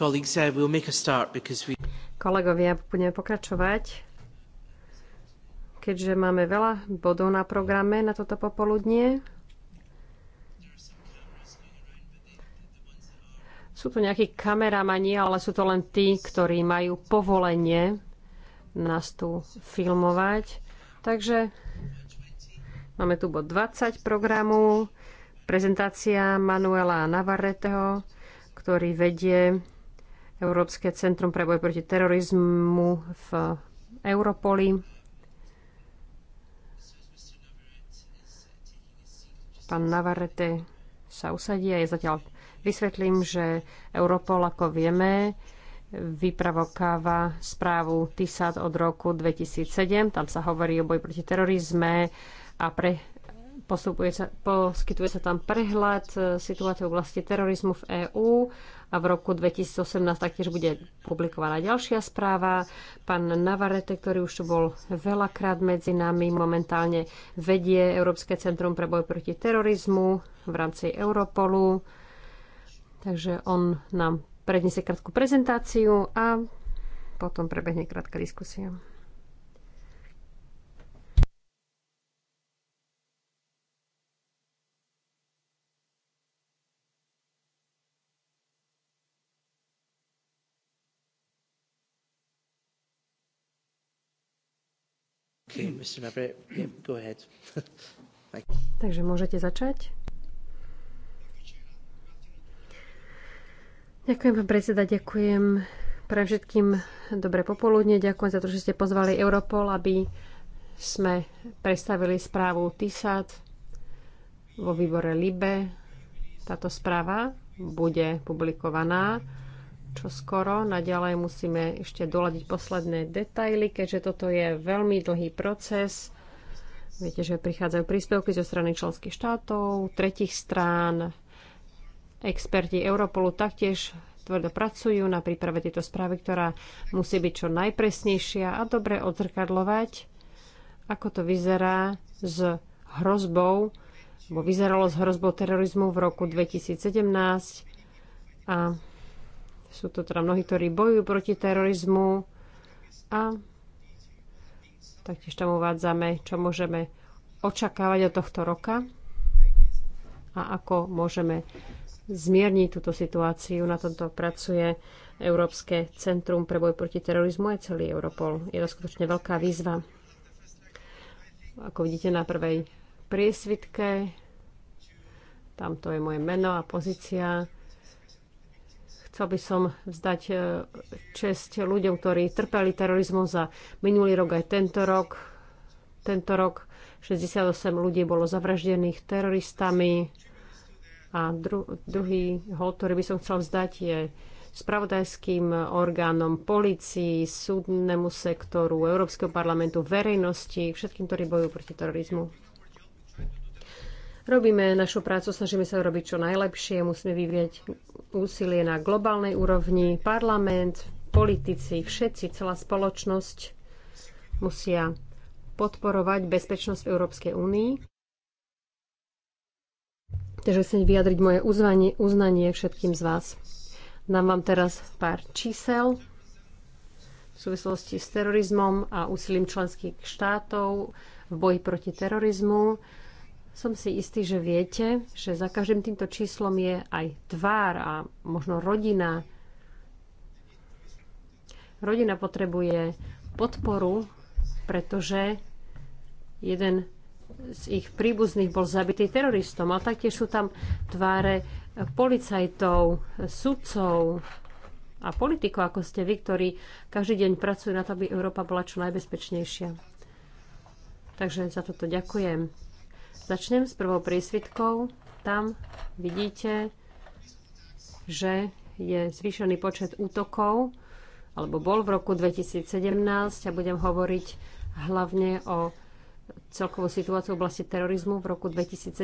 Uh, Kolegovia, budeme pokračovať. Keďže máme veľa bodov na programe na toto popoludnie, sú tu nejakí kameramani, ale sú to len tí, ktorí majú povolenie nás tu filmovať. Takže máme tu bod 20 programu, prezentácia Manuela Navarreteho, ktorý vedie Európske centrum pre boj proti terorizmu v Europoli. Pán Navarrete sa usadí a ja zatiaľ vysvetlím, že Europol, ako vieme, vypravokáva správu TISAT od roku 2007. Tam sa hovorí o boji proti terorizme a pre Postupuje sa, poskytuje sa tam prehľad e, situácie v oblasti terorizmu v EÚ a v roku 2018 taktiež bude publikovaná ďalšia správa. Pán Navarete, ktorý už tu bol veľakrát medzi nami, momentálne vedie Európske centrum pre boj proti terorizmu v rámci Europolu. Takže on nám predniesie krátku prezentáciu a potom prebehne krátka diskusia. Takže môžete začať. Ďakujem, pán predseda, ďakujem pre všetkým dobré popoludne. Ďakujem za to, že ste pozvali Europol, aby sme predstavili správu TISAT vo výbore LIBE. Táto správa bude publikovaná čo skoro. Naďalej musíme ešte doladiť posledné detaily, keďže toto je veľmi dlhý proces. Viete, že prichádzajú príspevky zo strany členských štátov, tretich strán. Experti Europolu taktiež tvrdo pracujú na príprave tejto správy, ktorá musí byť čo najpresnejšia a dobre odzrkadlovať, ako to vyzerá s hrozbou, bo vyzeralo s hrozbou terorizmu v roku 2017 a sú to teda mnohí, ktorí bojujú proti terorizmu a taktiež tam uvádzame, čo môžeme očakávať od tohto roka a ako môžeme zmierniť túto situáciu. Na tomto pracuje Európske centrum pre boj proti terorizmu a celý Europol. Je to skutočne veľká výzva. Ako vidíte na prvej priesvitke, tamto je moje meno a pozícia. Chcel by som vzdať e, česť ľuďom, ktorí trpeli terorizmom za minulý rok aj tento rok. Tento rok 68 ľudí bolo zavraždených teroristami. A dru- druhý hol, ktorý by som chcel vzdať, je spravodajským orgánom, policii, súdnemu sektoru, Európskeho parlamentu, verejnosti, všetkým, ktorí bojujú proti terorizmu. Robíme našu prácu, snažíme sa robiť čo najlepšie, musíme vyvieť úsilie na globálnej úrovni. Parlament, politici, všetci, celá spoločnosť musia podporovať bezpečnosť v Európskej únii. Takže chcem vyjadriť moje uznanie, uznanie všetkým z vás. Dám vám teraz pár čísel v súvislosti s terorizmom a úsilím členských štátov v boji proti terorizmu. Som si istý, že viete, že za každým týmto číslom je aj tvár a možno rodina. Rodina potrebuje podporu, pretože jeden z ich príbuzných bol zabitý teroristom, ale taktiež sú tam tváre policajtov, sudcov a politikov, ako ste vy, ktorí každý deň pracujú na to, aby Európa bola čo najbezpečnejšia. Takže za toto ďakujem. Začnem s prvou prísvitkou. Tam vidíte, že je zvýšený počet útokov, alebo bol v roku 2017 a budem hovoriť hlavne o celkovú situáciu v oblasti terorizmu v roku 2017.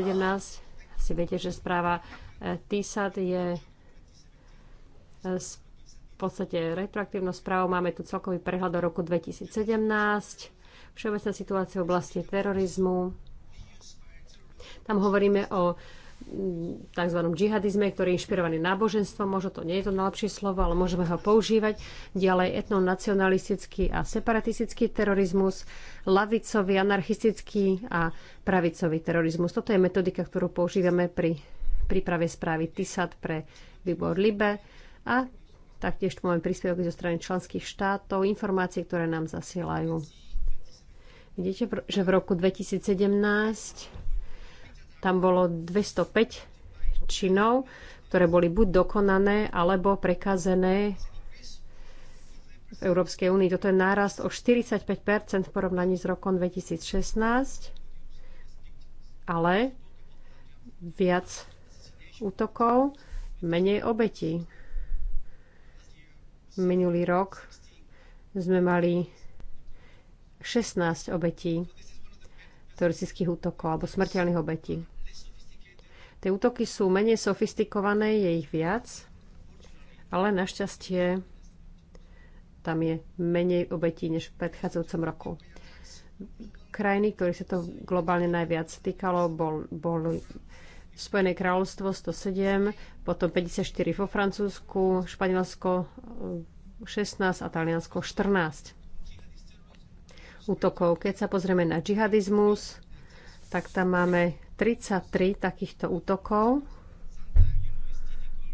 Si viete, že správa TISAT e, je e, v podstate retroaktívnou správou. Máme tu celkový prehľad do roku 2017, všeobecná situácia v oblasti terorizmu, tam hovoríme o mm, tzv. džihadizme, ktorý je inšpirovaný náboženstvom. Možno to nie je to najlepšie slovo, ale môžeme ho používať. Ďalej etnonacionalistický a separatistický terorizmus, lavicový, anarchistický a pravicový terorizmus. Toto je metodika, ktorú používame pri príprave správy TISAT pre výbor LIBE a taktiež tu máme príspevky zo strany členských štátov, informácie, ktoré nám zasielajú. Vidíte, že v roku 2017 tam bolo 205 činov, ktoré boli buď dokonané, alebo prekazené v Európskej únii. Toto je nárast o 45 v porovnaní s rokom 2016, ale viac útokov, menej obetí. Minulý rok sme mali 16 obetí teroristických útokov alebo smrteľných obetí. Tie útoky sú menej sofistikované, je ich viac, ale našťastie tam je menej obetí než v predchádzajúcom roku. Krajiny, ktorých sa to globálne najviac týkalo, bol, bol Spojené kráľovstvo 107, potom 54 vo Francúzsku, Španielsko 16 eh, a Taliansko 14 útokov. Keď sa pozrieme na džihadizmus, tak tam máme 33 takýchto útokov.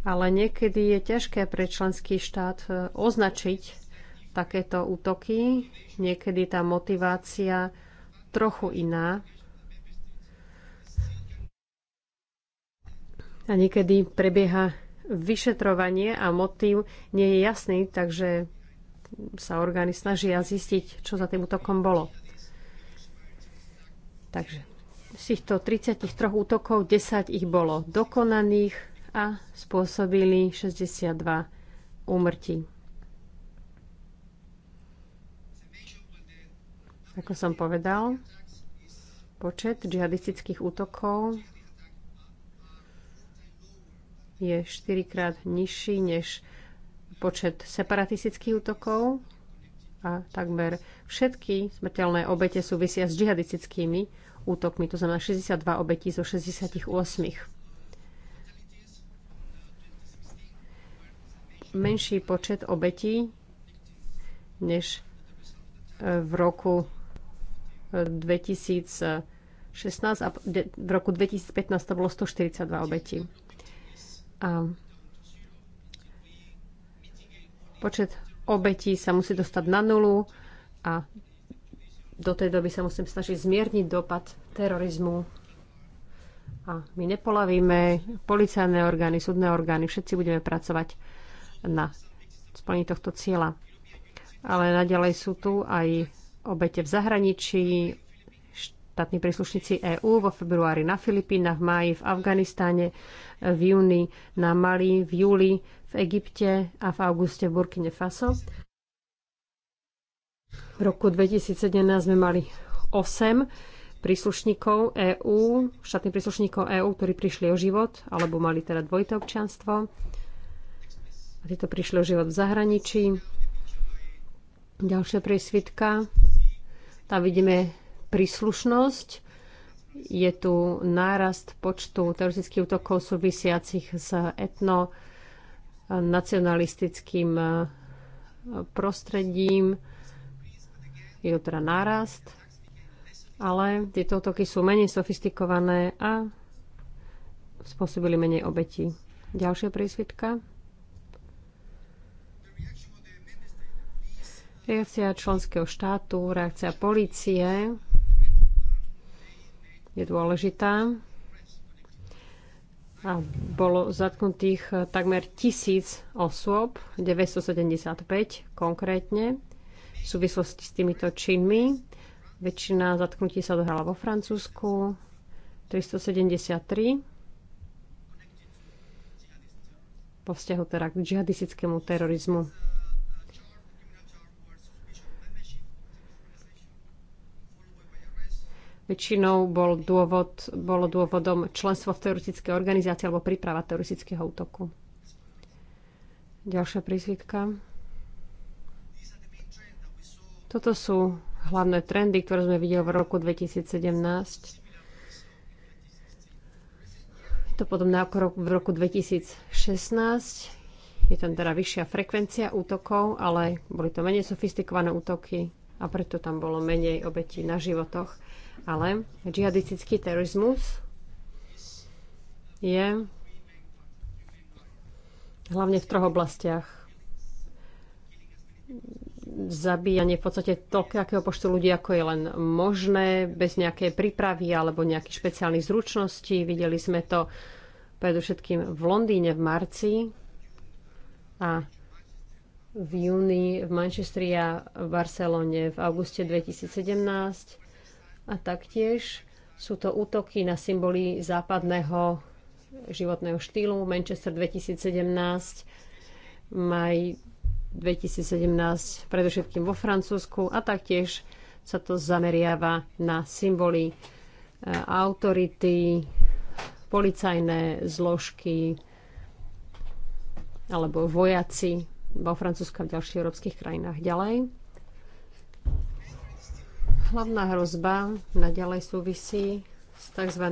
Ale niekedy je ťažké pre členský štát e, označiť takéto útoky. Niekedy tá motivácia trochu iná. A niekedy prebieha vyšetrovanie a motív nie je jasný, takže sa orgány snažia zistiť, čo za tým útokom bolo. Takže z týchto 33 útokov 10 ich bolo dokonaných a spôsobili 62 úmrtí. Ako som povedal, počet džihadistických útokov je 4 krát nižší než počet separatistických útokov a takmer všetky smrteľné obete súvisia s džihadistickými útokmi, to znamená 62 obetí zo 68. Menší počet obetí než e, v roku 2016 e, a v roku 2015 to bolo 142 obetí. A Počet obetí sa musí dostať na nulu a do tej doby sa musím snažiť zmierniť dopad terorizmu. A my nepolavíme, policajné orgány, súdne orgány, všetci budeme pracovať na splní tohto cieľa. Ale naďalej sú tu aj obete v zahraničí, štátni príslušníci EÚ vo februári na Filipínach, v máji v Afganistáne, v júni na Mali, v júli v Egypte a v auguste v Burkine Faso. V roku 2017 sme mali 8 príslušníkov EÚ, štátnych príslušníkov EÚ, ktorí prišli o život, alebo mali teda dvojité občianstvo. A títo prišli o život v zahraničí. Ďalšia prísvitka. Tam vidíme príslušnosť. Je tu nárast počtu teroristických útokov súvisiacich s etno-nacionalistickým e, prostredím. Je to teda nárast, ale tieto útoky sú menej sofistikované a spôsobili menej obetí. Ďalšia prísvitka. Reakcia členského štátu, reakcia policie je dôležitá. A bolo zatknutých takmer tisíc osôb, 975 konkrétne, v súvislosti s týmito činmi. Väčšina zatknutí sa dohrala vo Francúzsku, 373 po vzťahu teda k džihadistickému terorizmu. Väčšinou bol dôvod, bolo dôvodom členstvo v teroristickej organizácii alebo príprava teroristického útoku. Ďalšia prísvitka. Toto sú hlavné trendy, ktoré sme videli v roku 2017. Je to podobné ako v roku 2016. Je tam teda vyššia frekvencia útokov, ale boli to menej sofistikované útoky a preto tam bolo menej obetí na životoch. Ale džihadistický terorizmus je hlavne v troch oblastiach. Zabíjanie v podstate toľkého počtu ľudí, ako je len možné, bez nejakej prípravy alebo nejakých špeciálnych zručností. Videli sme to predovšetkým v Londýne v marci a v júni v Manchestri a v Barcelone v auguste 2017. A taktiež sú to útoky na symboly západného životného štýlu. Manchester 2017, maj 2017, predovšetkým vo Francúzsku a taktiež sa to zameriava na symboly e, autority, policajné zložky alebo vojaci vo Francúzsku a v ďalších európskych krajinách. Ďalej. Hlavná hrozba naďalej súvisí s tzv.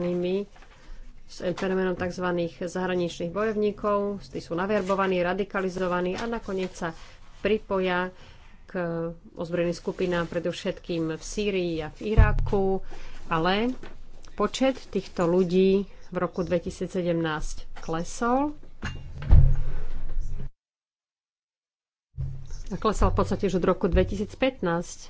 s fenoménom tzv. zahraničných bojovníkov. Tí sú naverbovaní, radikalizovaní a nakoniec sa pripoja k ozbrojeným skupinám predovšetkým v Sýrii a v Iráku, ale počet týchto ľudí v roku 2017 klesol klesal v podstate už od roku 2015,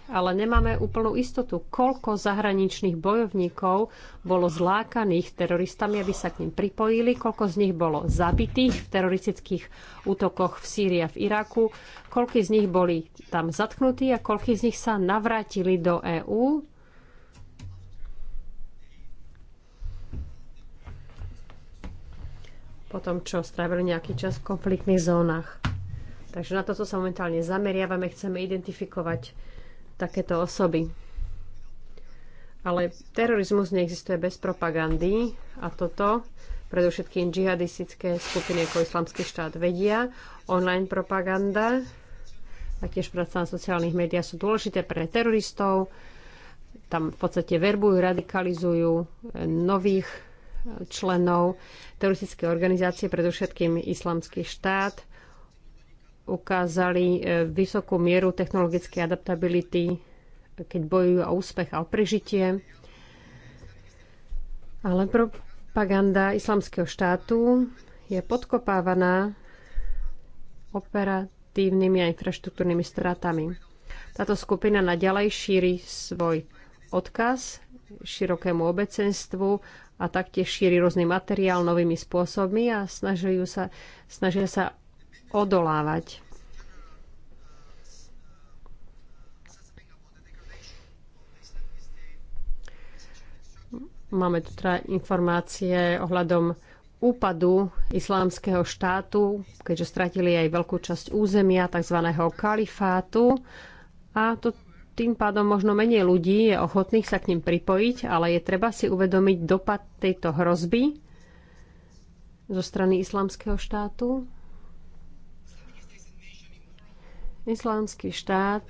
ale nemáme úplnú istotu, koľko zahraničných bojovníkov bolo zlákaných teroristami, aby sa k ním pripojili, koľko z nich bolo zabitých v teroristických útokoch v Sýrii a v Iraku, koľko z nich boli tam zatknutí a koľko z nich sa navrátili do EÚ. Potom čo strávili nejaký čas v konfliktných zónach. Takže na toto sa momentálne zameriavame, chceme identifikovať takéto osoby. Ale terorizmus neexistuje bez propagandy a toto predovšetkým džihadistické skupiny ako Islamský štát vedia. Online propaganda a tiež práca na sociálnych médiách sú dôležité pre teroristov. Tam v podstate verbujú, radikalizujú eh, nových eh, členov teroristické organizácie, predovšetkým Islamský štát ukázali e, vysokú mieru technologickej adaptability, keď bojujú o úspech a o prežitie. Ale propaganda islamského štátu je podkopávaná operatívnymi a infraštruktúrnymi stratami. Táto skupina naďalej šíri svoj odkaz širokému obecenstvu a taktiež šíri rôzny materiál novými spôsobmi a snažia sa, snažia sa odolávať. Máme tu teda informácie ohľadom úpadu islámskeho štátu, keďže stratili aj veľkú časť územia tzv. kalifátu. A to tým pádom možno menej ľudí je ochotných sa k ním pripojiť, ale je treba si uvedomiť dopad tejto hrozby zo strany islamského štátu Islamský štát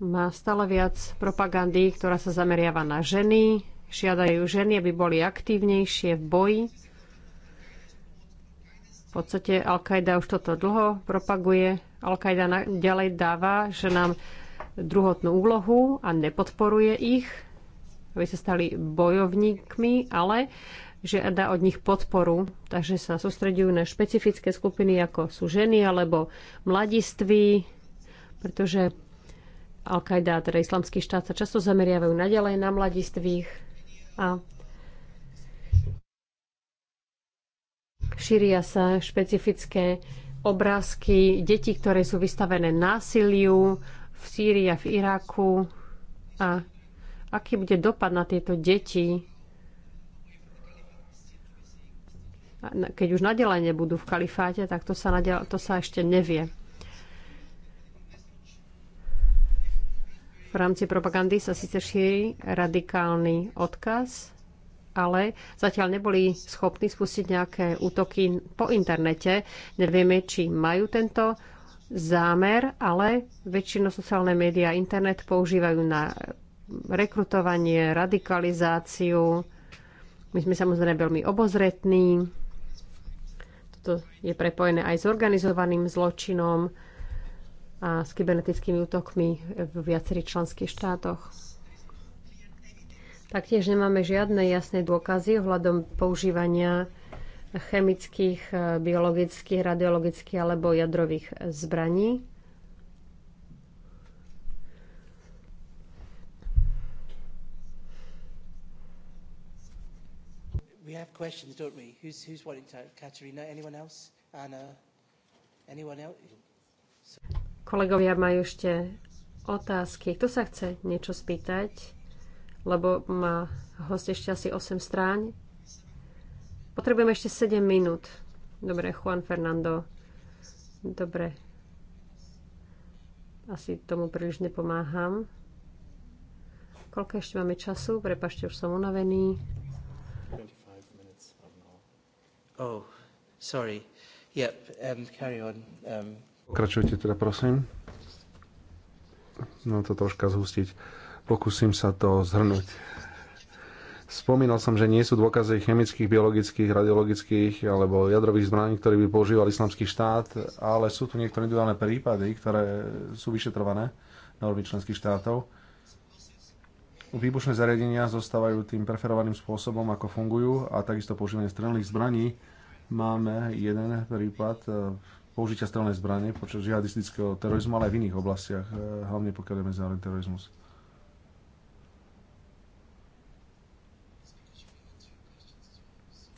má stále viac propagandy, ktorá sa zameriava na ženy. Žiadajú ženy, aby boli aktívnejšie v boji. V podstate Al-Qaida už toto dlho propaguje. Al-Qaida ďalej dáva ženám druhotnú úlohu a nepodporuje ich, aby sa stali bojovníkmi, ale že dá od nich podporu, takže sa sústredujú na špecifické skupiny, ako sú ženy alebo mladiství, pretože Al-Qaida, teda islamský štát, sa často zameriavajú naďalej na mladistvých a šíria sa špecifické obrázky detí, ktoré sú vystavené násiliu v Sýrii a v Iraku a aký bude dopad na tieto deti keď už nadelenie budú v kalifáte, tak to sa, nadele, to sa ešte nevie. V rámci propagandy sa síce šíri radikálny odkaz, ale zatiaľ neboli schopní spustiť nejaké útoky po internete. Nevieme, či majú tento zámer, ale väčšinou sociálne médiá a internet používajú na rekrutovanie, radikalizáciu. My sme samozrejme veľmi obozretní, to je prepojené aj s organizovaným zločinom a s kybernetickými útokmi v viacerých členských štátoch. Taktiež nemáme žiadne jasné dôkazy ohľadom používania chemických, biologických, radiologických alebo jadrových zbraní. have questions, don't we? Who's, who's wanting to? Katerina, anyone else? Anna, anyone else? So... Kolegovia majú ešte otázky. Kto sa chce niečo spýtať? Lebo má host ešte asi 8 strán. Potrebujeme ešte 7 minút. Dobre, Juan Fernando. Dobre. Asi tomu príliš nepomáham. Koľko ešte máme času? Prepašte, už som unavený. Oh, sorry. Yep, um, carry on. Um... Pokračujte teda, prosím. No to troška zhustiť. Pokúsim sa to zhrnúť. Spomínal som, že nie sú dôkazy chemických, biologických, radiologických alebo jadrových zbraní, ktoré by používal islamský štát, ale sú tu niektoré individuálne prípady, ktoré sú vyšetrované na členských štátov výbušné zariadenia zostávajú tým preferovaným spôsobom, ako fungujú a takisto používanie strelných zbraní. Máme jeden prípad e, použitia strelnej zbrane počas žihadistického terorizmu, ale aj v iných oblastiach, e, hlavne pokiaľ je medzinárodný terorizmus.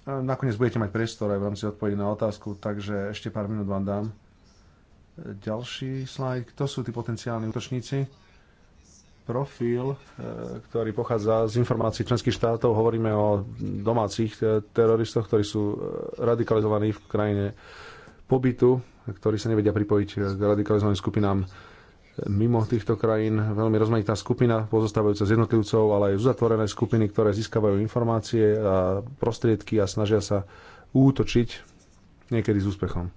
E, nakoniec budete mať priestor aj v rámci odpovedí na otázku, takže ešte pár minút vám dám. Ďalší slajd. Kto sú tí potenciálni útočníci? profil, e, ktorý pochádza z informácií členských štátov. Hovoríme o domácich e, teroristoch, ktorí sú e, radikalizovaní v krajine pobytu, ktorí sa nevedia pripojiť k radikalizovaným skupinám mimo týchto krajín. Veľmi rozmanitá skupina, pozostávajúca z jednotlivcov, ale aj uzatvorené skupiny, ktoré získavajú informácie a prostriedky a snažia sa útočiť niekedy s úspechom.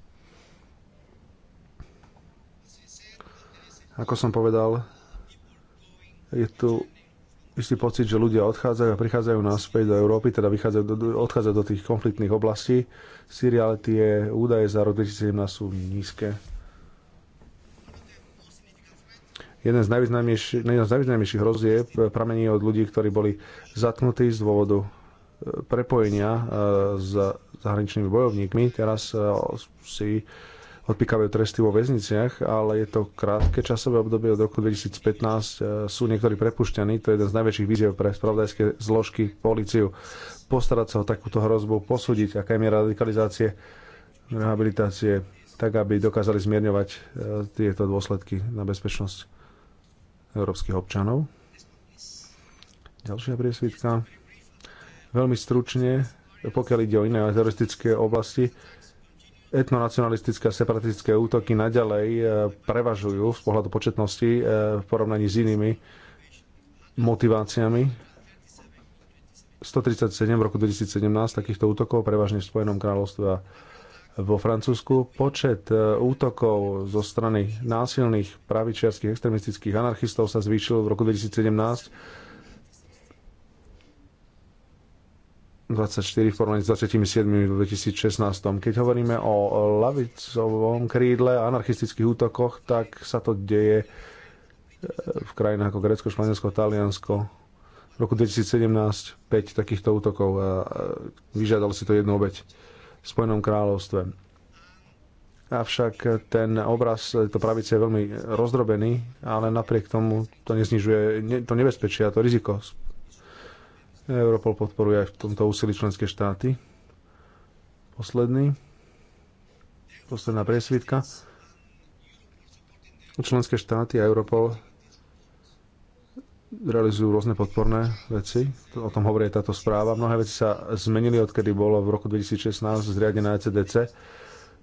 Ako som povedal, je tu istý pocit, že ľudia odchádzajú a prichádzajú naspäť do Európy, teda vychádzajú do, odchádzajú do tých konfliktných oblastí. Sýria, ale tie údaje za rok 2017 sú nízke. Jeden z najvýznamnejších, jeden z najvýznamnejších hrozieb pramení od ľudí, ktorí boli zatknutí z dôvodu e, prepojenia e, s zahraničnými bojovníkmi. Teraz e, si odpíkajú tresty vo väzniciach, ale je to krátke časové obdobie od roku 2015. E, sú niektorí prepušťaní, to je jeden z najväčších víziev pre spravodajské zložky, policiu. Postarať sa o takúto hrozbu, posúdiť, aká je miera radikalizácie, rehabilitácie, tak aby dokázali zmierňovať e, tieto dôsledky na bezpečnosť európskych občanov. Ďalšia priesvitka. Veľmi stručne, pokiaľ ide o iné teroristické oblasti, etnonacionalistické a separatistické útoky naďalej e, prevažujú z pohľadu početnosti e, v porovnaní s inými motiváciami. 137 v roku 2017 takýchto útokov, prevažne v Spojenom kráľovstve a vo Francúzsku. Počet e, útokov zo strany násilných pravičiarských extremistických anarchistov sa zvýšil v roku 2017 24 v porovnaní s 27 v 2016. Keď hovoríme o lavicovom krídle a anarchistických útokoch, tak sa to deje e, v krajinách ako Grécko, Španielsko, Taliansko. V roku 2017 5 takýchto útokov a e, vyžiadal si to jednu obeď v Spojenom kráľovstve. Avšak ten obraz, to pravice je veľmi rozdrobený, ale napriek tomu to neznižuje to nebezpečie a to riziko Europol podporuje aj v tomto úsilí členské štáty. Posledný. Posledná presvitka. Členské štáty a Europol realizujú rôzne podporné veci. O tom hovorí táto správa. Mnohé veci sa zmenili, odkedy bolo v roku 2016 zriadené ECDC.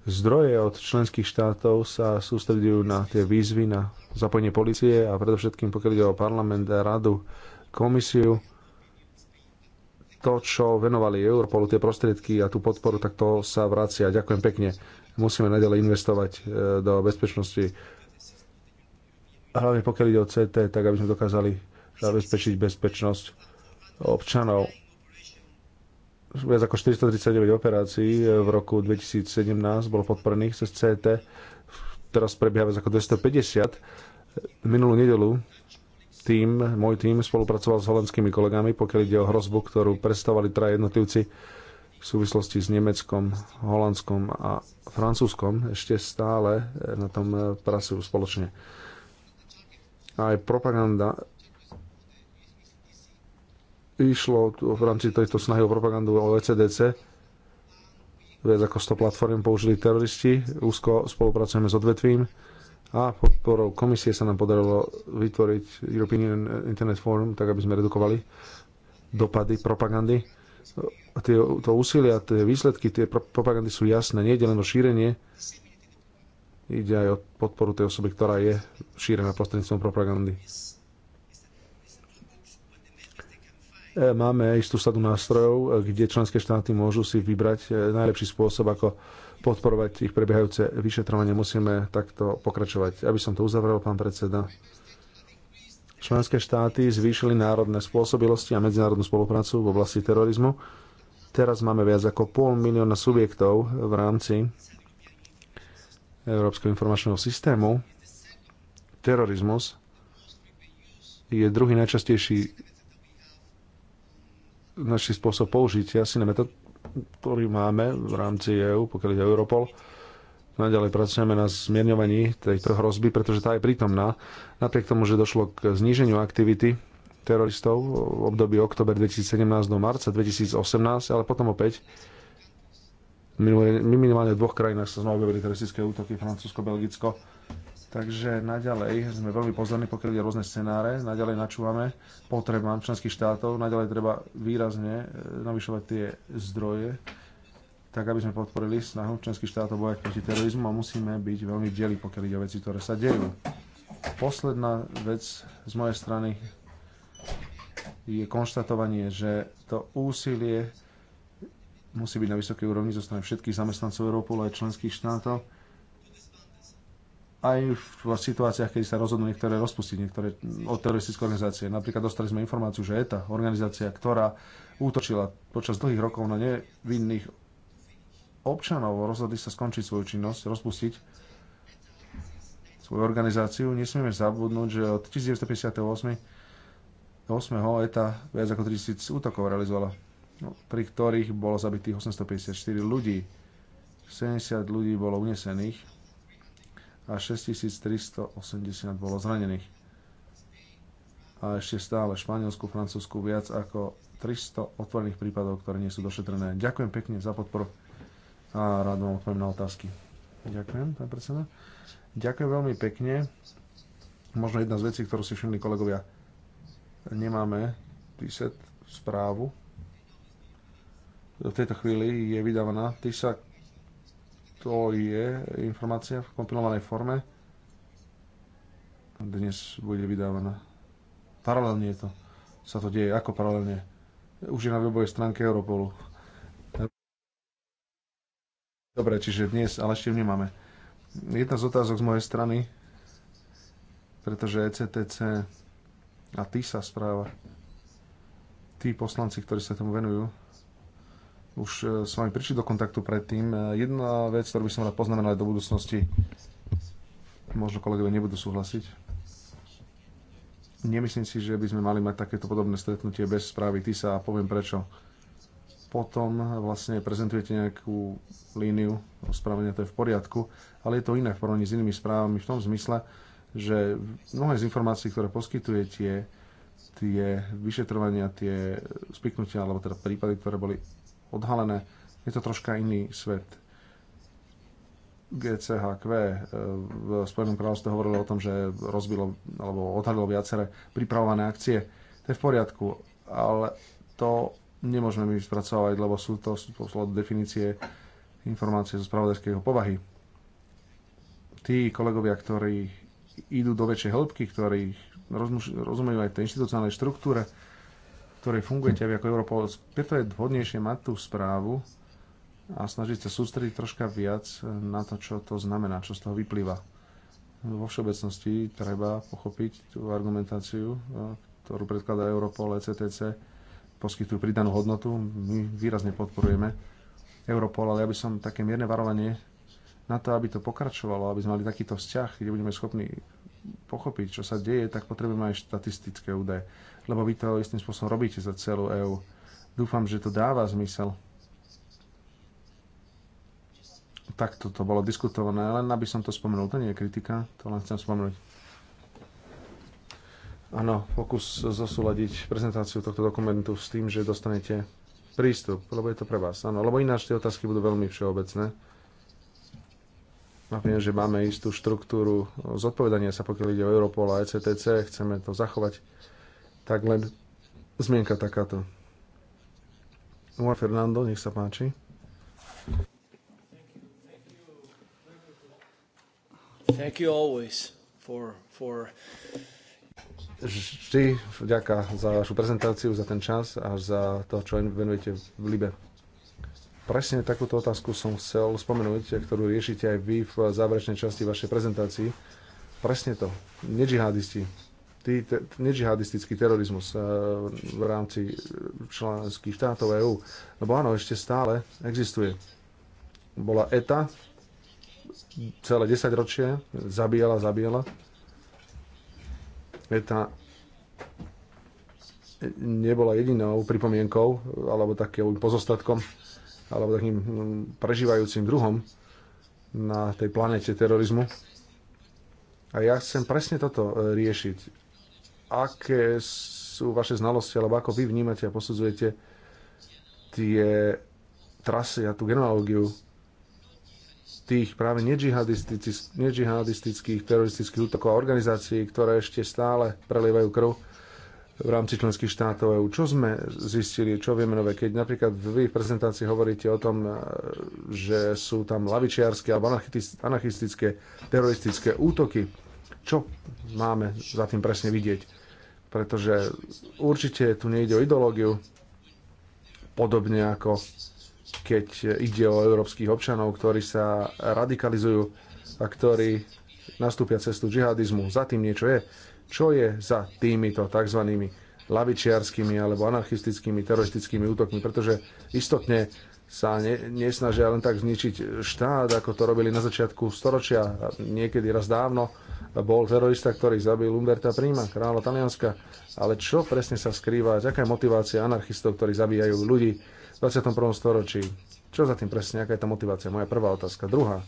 Zdroje od členských štátov sa sústredujú na tie výzvy, na zapojenie policie a predovšetkým, pokiaľ ide o parlament a radu, komisiu, to, čo venovali Europolu, tie prostriedky a tú podporu, tak to sa vracia. Ďakujem pekne. Musíme nadalej investovať e, do bezpečnosti. Hlavne pokiaľ ide o CT, tak aby sme dokázali zabezpečiť bezpečnosť občanov. Viac ako 439 operácií e, v roku 2017 bolo podporených cez CT. Teraz prebieha viac ako 250. Minulú nedelu tým, môj tým spolupracoval s holandskými kolegami, pokiaľ ide o hrozbu, ktorú predstavovali traje jednotlivci v súvislosti s Nemeckom, Holandskom a Francúzskom. Ešte stále eh, na tom eh, pracujú spoločne. Aj propaganda išlo v rámci tejto snahy o propagandu o ECDC. Viac ako 100 platform použili teroristi. Úzko spolupracujeme s odvetvím a podporou komisie sa nám podarilo vytvoriť European Internet Forum, tak aby sme redukovali dopady propagandy. A tie, to úsilie a tie výsledky tie propagandy sú jasné. Nie je len o šírenie, ide aj o podporu tej osoby, ktorá je šírená prostredníctvom propagandy. E, máme istú sadu nástrojov, e, kde členské štáty môžu si vybrať e, najlepší spôsob, ako podporovať ich prebiehajúce vyšetrovanie. Musíme takto pokračovať. Aby som to uzavrel, pán predseda, členské štáty zvýšili národné spôsobilosti a medzinárodnú spoluprácu v oblasti terorizmu. Teraz máme viac ako pol milióna subjektov v rámci Európskeho informačného systému. Terorizmus je druhý najčastejší naši spôsob použitia ktorý máme v rámci EÚ, pokiaľ ide Europol. Naďalej pracujeme na zmierňovaní tejto hrozby, pretože tá je prítomná. Napriek tomu, že došlo k zníženiu aktivity teroristov v období oktober 2017 do marca 2018, ale potom opäť minimálne v dvoch krajinách sa znovu objavili teroristické útoky, Francúzsko, Belgicko Takže naďalej sme veľmi pozorní, pokiaľ ide rôzne scenáre, naďalej načúvame potrebám členských štátov, naďalej treba výrazne e, navyšovať tie zdroje, tak aby sme podporili snahu členských štátov bojať proti terorizmu a musíme byť veľmi bdeli, pokiaľ ide o veci, ktoré sa dejú. Posledná vec z mojej strany je konštatovanie, že to úsilie musí byť na vysokej úrovni zo strany všetkých zamestnancov ale aj členských štátov aj v situáciách, keď sa rozhodnú niektoré rozpustiť, niektoré od teroristické organizácie. Napríklad dostali sme informáciu, že ETA, organizácia, ktorá útočila počas dlhých rokov na nevinných občanov, rozhodli sa skončiť svoju činnosť, rozpustiť svoju organizáciu. Nesmieme zabudnúť, že od 1958 ETA viac ako 3000 útokov realizovala, no, pri ktorých bolo zabitých 854 ľudí. 70 ľudí bolo unesených a 6380 bolo zranených. A ešte stále Španielsku, Francúzsku viac ako 300 otvorených prípadov, ktoré nie sú došetrené. Ďakujem pekne za podporu a rád vám odpoviem na otázky. Ďakujem, pán predseda. Ďakujem veľmi pekne. Možno jedna z vecí, ktorú si všimli kolegovia. Nemáme TISET správu. V tejto chvíli je vydávaná TISAK to je informácia v kompilovanej forme. Dnes bude vydávaná. Paralelne je to. Sa to deje ako paralelne. Už je na webovej stránke Europolu. Dobre, čiže dnes, ale ešte nemáme. Jedna z otázok z mojej strany, pretože ECTC a TISA správa, tí poslanci, ktorí sa tomu venujú, už e, s vami prišli do kontaktu predtým. E, jedna vec, ktorú by som rád poznamenal aj do budúcnosti, možno kolegovia nebudú súhlasiť. Nemyslím si, že by sme mali mať takéto podobné stretnutie bez správy TISA a poviem prečo. Potom vlastne prezentujete nejakú líniu správania, to je v poriadku, ale je to iné v porovnaní s inými správami v tom zmysle, že mnohé z informácií, ktoré poskytujete, tie vyšetrovania, tie spiknutia, alebo teda prípady, ktoré boli odhalené. Je to troška iný svet. GCHQ eh, v Spojenom kráľovstve hovorilo o tom, že rozbilo alebo odhalilo viaceré pripravované akcie. To je v poriadku, ale to nemôžeme my spracovať, lebo sú to, sú definície informácie zo spravodajského povahy. Tí kolegovia, ktorí idú do väčšej hĺbky, ktorí rozumejú aj tej inštitucionálnej štruktúre, ktorej fungujete vy ako Europol, preto je vhodnejšie mať tú správu a snažiť sa sústrediť troška viac na to, čo to znamená, čo z toho vyplýva. Vo všeobecnosti treba pochopiť tú argumentáciu, ktorú predkladá Europol, ECTC, poskytujú pridanú hodnotu. My výrazne podporujeme Europol, ale ja by som také mierne varovanie na to, aby to pokračovalo, aby sme mali takýto vzťah, kde budeme schopní pochopiť, čo sa deje, tak potrebujeme aj štatistické údaje. Lebo vy to istým spôsobom robíte za celú EÚ. Dúfam, že to dáva zmysel. Takto to bolo diskutované, len aby som to spomenul. To nie je kritika, to len chcem spomenúť. Áno, pokus zosúľadiť prezentáciu tohto dokumentu s tým, že dostanete prístup, lebo je to pre vás. Áno, lebo ináč tie otázky budú veľmi všeobecné Napríklad, že máme istú štruktúru zodpovedania sa, pokiaľ ide o Europol a ECTC, chceme to zachovať, tak len zmienka takáto. Juan Fernando, nech sa páči. Thank you always for, for... Vždy vďaka za vašu prezentáciu, za ten čas a za to, čo venujete v Libe. Presne takúto otázku som chcel spomenúť, ktorú riešite aj vy v záverečnej časti vašej prezentácii. Presne to. Nedžihadisti. Tý, te, nedžihadistický terorizmus eh, v rámci členských štátov EÚ. Lebo áno, ešte stále existuje. Bola ETA, celé 10 ročie, zabíjala, zabíjala. ETA nebola jedinou pripomienkou alebo takým pozostatkom alebo takým hm, prežívajúcim druhom na tej planete terorizmu. A ja chcem presne toto e, riešiť. Aké sú vaše znalosti, alebo ako vy vnímate a posudzujete tie trasy a tú genealógiu tých práve nedžihadistických, teroristických útokov a organizácií, ktoré ešte stále prelievajú krv v rámci členských štátov EU. Čo sme zistili, čo vieme nové? Keď napríklad vy v prezentácii hovoríte o tom, e, že sú tam lavičiarské alebo anarchistické, teroristické útoky, čo máme za tým presne vidieť? Pretože určite tu nejde o ideológiu, podobne ako keď ide o európskych občanov, ktorí sa radikalizujú a ktorí nastúpia cestu džihadizmu. Za tým niečo je čo je za týmito tzv. lavičiarskými alebo anarchistickými, teroristickými útokmi, pretože istotne sa ne, nesnažia len tak zničiť štát, ako to robili na začiatku storočia. Niekedy raz dávno bol terorista, ktorý zabil Umberta Prima, kráľa Talianska. Ale čo presne sa skrýva? Aká je motivácia anarchistov, ktorí zabíjajú ľudí v 21. storočí? Čo za tým presne? Aká je tá motivácia? Moja prvá otázka. Druhá.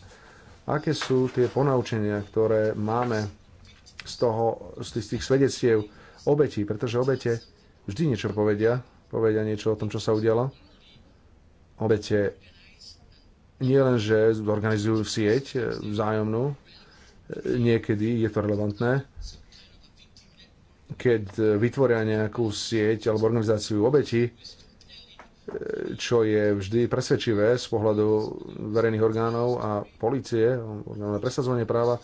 Aké sú tie ponaučenia, ktoré máme z, toho, z tých, tých svedectiev obetí, pretože obete vždy niečo povedia, povedia niečo o tom, čo sa udialo. Obete nie len, že organizujú sieť e, vzájomnú, e, niekedy je to relevantné, keď e, vytvoria nejakú sieť alebo organizáciu obetí, čo je vždy presvedčivé z pohľadu verejných orgánov a policie, orgánov na presadzovanie práva,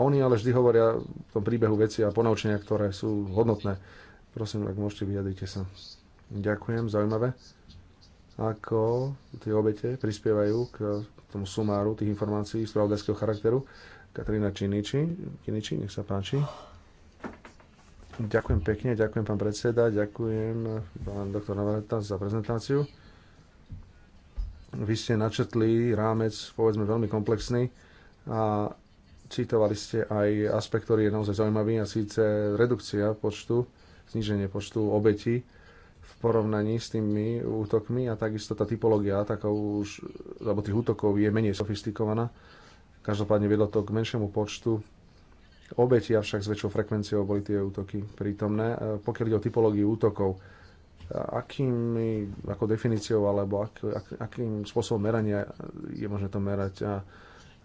oni ale vždy hovoria v tom príbehu veci a ponaučenia, ktoré sú hodnotné. Prosím, ak môžete, vyjadrite sa. Ďakujem, zaujímavé. Ako tie obete prispievajú k tomu sumáru tých informácií spravodajského charakteru. Katrina Činiči, Činiči, nech sa páči. Ďakujem pekne, ďakujem pán predseda, ďakujem pán doktor Navareta za prezentáciu. Vy ste načetli rámec, povedzme, veľmi komplexný a citovali ste aj aspekt, ktorý je naozaj zaujímavý, a síce redukcia počtu, zníženie počtu obetí v porovnaní s tými útokmi a takisto tá typológia atakov už, alebo tých útokov je menej sofistikovaná. Každopádne vedlo to k menšiemu počtu obetí, avšak s väčšou frekvenciou boli tie útoky prítomné. E, pokiaľ ide o typológiu útokov, akým, ako definíciou alebo ak, ak, akým spôsobom merania je možné to merať a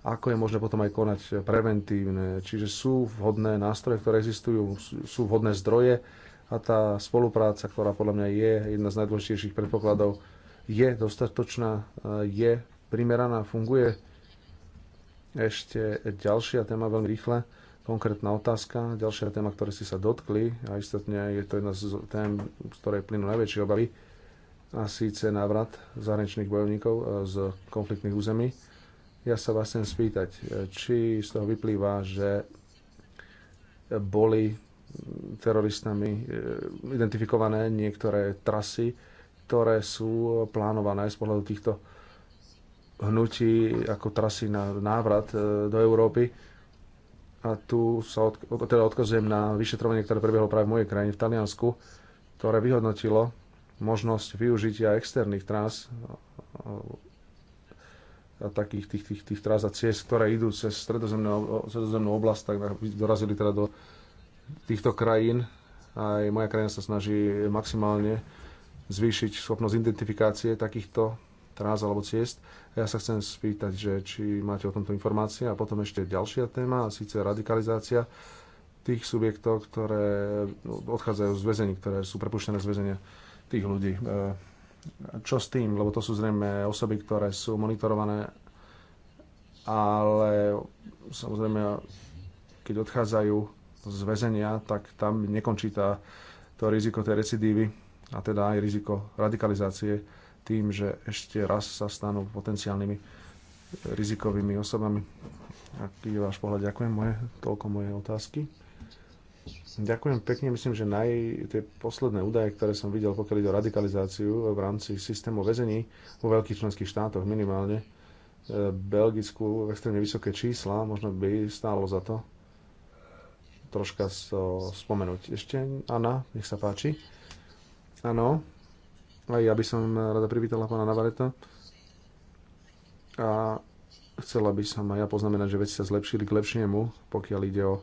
ako je možné potom aj konať preventívne. Čiže sú vhodné nástroje, ktoré existujú, sú vhodné zdroje a tá spolupráca, ktorá podľa mňa je jedna z najdôležitejších predpokladov, je dostatočná, je primeraná, funguje. Ešte ďalšia téma veľmi rýchle, konkrétna otázka, ďalšia téma, ktoré ste sa dotkli a istotne je to jedna z tém, z ktorej plynú najväčšie obavy a síce návrat zahraničných bojovníkov e, z konfliktných území ja sa vás chcem spýtať, e, či z toho vyplýva, že boli teroristami e, identifikované niektoré trasy, ktoré sú plánované z pohľadu týchto hnutí ako trasy na návrat e, do Európy. A tu sa od, teda odkazujem na vyšetrovanie, ktoré prebiehlo práve v mojej krajine, v Taliansku, ktoré vyhodnotilo možnosť využitia externých trás takých tých, tých, tých tráz a ciest, ktoré idú cez stredozemnú oblasť, tak dorazili teda do týchto krajín. Aj moja krajina sa snaží maximálne zvýšiť schopnosť identifikácie takýchto tráz alebo ciest. Ja sa chcem spýtať, že či máte o tomto informácie a potom ešte ďalšia téma, a síce radikalizácia tých subjektov, ktoré no, odchádzajú z väzení, ktoré sú prepuštené z väzenia tých ľudí. E, čo s tým, lebo to sú zrejme osoby, ktoré sú monitorované, ale samozrejme, keď odchádzajú z väzenia, tak tam nekončí tá, to riziko tej recidívy a teda aj riziko radikalizácie tým, že ešte raz sa stanú potenciálnymi rizikovými osobami. Aký je váš pohľad? Ďakujem. Moje, toľko moje otázky. Ďakujem pekne. Myslím, že naj, tie posledné údaje, ktoré som videl, pokiaľ ide o radikalizáciu v rámci systému väzení vo veľkých členských štátoch minimálne, e, Belgicku extrémne vysoké čísla, možno by stálo za to troška so spomenúť. Ešte Anna, nech sa páči. Áno, aj ja by som rada privítala pána Navareta. A chcela by som aj ja poznamenať, že veci sa zlepšili k lepšiemu, pokiaľ ide o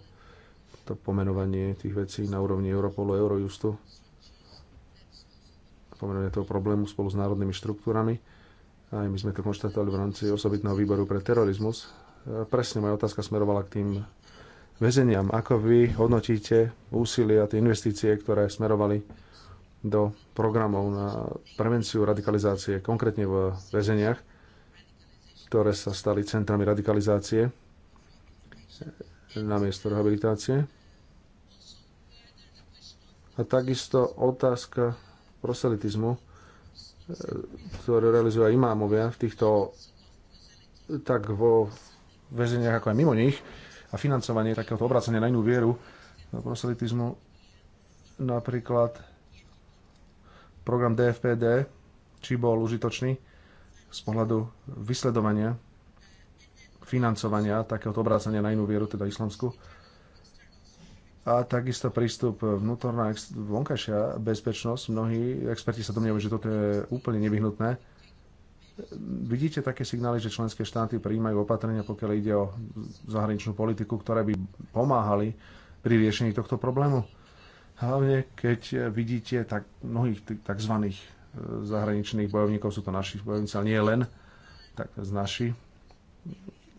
to pomenovanie tých vecí na úrovni Europolu, Eurojustu, pomenovanie toho problému spolu s národnými štruktúrami. Aj my sme to konštatovali v rámci osobitného výboru pre terorizmus. Presne moja otázka smerovala k tým väzeniam. Ako vy hodnotíte úsilie a tie investície, ktoré smerovali do programov na prevenciu radikalizácie, konkrétne v väzeniach, ktoré sa stali centrami radikalizácie? na miesto rehabilitácie. A takisto otázka proselitizmu, e, ktorú realizujú aj imámovia v týchto, tak vo väzeniach ako aj mimo nich a financovanie takéhoto obracenia na inú vieru, na no, proselitizmu, napríklad program DFPD, či bol užitočný z pohľadu vysledovania financovania takéhoto obrácania na inú vieru, teda islamskú. A takisto prístup vnútorná, vonkajšia bezpečnosť. Mnohí experti sa domnievajú, že toto je úplne nevyhnutné. Vidíte také signály, že členské štáty prijímajú opatrenia, pokiaľ ide o zahraničnú politiku, ktoré by pomáhali pri riešení tohto problému? Hlavne keď vidíte tak mnohých tzv. E, zahraničných bojovníkov, sú to naši bojovníci, ale nie len, tak z naši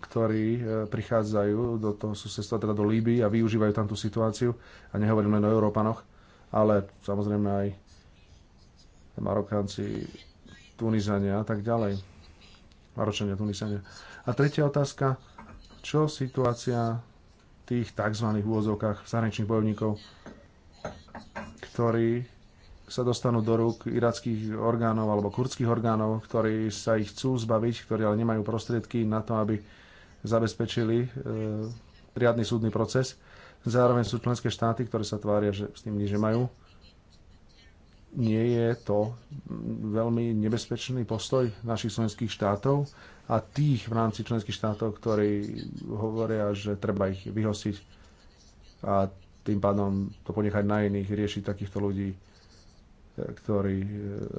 ktorí e, prichádzajú do toho susedstva, teda do Líbii a využívajú tam tú situáciu. A nehovorím len o Európanoch, ale samozrejme aj Marokánci, Tunizania a tak ďalej. Maročania, Tunizania. A tretia otázka, čo situácia tých tzv. úvozovkách zahraničných bojovníkov, ktorí sa dostanú do rúk irackých orgánov alebo kurdských orgánov, ktorí sa ich chcú zbaviť, ktorí ale nemajú prostriedky na to, aby zabezpečili e, riadny súdny proces. Zároveň sú členské štáty, ktoré sa tvária, že s tým nič nemajú. Nie je to veľmi nebezpečný postoj našich členských štátov a tých v rámci členských štátov, ktorí hovoria, že treba ich vyhosiť a tým pádom to ponechať na iných, riešiť takýchto ľudí, e, ktorí e,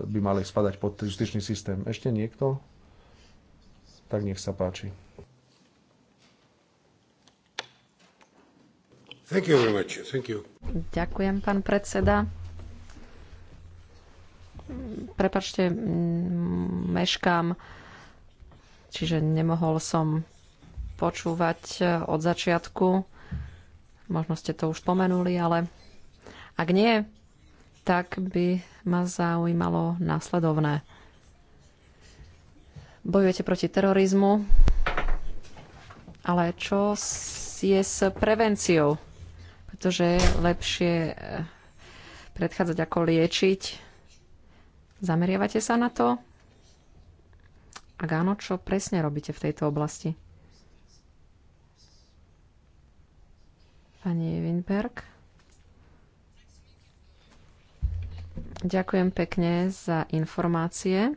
by mali spadať pod justičný systém. Ešte niekto? Tak nech sa páči. Thank you very much. Thank you. Ďakujem, pán predseda. Prepačte, meškám, čiže nemohol som počúvať e, od začiatku. Možno ste to už spomenuli, ale ak nie, tak by ma zaujímalo následovné. Bojujete proti terorizmu, ale čo je s prevenciou? pretože je lepšie eh, predchádzať ako liečiť. Zameriavate sa na to? A áno, čo presne robíte v tejto oblasti? Pani Winberg. Ďakujem pekne za informácie.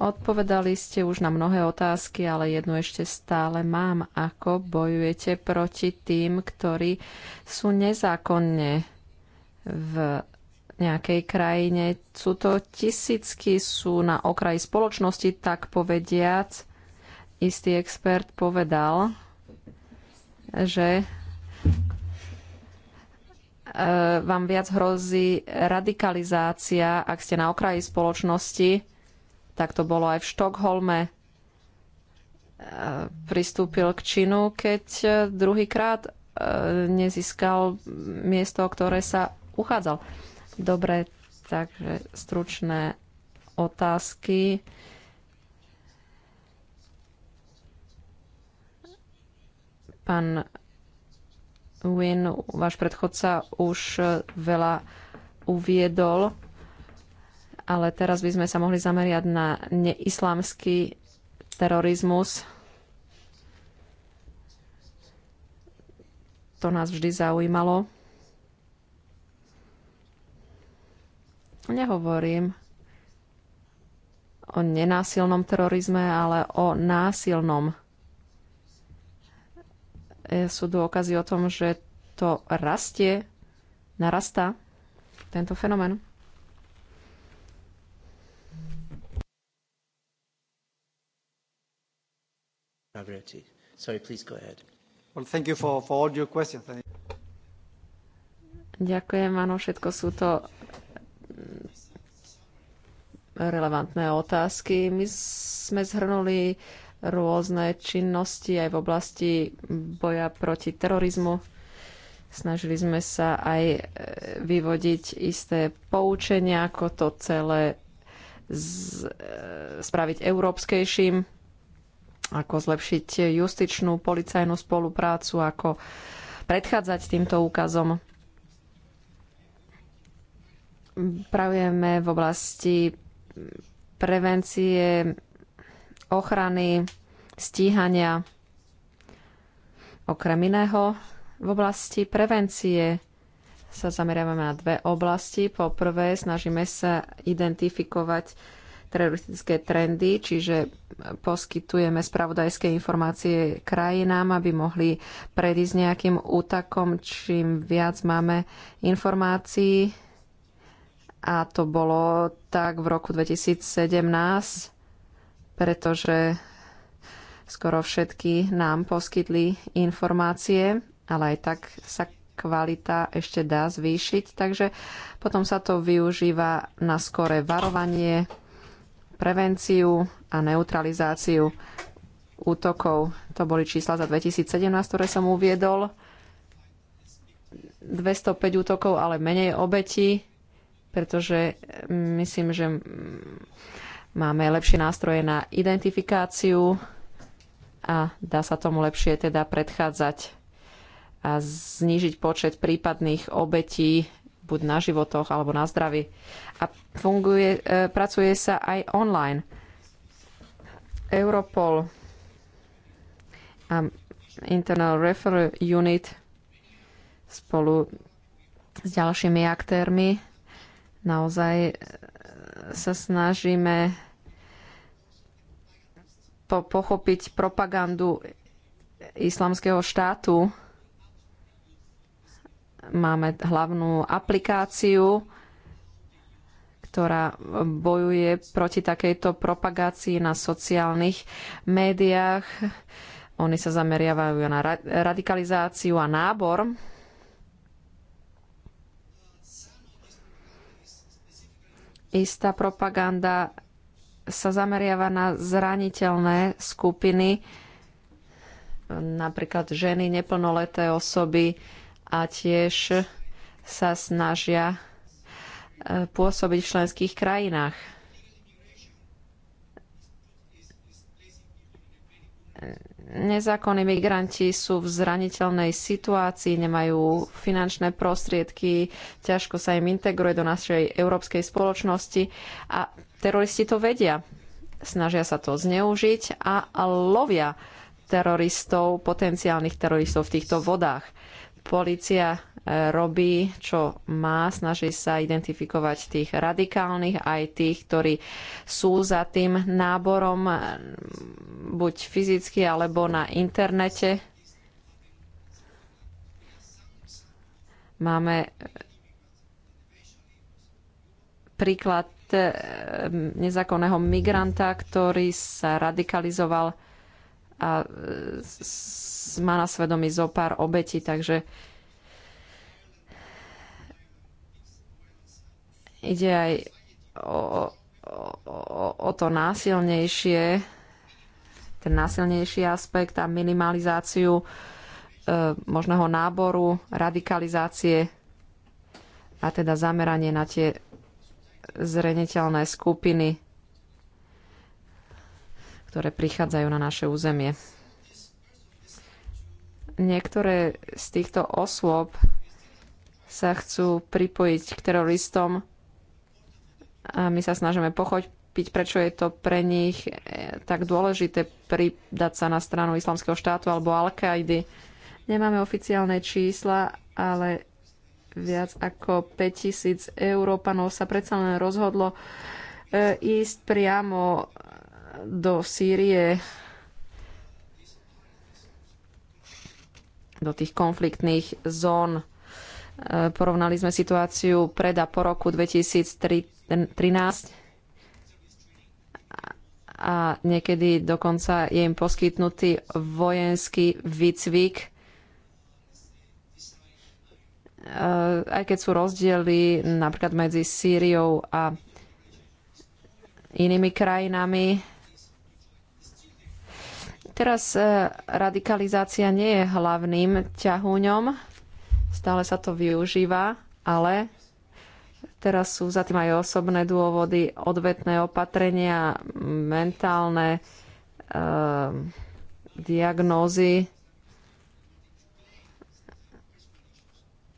Odpovedali ste už na mnohé otázky, ale jednu ešte stále mám. Ako bojujete proti tým, ktorí sú nezákonne v nejakej krajine? Sú to tisícky, sú na okraji spoločnosti, tak povediac. Istý expert povedal, že e, vám viac hrozí radikalizácia, ak ste na okraji spoločnosti, tak to bolo aj v Štokholme. E, pristúpil k činu, keď e, druhýkrát e, nezískal miesto, ktoré sa uchádzal. Dobre, takže stručné otázky. Pán Win, váš predchodca, už veľa uviedol ale teraz by sme sa mohli zameriať na neislamský terorizmus. To nás vždy zaujímalo. Nehovorím o nenásilnom terorizme, ale o násilnom. E, sú dôkazy o tom, že to rastie, narasta tento fenomén. Alberti. Sorry, please go ahead. Well, thank you for, for all your questions. Ďakujem, áno, všetko sú to mm, relevantné otázky. My sme zhrnuli rôzne činnosti aj v oblasti boja proti terorizmu. Snažili sme sa aj e, vyvodiť isté poučenia, ako to celé z, e, spraviť európskejším ako zlepšiť justičnú policajnú spoluprácu, ako predchádzať týmto úkazom. Pravujeme v oblasti prevencie, ochrany, stíhania. Okrem iného, v oblasti prevencie sa zameriavame na dve oblasti. Po prvé, snažíme sa identifikovať teroristické trendy, čiže poskytujeme spravodajské informácie krajinám, aby mohli predísť nejakým útakom. Čím viac máme informácií, a to bolo tak v roku 2017, pretože skoro všetky nám poskytli informácie, ale aj tak sa kvalita ešte dá zvýšiť, takže potom sa to využíva na skore varovanie, prevenciu a neutralizáciu útokov. To boli čísla za 2017, ktoré som uviedol. 205 útokov, ale menej obetí, pretože mm, myslím, že mm, máme lepšie nástroje na identifikáciu a dá sa tomu lepšie teda predchádzať a znížiť počet prípadných obetí buď na životoch alebo na zdraví. A funguje, e, pracuje sa aj online. Europol a Internal Refer Unit spolu s ďalšími aktérmi naozaj e, sa snažíme po pochopiť propagandu islamského štátu Máme hlavnú aplikáciu, ktorá bojuje proti takejto propagácii na sociálnych médiách. Oni sa zameriavajú na radikalizáciu a nábor. Istá propaganda sa zameriava na zraniteľné skupiny, napríklad ženy, neplnoleté osoby, a tiež sa snažia e, pôsobiť v členských krajinách. Nezákonní migranti sú v zraniteľnej situácii, nemajú finančné prostriedky, ťažko sa im integruje do našej európskej spoločnosti a teroristi to vedia. Snažia sa to zneužiť a lovia teroristov, potenciálnych teroristov v týchto vodách. Polícia e, robí, čo má, snaží sa identifikovať tých radikálnych, aj tých, ktorí sú za tým náborom, e, buď fyzicky alebo na internete. Máme e, príklad nezákonného migranta, ktorý sa radikalizoval a e, má na svedomí zo pár obetí, takže ide aj o, o, o to násilnejšie, ten násilnejší aspekt a minimalizáciu e, možného náboru, radikalizácie a teda zameranie na tie zreniteľné skupiny ktoré prichádzajú na naše územie. Niektoré z týchto osôb sa chcú pripojiť k teroristom a my sa snažíme pochopiť, prečo je to pre nich eh, tak dôležité pridať sa na stranu Islamského štátu alebo Al-Kaidy. Nemáme oficiálne čísla, ale viac ako 5000 Európanov sa predsa len rozhodlo eh, ísť priamo do Sýrie, do tých konfliktných zón. E, porovnali sme situáciu pred a po roku 2013 a niekedy dokonca je im poskytnutý vojenský výcvik. E, aj keď sú rozdiely napríklad medzi Sýriou a inými krajinami, Teraz e, radikalizácia nie je hlavným ťahuňom, stále sa to využíva, ale teraz sú za tým aj osobné dôvody, odvetné opatrenia, mentálne e, diagnózy.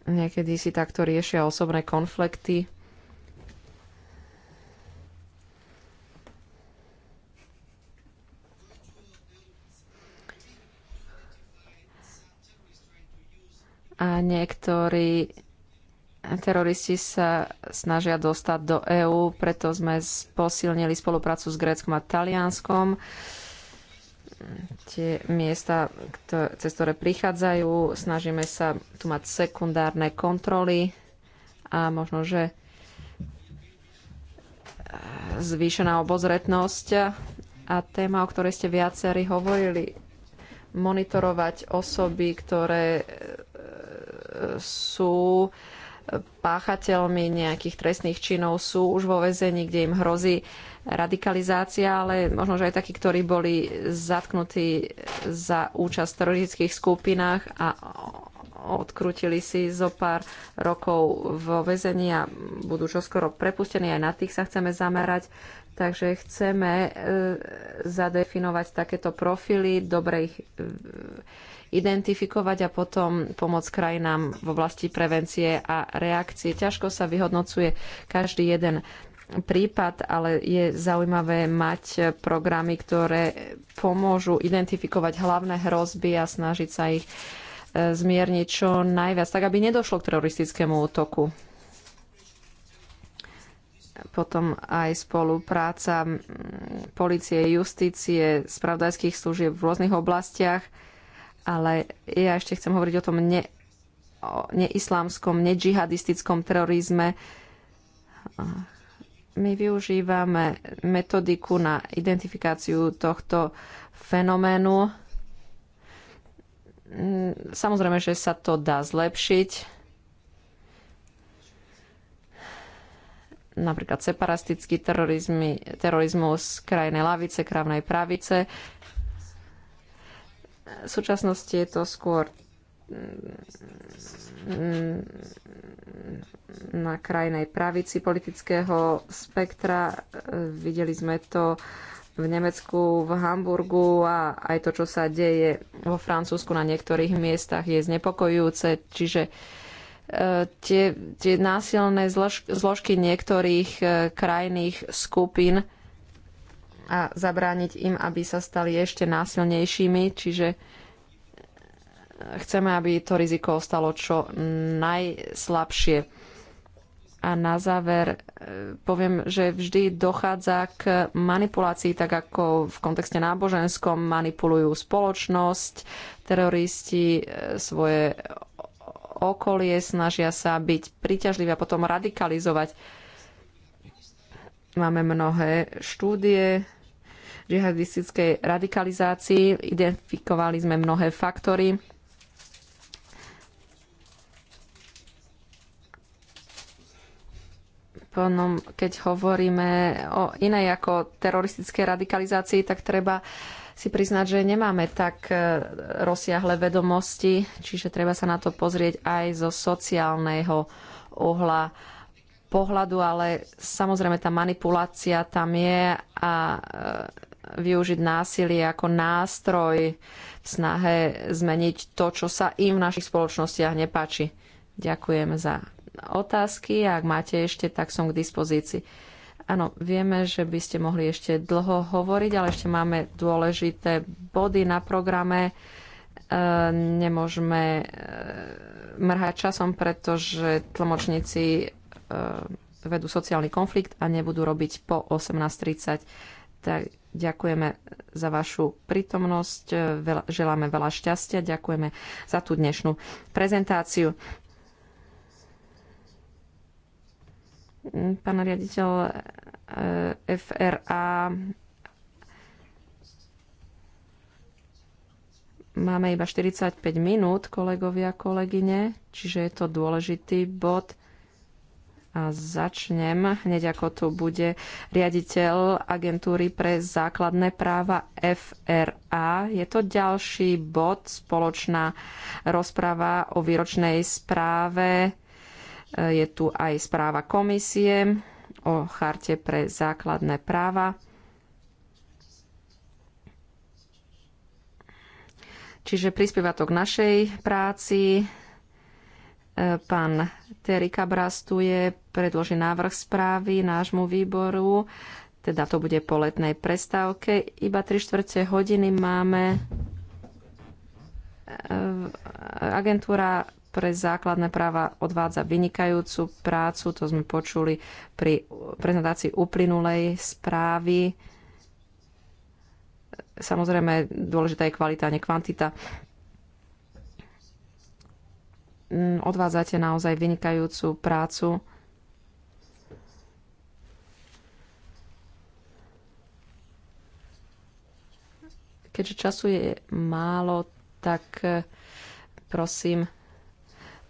Niekedy si takto riešia osobné konflikty. a niektorí teroristi sa snažia dostať do EÚ, preto sme posilnili spoluprácu s Gréckom a Talianskom. Tie miesta, cez ktoré prichádzajú, snažíme sa tu mať sekundárne kontroly a možno, že e, zvýšená obozretnosť a téma, o ktorej ste viacerí hovorili, monitorovať osoby, ktoré sú páchateľmi nejakých trestných činov, sú už vo väzení, kde im hrozí radikalizácia, ale možno, že aj takí, ktorí boli zatknutí za účasť v teroristických skupinách a odkrutili si zo pár rokov vo väzení a budú čoskoro prepustení. Aj na tých sa chceme zamerať. Takže chceme e, zadefinovať takéto profily, dobre ich e, identifikovať a potom pomôcť krajinám v oblasti prevencie a reakcie. Ťažko sa vyhodnocuje každý jeden prípad, ale je zaujímavé mať programy, ktoré pomôžu identifikovať hlavné hrozby a snažiť sa ich e, zmierniť čo najviac, tak aby nedošlo k teroristickému útoku potom aj spolupráca policie, justície, spravodajských služieb v rôznych oblastiach ale ja ešte chcem hovoriť o tom ne, o neislámskom, nedžihadistickom terorizme. My využívame metodiku na identifikáciu tohto fenoménu. Mm, samozrejme, že sa to dá zlepšiť. napríklad separastický terorizmus, krajnej lavice, krávnej pravice. V súčasnosti je to skôr mm, na krajnej pravici politického spektra. Videli sme to v Nemecku, v Hamburgu a aj to, čo sa deje vo Francúzsku na niektorých miestach, je znepokojujúce. Čiže e, tie, tie násilné zlož, zložky niektorých e, krajných skupín a zabrániť im, aby sa stali ešte násilnejšími, čiže chceme, aby to riziko ostalo čo najslabšie. A na záver e, poviem, že vždy dochádza k manipulácii, tak ako v kontexte náboženskom manipulujú spoločnosť, teroristi e, svoje okolie, snažia sa byť príťažliví a potom radikalizovať. Máme mnohé štúdie, džihadistickej radikalizácii. Identifikovali sme mnohé faktory. Potom, keď hovoríme o inej ako teroristickej radikalizácii, tak treba si priznať, že nemáme tak e, rozsiahle vedomosti, čiže treba sa na to pozrieť aj zo sociálneho uhla pohľadu, ale samozrejme tá manipulácia tam je a e, využiť násilie ako nástroj v snahe zmeniť to, čo sa im v našich spoločnostiach nepáči. Ďakujem za otázky a ak máte ešte, tak som k dispozícii. Áno, vieme, že by ste mohli ešte dlho hovoriť, ale ešte máme dôležité body na programe. E, nemôžeme e, mrhať časom, pretože tlmočníci e, vedú sociálny konflikt a nebudú robiť po 18.30. Tak Ďakujeme za vašu prítomnosť, e, veľa, želáme veľa šťastia, ďakujeme za tú dnešnú prezentáciu. Mm, pán riaditeľ e, FRA, máme iba 45 minút, kolegovia, kolegyne, čiže je to dôležitý bod. A začnem hneď ako tu bude riaditeľ agentúry pre základné práva FRA. Je to ďalší bod, spoločná rozprava o výročnej správe. E, je tu aj správa komisie o charte pre základné práva. Čiže prispieva to k našej práci. E, pán Terika Brastu je predložený návrh správy nášmu výboru, teda to bude po letnej prestávke. Iba 3 štvrte hodiny máme e, agentúra pre základné práva odvádza vynikajúcu prácu, to sme počuli pri prezentácii uplynulej správy. Samozrejme, dôležitá je kvalita, a ne kvantita odvádzate naozaj vynikajúcu prácu. Keďže času je málo, tak e, prosím,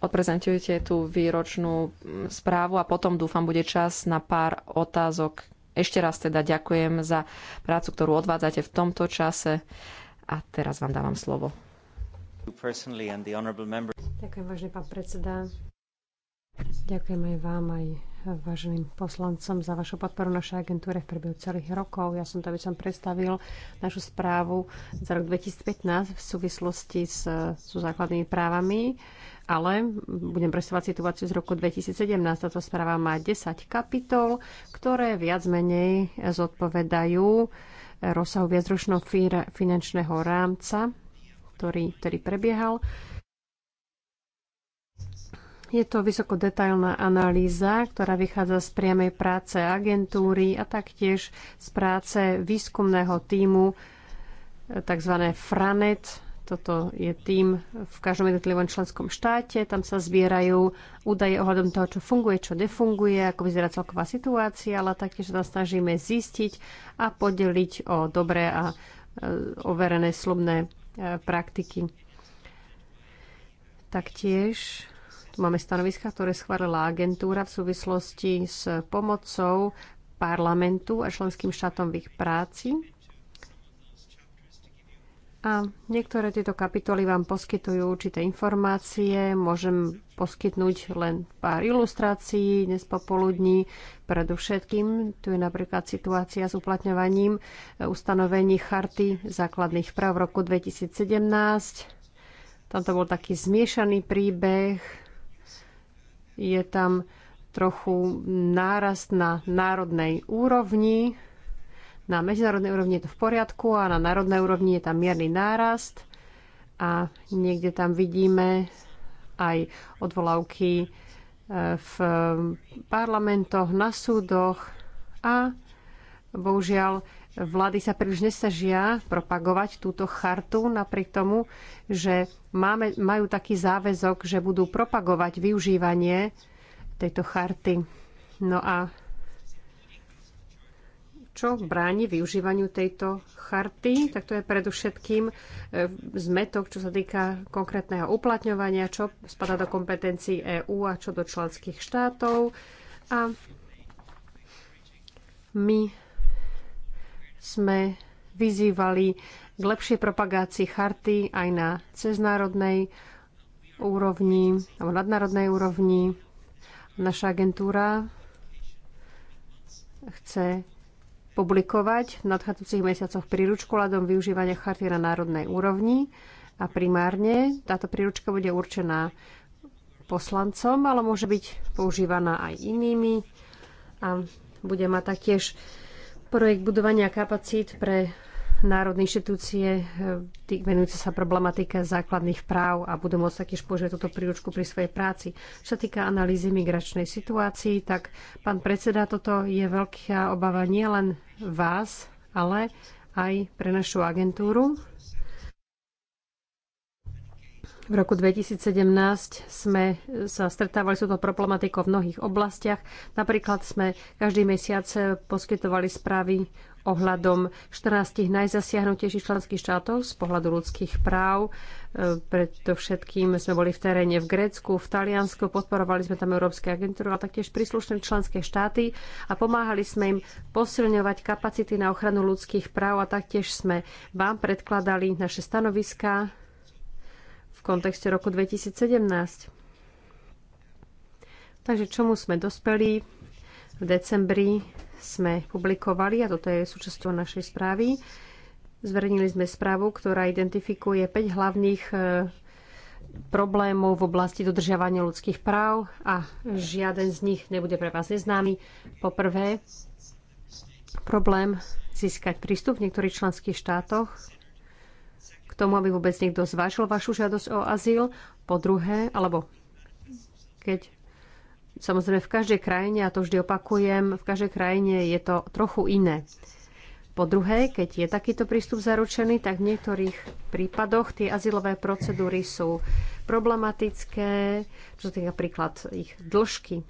odprezentujte tú výročnú správu a potom dúfam bude čas na pár otázok. Ešte raz teda ďakujem za prácu, ktorú odvádzate v tomto čase a teraz vám dávam slovo. Ďakujem, vážený pán predseda. Ďakujem aj vám, aj váženým poslancom za vašu podporu našej agentúre v priebehu celých rokov. Ja som to, aby som predstavil našu správu za rok 2015 v súvislosti s, s základnými právami, ale budem predstavovať situáciu z roku 2017. Táto správa má 10 kapitol, ktoré viac menej zodpovedajú rozsahu viacročného finančného rámca ktorý ktorý prebiehal. Je to vysoko detailná analýza, ktorá vychádza z priamej práce agentúry a taktiež z práce výskumného týmu tzv. FRANET. Toto je tým v každom jednotlivom členskom štáte. Tam sa zbierajú údaje ohľadom toho, čo funguje, čo nefunguje, ako vyzerá celková situácia, ale taktiež sa snažíme zistiť a podeliť o dobré a e, overené slubné E, praktiky. Taktiež tu máme stanoviska, ktoré schválila agentúra v súvislosti s pomocou parlamentu a členským štátom v ich práci. A niektoré tieto kapitoly vám poskytujú určité informácie. Môžem poskytnúť len pár ilustrácií dnes popoludní. Predovšetkým tu je napríklad situácia s uplatňovaním e, ustanovení Charty základných práv v roku 2017. Tam to bol taký zmiešaný príbeh. Je tam trochu nárast na národnej úrovni, na medzinárodnej úrovni je to v poriadku a na národnej úrovni je tam mierny nárast a niekde tam vidíme aj odvolávky e, v parlamentoch, na súdoch a bohužiaľ vlády sa príliš nesažia propagovať túto chartu napriek tomu, že máme, majú taký záväzok, že budú propagovať využívanie tejto charty. No a čo bráni využívaniu tejto charty, tak to je predovšetkým e, zmetok, čo sa týka konkrétneho uplatňovania, čo spada do kompetencií EÚ a čo do členských štátov. A my sme vyzývali k lepšej propagácii charty aj na ceznárodnej úrovni alebo nadnárodnej úrovni. Naša agentúra chce publikovať v nadchádzajúcich mesiacoch príručku ľadom využívania charty na národnej úrovni a primárne táto príručka bude určená poslancom, ale môže byť používaná aj inými a bude mať taktiež projekt budovania kapacít pre národné inštitúcie eh, venujúce sa problematike základných práv a budú môcť taktiež požiť túto príručku pri svojej práci. Čo sa týka analýzy migračnej situácii, tak pán predseda, toto je veľká obava nielen vás, ale aj pre našu agentúru. V roku 2017 sme eh, sa stretávali s touto problematikou v mnohých oblastiach. Napríklad sme každý mesiac eh, poskytovali správy ohľadom 14 najzasiahnutejších členských štátov z pohľadu ľudských práv. E, predovšetkým sme boli v teréne v Grécku, v Taliansku, podporovali sme tam Európske agentúru a taktiež príslušné členské štáty a pomáhali sme im posilňovať kapacity na ochranu ľudských práv a taktiež sme vám predkladali naše stanoviská v kontexte roku 2017. Takže čomu sme dospeli v decembri sme publikovali, a toto je súčasťou našej správy, zverejnili sme správu, ktorá identifikuje 5 hlavných e, problémov v oblasti dodržiavania ľudských práv a žiaden z nich nebude pre vás neznámy. Poprvé, problém získať prístup v niektorých členských štátoch k tomu, aby vôbec niekto zvážil vašu žiadosť o azyl. Po druhé, alebo keď Samozrejme, v každej krajine, a to vždy opakujem, v každej krajine je to trochu iné. Po druhé, keď je takýto prístup zaručený, tak v niektorých prípadoch tie azylové procedúry sú problematické, čo sa týka napríklad ich dĺžky.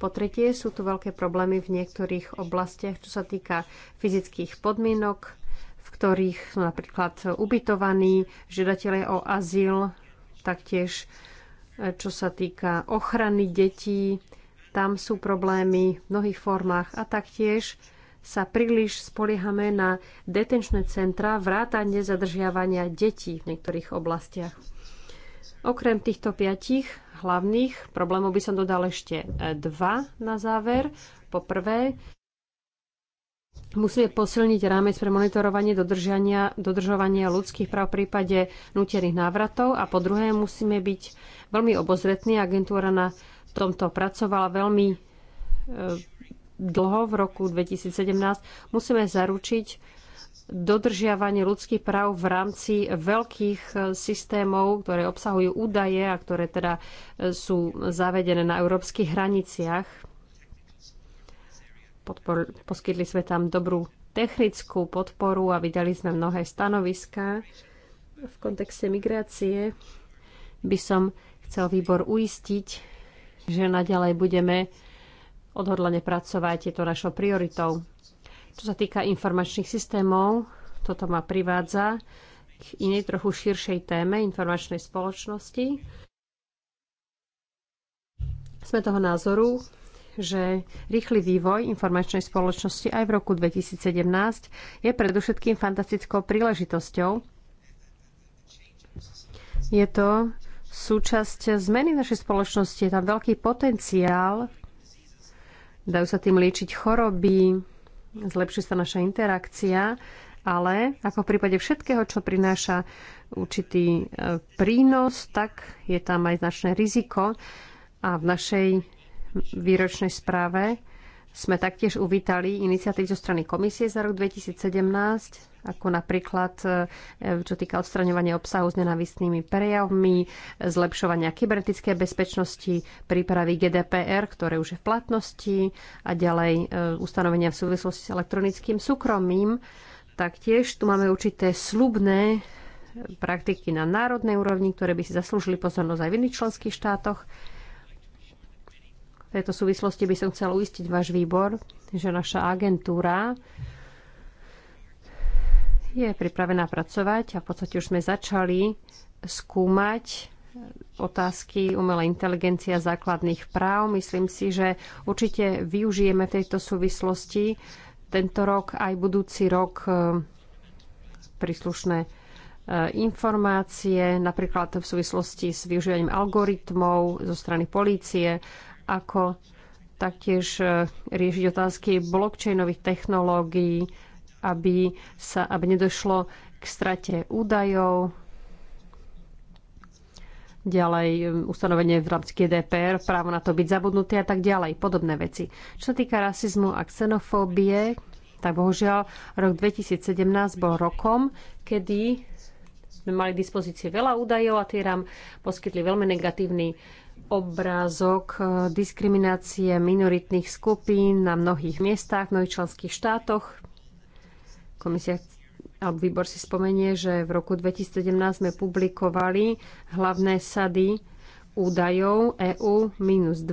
Po tretie, sú tu veľké problémy v niektorých oblastiach, čo sa týka fyzických podmienok, v ktorých sú napríklad ubytovaní žiadatelia o azyl, taktiež E, čo sa týka ochrany detí, tam sú problémy v mnohých formách a taktiež sa príliš spoliehame na detenčné centra vrátane zadržiavania detí v niektorých oblastiach. Okrem týchto piatich hlavných problémov by som dodal ešte e, dva na záver. Po prvé, Musíme posilniť rámec pre monitorovanie dodržania, dodržovania ľudských práv v prípade nutených návratov a po druhé musíme byť veľmi obozretní. Agentúra na tomto pracovala veľmi e, dlho v roku 2017. Musíme zaručiť dodržiavanie ľudských práv v rámci veľkých e, systémov, ktoré obsahujú údaje a ktoré teda e, sú zavedené na európskych hraniciach podpor, poskytli sme tam dobrú technickú podporu a vydali sme mnohé stanoviská v kontexte migrácie. By som chcel výbor uistiť, že naďalej budeme odhodlane pracovať, je to našou prioritou. Čo sa týka informačných systémov, toto ma privádza k inej trochu širšej téme informačnej spoločnosti. Sme toho názoru, že rýchly vývoj informačnej spoločnosti aj v roku 2017 je predovšetkým fantastickou príležitosťou. Je to súčasť zmeny našej spoločnosti, je tam veľký potenciál, dajú sa tým liečiť choroby, zlepší sa naša interakcia, ale ako v prípade všetkého, čo prináša určitý e, prínos, tak je tam aj značné riziko. A v našej výročnej správe sme taktiež uvítali iniciatívy zo strany komisie za rok 2017, ako napríklad e, čo týka odstraňovania obsahu s nenavistnými prejavmi, zlepšovania kybernetickej bezpečnosti, prípravy GDPR, ktoré už je v platnosti a ďalej e, ustanovenia v súvislosti s elektronickým súkromím. Taktiež tu máme určité slubné praktiky na národnej úrovni, ktoré by si zaslúžili pozornosť aj v iných členských štátoch tejto súvislosti by som chcel uistiť váš výbor, že naša agentúra je pripravená pracovať a v podstate už sme začali skúmať otázky inteligencie a základných práv. Myslím si, že určite využijeme tejto súvislosti tento rok aj budúci rok e, príslušné e, informácie, napríklad v súvislosti s využívaním algoritmov zo strany polície ako taktiež e, riešiť otázky blockchainových technológií, aby, sa, aby nedošlo k strate údajov. Ďalej e, ustanovenie v rámci GDPR, právo na to byť zabudnuté a tak ďalej, podobné veci. Čo sa týka rasizmu a xenofóbie, tak bohužiaľ rok 2017 bol rokom, kedy sme mali k dispozícii veľa údajov a tie nám poskytli veľmi negatívny obrázok eh, diskriminácie minoritných skupín na mnohých miestach, v mnohých členských štátoch. Komisia alebo výbor si spomenie, že v roku 2017 sme publikovali hlavné sady údajov EU-2,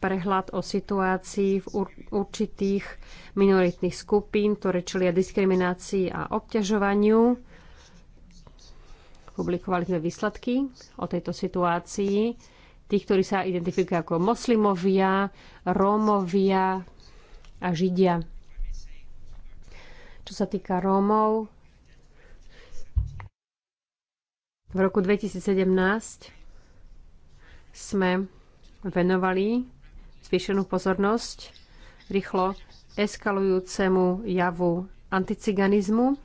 prehľad o situácii v určitých minoritných skupín, ktoré čelia diskriminácii a obťažovaniu. Publikovali sme výsledky o tejto situácii tých, ktorí sa identifikujú ako moslimovia, rómovia a židia. Čo sa týka Rómov, v roku 2017 sme venovali zvýšenú pozornosť rýchlo eskalujúcemu javu anticiganizmu,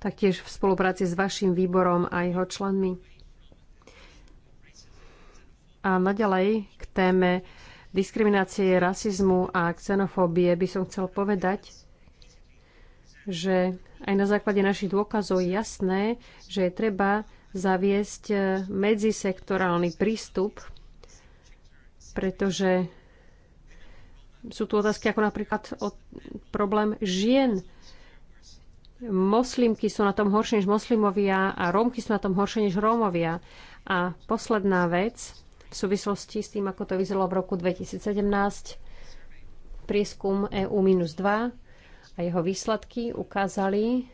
taktiež v spolupráci s vašim výborom a jeho členmi. A naďalej k téme diskriminácie, rasizmu a xenofóbie by som chcel povedať, že aj na základe našich dôkazov je jasné, že je treba zaviesť medzisektorálny prístup, pretože sú tu otázky ako napríklad o problém žien. Moslimky sú na tom horšie než moslimovia a Rómky sú na tom horšie než Rómovia. A posledná vec, v súvislosti s tým, ako to vyzeralo v roku 2017. Prieskum EU-2 a jeho výsledky ukázali,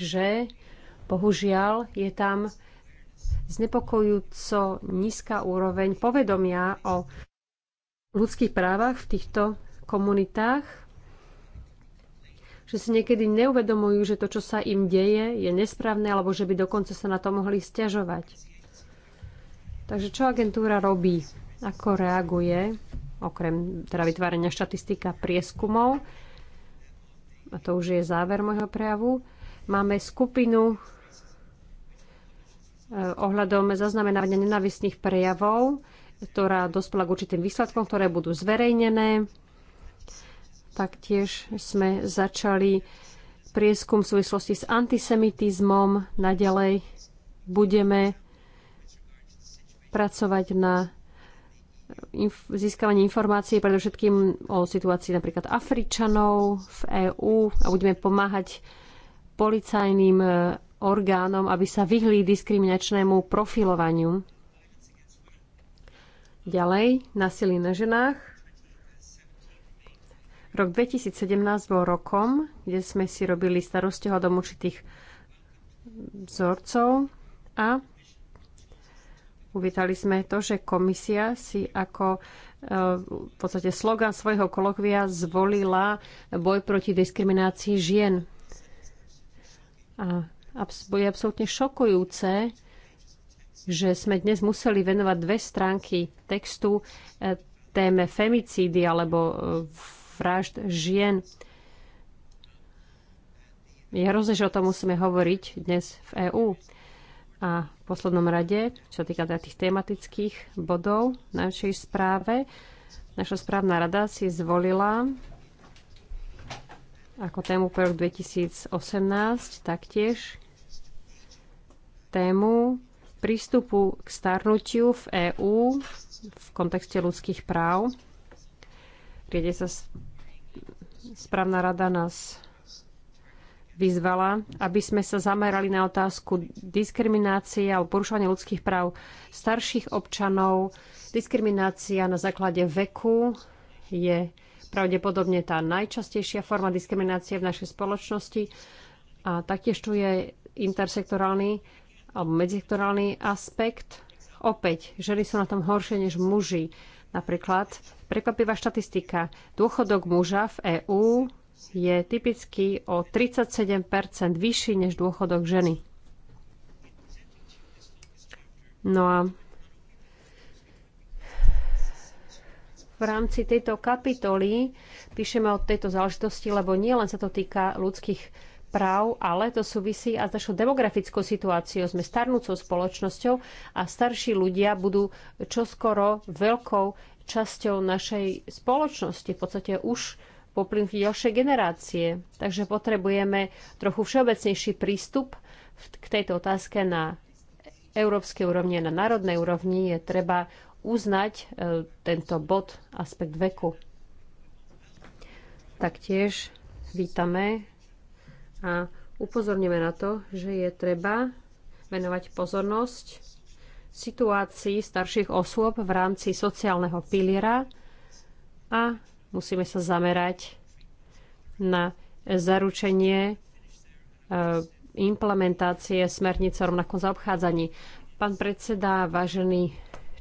že bohužiaľ je tam znepokojúco nízka úroveň povedomia o ľudských právach v týchto komunitách, že si niekedy neuvedomujú, že to, čo sa im deje, je nesprávne, alebo že by dokonca sa na to mohli stiažovať. Takže čo agentúra robí? Ako reaguje, okrem teda vytvárania štatistika prieskumov? A to už je záver môjho prejavu. Máme skupinu e, ohľadom zaznamenávania nenavistných prejavov, ktorá dospela k určitým výsledkom, ktoré budú zverejnené. Taktiež sme začali prieskum v súvislosti s antisemitizmom. Naďalej budeme pracovať na inf- získavaní informácií predovšetkým o situácii napríklad Afričanov v EÚ a budeme pomáhať policajným e, orgánom, aby sa vyhli diskriminačnému profilovaniu. Ďalej, nasilí na ženách. Rok 2017 bol rokom, kde sme si robili starosti hľadom určitých vzorcov a Uvítali sme to, že komisia si ako e, v podstate slogan svojho kolokvia zvolila boj proti diskriminácii žien. A je absolútne šokujúce, že sme dnes museli venovať dve stránky textu e, téme femicídy alebo e, vražd žien. Je hrozné, že o tom musíme hovoriť dnes v EÚ. A v poslednom rade, čo týka teda tých tematických bodov v našej správe, naša správna rada si zvolila ako tému pre rok 2018 taktiež tému prístupu k starnutiu v EÚ v kontexte ľudských práv. Kde sa správna rada nás vyzvala, aby sme sa zamerali na otázku diskriminácie alebo porušovania ľudských práv starších občanov. Diskriminácia na základe veku je pravdepodobne tá najčastejšia forma diskriminácie v našej spoločnosti. A taktiež tu je intersektorálny alebo medzisektorálny aspekt. Opäť, ženy sú na tom horšie než muži. Napríklad prekvapivá štatistika. Dôchodok muža v EÚ je typicky o 37 vyšší než dôchodok ženy. No a v rámci tejto kapitoly píšeme o tejto záležitosti, lebo nielen sa to týka ľudských práv, ale to súvisí aj s našou demografickou situáciou. Sme starnúcou spoločnosťou a starší ľudia budú čoskoro veľkou časťou našej spoločnosti. V podstate už poplynky ďalšie generácie. Takže potrebujeme trochu všeobecnejší prístup k tejto otázke na európskej úrovni a na národnej úrovni. Je treba uznať e, tento bod, aspekt veku. Taktiež vítame a upozorníme na to, že je treba venovať pozornosť situácii starších osôb v rámci sociálneho piliera a musíme sa zamerať na zaručenie e, implementácie smernice o rovnakom zaobchádzaní. Pán predseda, vážení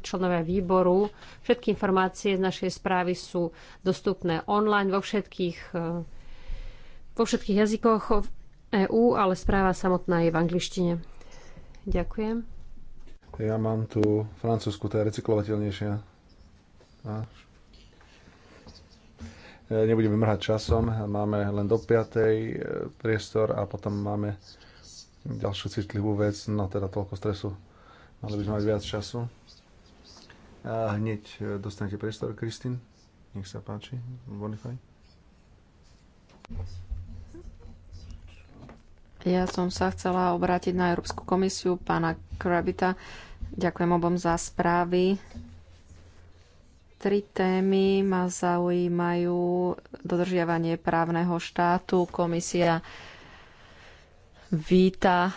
členovia výboru, všetky informácie z našej správy sú dostupné online vo všetkých, e, vo všetkých jazykoch v EÚ, ale správa samotná je v angličtine. Ďakujem. Ja mám tu francúzsku, tá je recyklovateľnejšia. A E, nebudeme mrhať časom, máme len do 5. E, priestor a potom máme ďalšiu citlivú vec, no teda toľko stresu. Mali by sme mať viac času. A hneď e, dostanete priestor, Kristin. Nech sa páči, Bonify. Ja som sa chcela obrátiť na Európsku komisiu pána Krabita. Ďakujem obom za správy. Tri témy ma zaujímajú. Dodržiavanie právneho štátu. Komisia víta.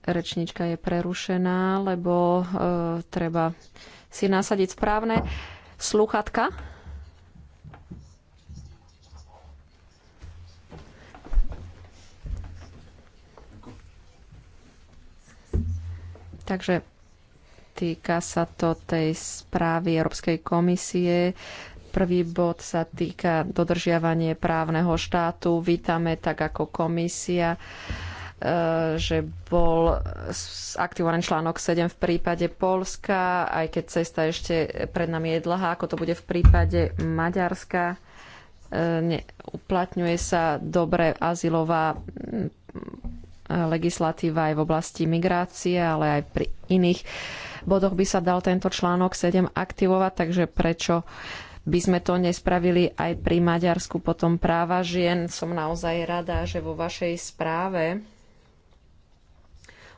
Rečnička je prerušená, lebo e, treba si nasadiť správne sluchatka. Takže Týka sa to tej správy Európskej komisie. Prvý bod sa týka dodržiavanie právneho štátu. Vítame tak ako komisia e, že bol aktivovaný článok 7 v prípade Polska, aj keď cesta ešte pred nami je dlhá, ako to bude v prípade Maďarska. E, ne, uplatňuje sa dobre azylová legislatíva aj v oblasti migrácie, ale aj pri iných bodoch by sa dal tento článok 7 aktivovať, takže prečo by sme to nespravili aj pri Maďarsku potom práva žien. Som naozaj rada, že vo vašej správe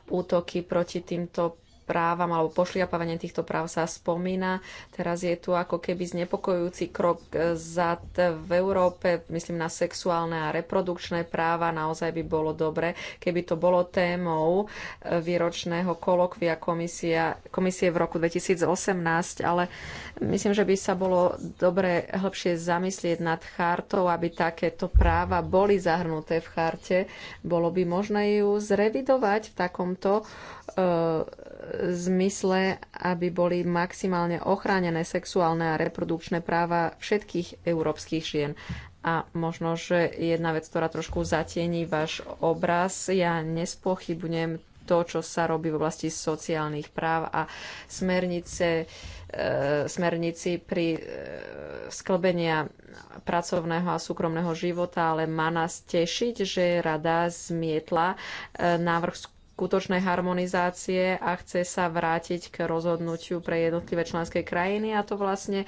útoky proti týmto právam alebo pošliapávanie týchto práv sa spomína. Teraz je tu ako keby znepokojujúci krok zad v Európe, myslím na sexuálne a reprodukčné práva. Naozaj by bolo dobre, keby to bolo témou e, výročného kolokvia komisia, komisie v roku 2018, ale myslím, že by sa bolo dobre hĺbšie zamyslieť nad chartou, aby takéto práva boli zahrnuté v charte. Bolo by možné ju zrevidovať v takomto e, zmysle, aby boli maximálne ochránené sexuálne a reprodukčné práva všetkých európskych žien. A možno, že jedna vec, ktorá trošku zatieni váš obraz, ja nespochybnem to, čo sa robí v oblasti sociálnych práv a smernice, e, smernici pri e, sklbenia pracovného a súkromného života, ale má nás tešiť, že rada zmietla e, návrh skutočnej harmonizácie a chce sa vrátiť k rozhodnutiu pre jednotlivé členské krajiny a to vlastne e,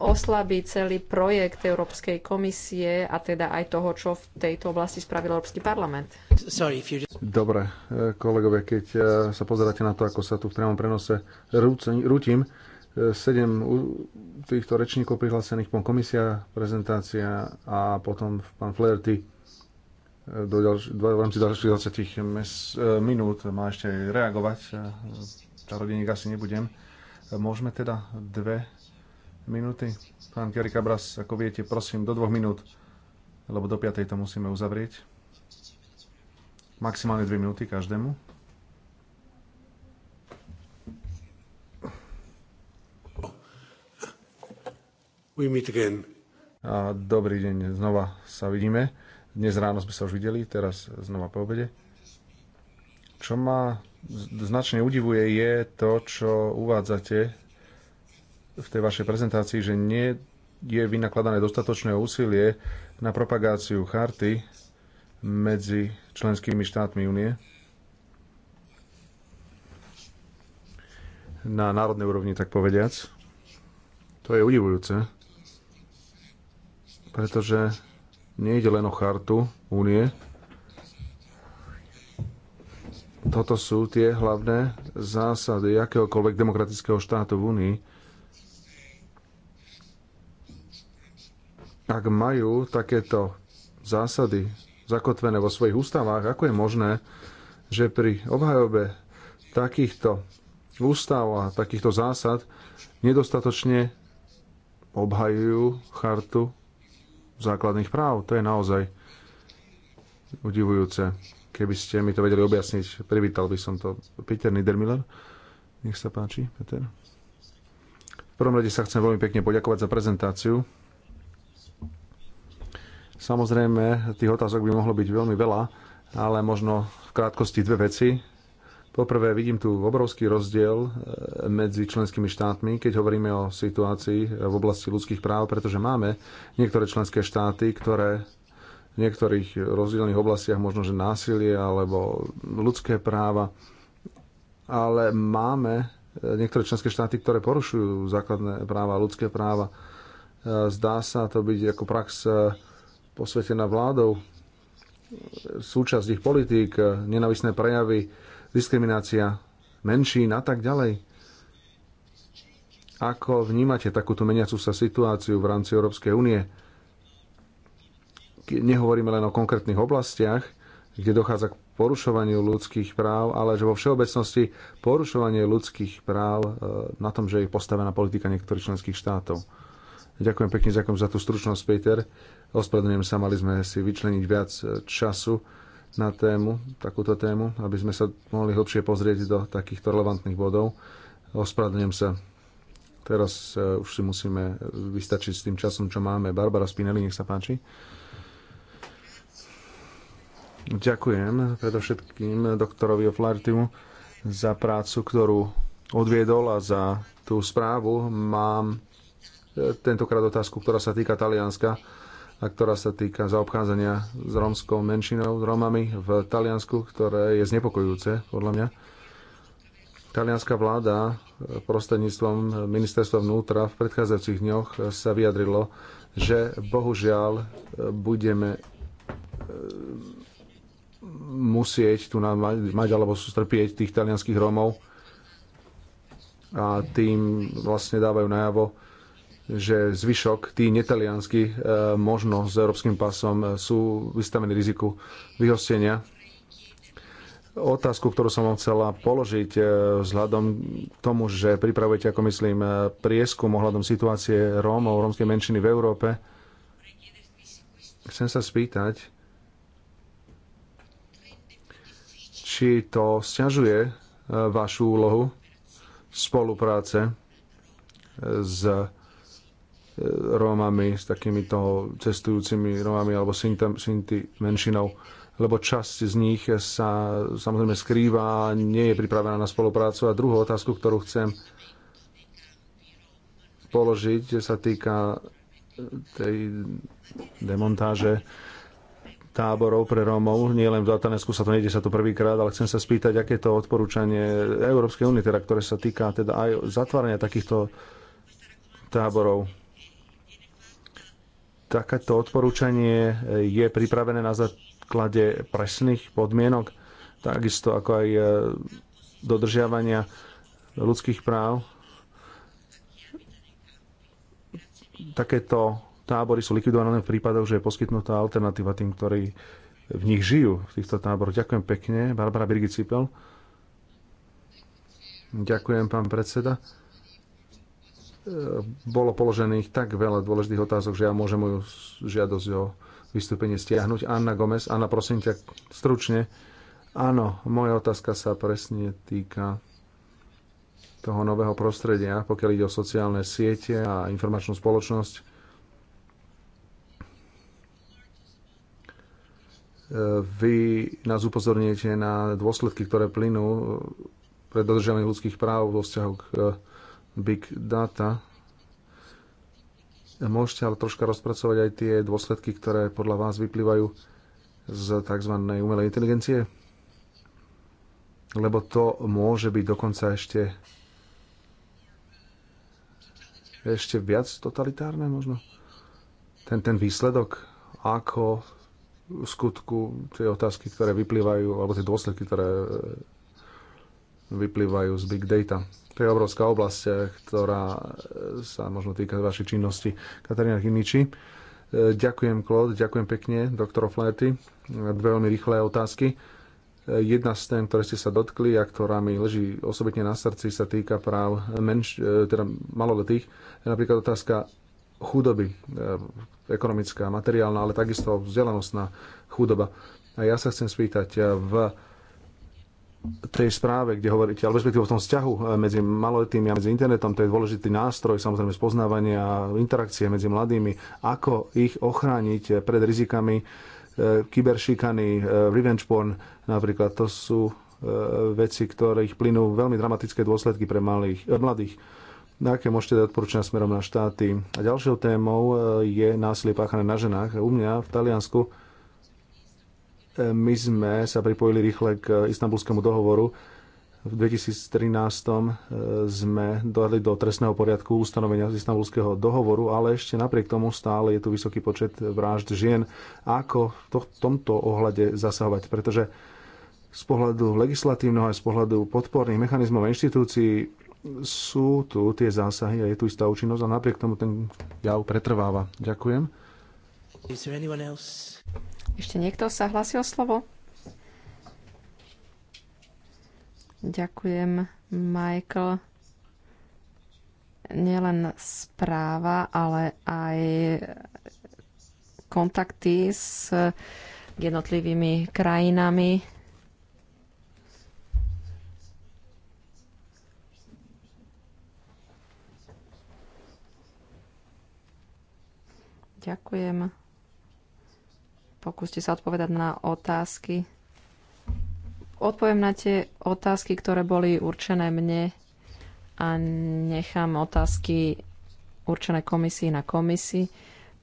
oslabí celý projekt Európskej komisie a teda aj toho, čo v tejto oblasti spravil Európsky parlament. Dobre, e, kolegovia, keď e, sa pozeráte na to, ako sa tu v priamom prenose rútim, sedem týchto rečníkov prihlásených, pán komisia, prezentácia a potom pán Flaherty do ďalš- do, v rámci ďalších 20 mes- e, minút má ešte reagovať. Čarodejník e, asi nebudem. Môžeme teda dve minúty. Pán Kerry Cabras, ako viete, prosím, do dvoch minút, lebo do piatej to musíme uzavrieť. Maximálne dve minúty každému. We meet again. A dobrý deň, znova sa vidíme. Dnes ráno sme sa už videli, teraz znova po obede. Čo ma značne udivuje je to, čo uvádzate v tej vašej prezentácii, že nie je vynakladané dostatočné úsilie na propagáciu charty medzi členskými štátmi únie. Na národnej úrovni, tak povediac. To je udivujúce, pretože Nejde len o chartu únie. Toto sú tie hlavné zásady akéhokoľvek demokratického štátu v únii. Ak majú takéto zásady zakotvené vo svojich ústavách, ako je možné, že pri obhajobe takýchto ústav a takýchto zásad nedostatočne obhajujú chartu základných práv. To je naozaj udivujúce. Keby ste mi to vedeli objasniť, privítal by som to. Peter Niedermiller, nech sa páči, Peter. V prvom rade sa chcem veľmi pekne poďakovať za prezentáciu. Samozrejme, tých otázok by mohlo byť veľmi veľa, ale možno v krátkosti dve veci Poprvé vidím tu obrovský rozdiel e, medzi členskými štátmi, keď hovoríme o situácii e, v oblasti ľudských práv, pretože máme niektoré členské štáty, ktoré v niektorých rozdielných oblastiach možno, že násilie alebo ľudské práva, ale máme e, niektoré členské štáty, ktoré porušujú základné práva, ľudské práva. Zdá sa to byť ako prax posvetená vládou, súčasť ich politík, nenavisné prejavy, diskriminácia menšín a tak ďalej. Ako vnímate takúto meniacu sa situáciu v rámci Európskej únie? Nehovoríme len o konkrétnych oblastiach, kde dochádza k porušovaniu ľudských práv, ale že vo všeobecnosti porušovanie ľudských práv e, na tom, že je postavená politika niektorých členských štátov. Ďakujem pekne ďakujem za tú stručnosť, Peter. Ospravedlňujem sa, mali sme si vyčleniť viac e, času na tému, takúto tému, aby sme sa mohli hlbšie pozrieť do takýchto relevantných bodov. Ospravedlňujem sa. Teraz e, už si musíme vystačiť s tým časom, čo máme. Barbara Spinelli, nech sa páči. Ďakujem predovšetkým doktorovi Oflartimu za prácu, ktorú odviedol a za tú správu. Mám e, tentokrát otázku, ktorá sa týka Talianska a ktorá sa týka zaobchádzania s romskou menšinou, s romami v Taliansku, ktoré je znepokojúce, podľa mňa. Talianská vláda prostredníctvom ministerstva vnútra v predchádzajúcich dňoch sa vyjadrilo, že bohužiaľ budeme e, musieť tu mať alebo strpieť tých talianských Rómov a tým vlastne dávajú najavo, že zvyšok, tí netaliansky, e, možno s európskym pasom e, sú vystavení riziku vyhostenia. Otázku, ktorú som vám chcela položiť e, vzhľadom k tomu, že pripravujete, ako myslím, prieskum ohľadom situácie Rómov, rómskej menšiny v Európe, chcem sa spýtať, či to sťažuje vašu úlohu spolupráce s Rómami, s takýmito cestujúcimi Rómami alebo Sinti menšinou, lebo časť z nich sa samozrejme skrýva a nie je pripravená na spoluprácu. A druhú otázku, ktorú chcem položiť, sa týka tej demontáže táborov pre Rómov. Nie len v Zatanesku sa to nejde sa to prvýkrát, ale chcem sa spýtať, aké to odporúčanie Európskej únie, teda, ktoré sa týka teda aj zatvárania takýchto táborov takéto odporúčanie eh, je pripravené na základe presných podmienok, takisto ako aj eh, dodržiavania ľudských práv. Takéto tábory sú likvidované v prípadoch, že je poskytnutá alternatíva tým, ktorí v nich žijú, v týchto táboroch. Ďakujem pekne. Barbara Birgit Cipel. Ďakujem, pán predseda. E, bolo položených tak veľa dôležitých otázok, že ja môžem moju žiadosť o vystúpenie stiahnuť. Anna Gomez, Anna, prosím ťa stručne. Áno, moja otázka sa presne týka toho nového prostredia, pokiaľ ide o sociálne siete a informačnú spoločnosť. E, vy nás upozorníte na dôsledky, ktoré plynú pre dodržiavanie ľudských práv vo vzťahu k e, big data. Môžete ale troška rozpracovať aj tie dôsledky, ktoré podľa vás vyplývajú z tzv. umelej inteligencie? Lebo to môže byť dokonca ešte ešte viac totalitárne možno? Ten, ten výsledok, ako v skutku tie otázky, ktoré vyplývajú, alebo tie dôsledky, ktoré vyplývajú z big data. To je obrovská oblasť, eh, ktorá eh, sa možno týka vašej činnosti. Katarína Hiniči. Eh, ďakujem, Klod, ďakujem pekne, doktor Flaherty. Dve veľmi rýchle otázky. Jedna z tém, ktoré ste sa dotkli a ktorá mi leží osobitne na srdci, sa týka práv menš, teda maloletých. Napríklad otázka chudoby, ekonomická, materiálna, ale takisto vzdelanostná chudoba. A ja sa chcem spýtať, v tej správe, kde hovoríte, alebo respektíve v tom vzťahu eh, medzi maloletými a medzi internetom, to je dôležitý nástroj samozrejme spoznávania a interakcie medzi mladými, ako ich ochrániť eh, pred rizikami eh, kyberšikany, revenge porn napríklad, to sú veci, ktorých plynú veľmi dramatické dôsledky pre malých, mladých. Na aké môžete dať odporúčania smerom na štáty? A ďalšou témou je násilie páchané na ženách. U mňa v Taliansku my sme sa pripojili rýchle k istambulskému dohovoru. V 2013 e, sme dohodli do trestného poriadku ustanovenia z istambulského dohovoru, ale ešte napriek tomu stále je tu vysoký počet vražd žien. Ako v tomto ohľade zasahovať? Pretože z pohľadu legislatívneho aj z pohľadu podporných mechanizmov a inštitúcií sú tu tie zásahy a je tu istá účinnosť a napriek tomu ten jav pretrváva. Ďakujem. Ešte niekto sa hlasí o slovo? Ďakujem, Michael. Nielen správa, ale aj kontakty s jednotlivými krajinami. Ďakujem. Pokúste sa odpovedať na otázky. Odpoviem na tie otázky, ktoré boli určené mne a nechám otázky určené komisii na komisii.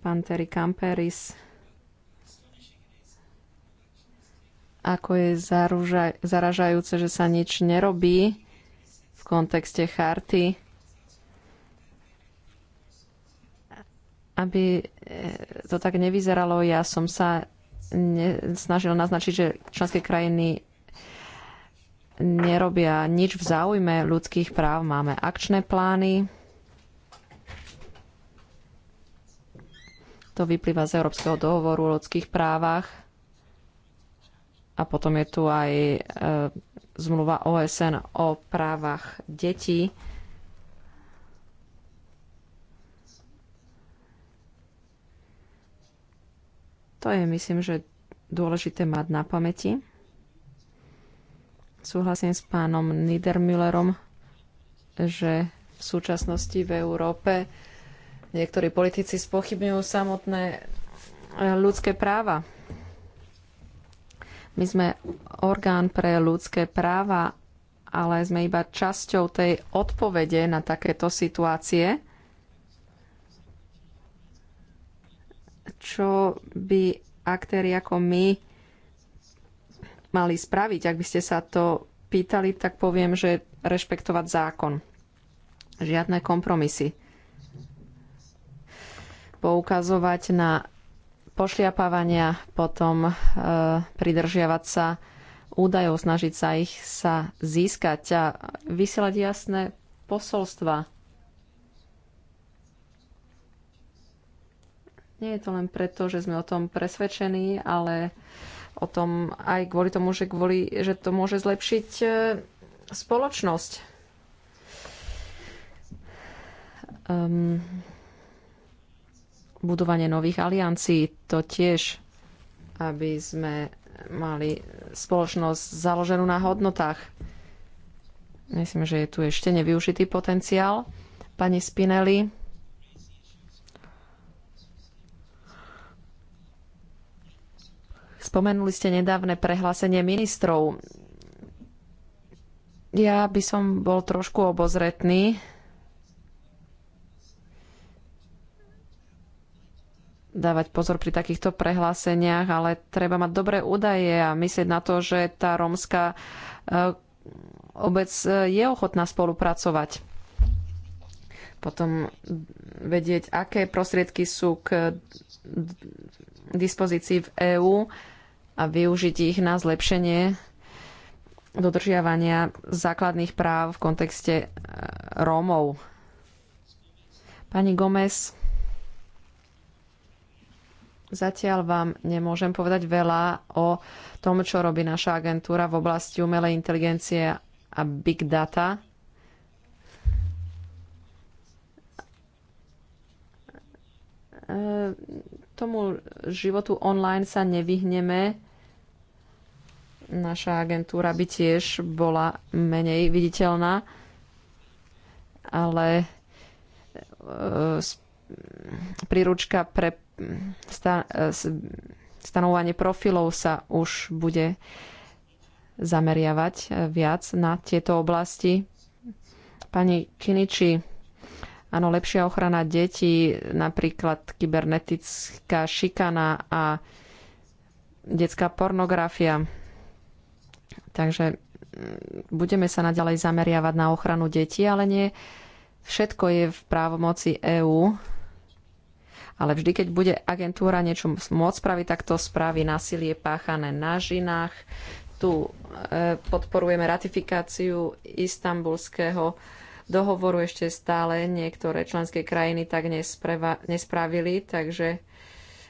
Pán Terry Kamperis, ako je zaražajúce, že sa nič nerobí v kontexte charty Aby e, to tak nevyzeralo, ja som sa snažil naznačiť, že členské krajiny nerobia nič v záujme ľudských práv. Máme akčné plány. To vyplýva z Európskeho dohovoru o ľudských právach. A potom je tu aj e, zmluva OSN o právach detí. To je, myslím, že dôležité mať na pamäti. Súhlasím s pánom Niedermüllerom, že v súčasnosti v Európe niektorí politici spochybňujú samotné e, ľudské práva. My sme orgán pre ľudské práva, ale sme iba časťou tej odpovede na takéto situácie. čo by aktéri ako my mali spraviť. Ak by ste sa to pýtali, tak poviem, že rešpektovať zákon. Žiadne kompromisy. Poukazovať na pošliapávania, potom e, pridržiavať sa údajov, snažiť sa ich sa získať a vysielať jasné posolstva Nie je to len preto, že sme o tom presvedčení, ale o tom aj kvôli tomu, že, kvôli, že to môže zlepšiť e, spoločnosť. Um, budovanie nových aliancií, to tiež, aby sme mali spoločnosť založenú na hodnotách. Myslím, že je tu ešte nevyužitý potenciál. Pani Spinelli, Spomenuli ste nedávne prehlásenie ministrov. Ja by som bol trošku obozretný. dávať pozor pri takýchto prehláseniach, ale treba mať dobré údaje a myslieť na to, že tá rómska eh, obec eh, je ochotná spolupracovať. Potom vedieť, aké prostriedky sú k dispozícii v EÚ a využiť ich na zlepšenie dodržiavania základných práv v kontexte e, Rómov. Pani Gomez, zatiaľ vám nemôžem povedať veľa o tom, čo robí naša agentúra v oblasti umelej inteligencie a big data. E, tomu životu online sa nevyhneme. Naša agentúra by tiež bola menej viditeľná, ale e, príručka pre e, stanovanie profilov sa už bude zameriavať e, viac na tieto oblasti. Pani Kiniči, Áno, lepšia ochrana detí, napríklad kybernetická šikana a detská pornografia. Takže mm, budeme sa naďalej zameriavať na ochranu detí, ale nie všetko je v právomoci EÚ. Ale vždy, keď bude agentúra niečo môcť spraviť, tak to spraví násilie páchané na žinách. Tu e, podporujeme ratifikáciu istambulského dohovoru ešte stále niektoré členské krajiny tak nespravili, takže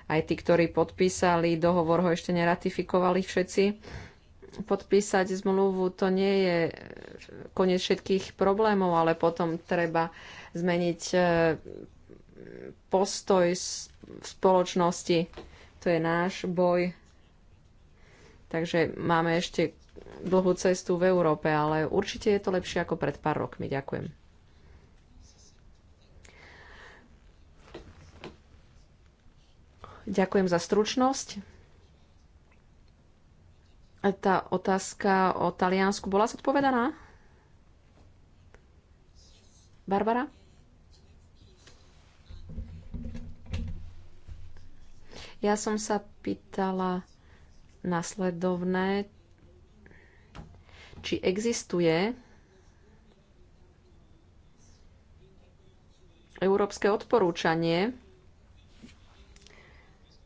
aj tí, ktorí podpísali dohovor, ho ešte neratifikovali všetci. Podpísať zmluvu to nie je koniec všetkých problémov, ale potom treba zmeniť e, postoj v spoločnosti. To je náš boj. Takže máme ešte dlhú cestu v Európe, ale určite je to lepšie ako pred pár rokmi. Ďakujem. Ďakujem za stručnosť. Tá otázka o Taliansku bola zodpovedaná? Barbara? Ja som sa pýtala nasledovné, či existuje európske odporúčanie,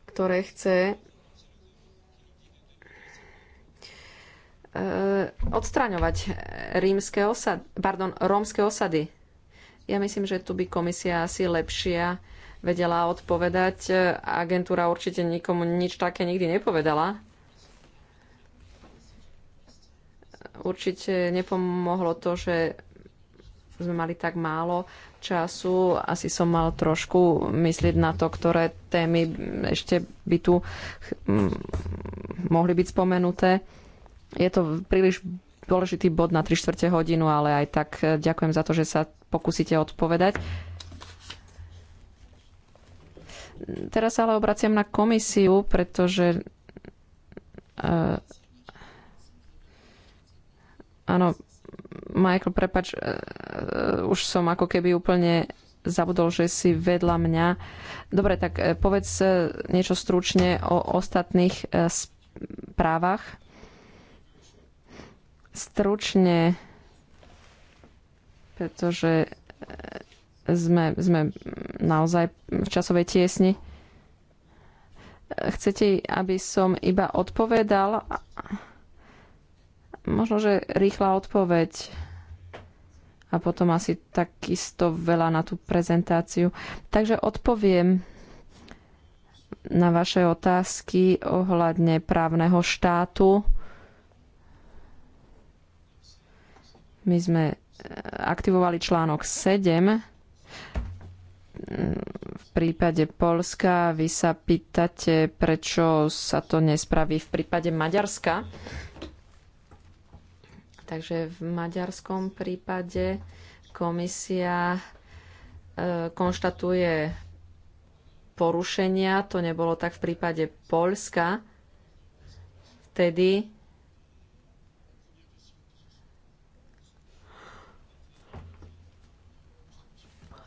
ktoré chce e, odstraňovať rímske osady, pardon, rómske osady. Ja myslím, že tu by komisia asi lepšia vedela odpovedať. E, agentúra určite nikomu nič také nikdy nepovedala. Určite nepomohlo to, že sme mali tak málo času. Asi som mal trošku myslieť na to, ktoré témy ešte by tu mohli byť spomenuté. Je to príliš dôležitý bod na 3 čtvrte hodinu, ale aj tak ďakujem za to, že sa pokúsite odpovedať. Teraz ale obraciam na komisiu, pretože e, Áno, Michael, prepač, e, e, už som ako keby úplne zabudol, že si vedľa mňa. Dobre, tak e, povedz niečo stručne o ostatných správach. Stručne, pretože sme, sme naozaj v časovej tiesni. Chcete, aby som iba odpovedal? Možno, že rýchla odpoveď a potom asi takisto veľa na tú prezentáciu. Takže odpoviem na vaše otázky ohľadne právneho štátu. My sme e, aktivovali článok 7. V prípade Polska vy sa pýtate, prečo sa to nespraví v prípade Maďarska. Takže v maďarskom prípade komisia e, konštatuje porušenia, to nebolo tak v prípade Polska, vtedy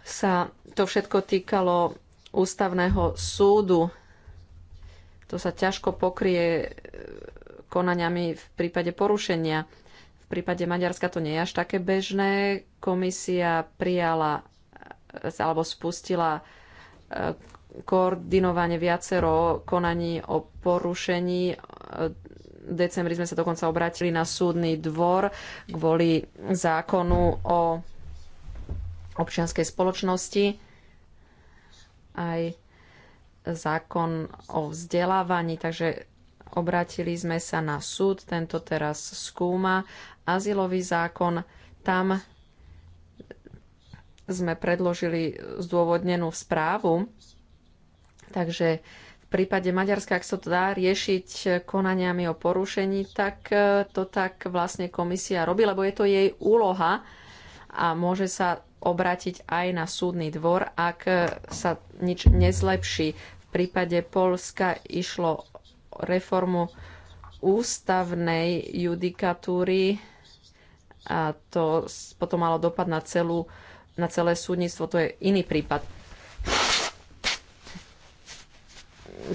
sa to všetko týkalo ústavného súdu. To sa ťažko pokrie e, konaniami v prípade porušenia prípade Maďarska to nie je až také bežné. Komisia prijala eh, alebo spustila eh, koordinovanie viacero konaní o porušení. Eh, v decembri sme sa dokonca obrátili na súdny dvor kvôli zákonu o občianskej spoločnosti. Aj zákon o vzdelávaní, takže Obrátili sme sa na súd, tento teraz skúma azylový zákon. Tam sme predložili zdôvodnenú správu, takže v prípade Maďarska, ak sa to dá riešiť konaniami o porušení, tak e, to tak vlastne komisia robí, lebo je to jej úloha a môže sa obrátiť aj na súdny dvor, ak e, sa nič nezlepší. V prípade Polska išlo reformu ústavnej judikatúry a to potom malo dopad na, celú, na celé súdnictvo. To je iný prípad.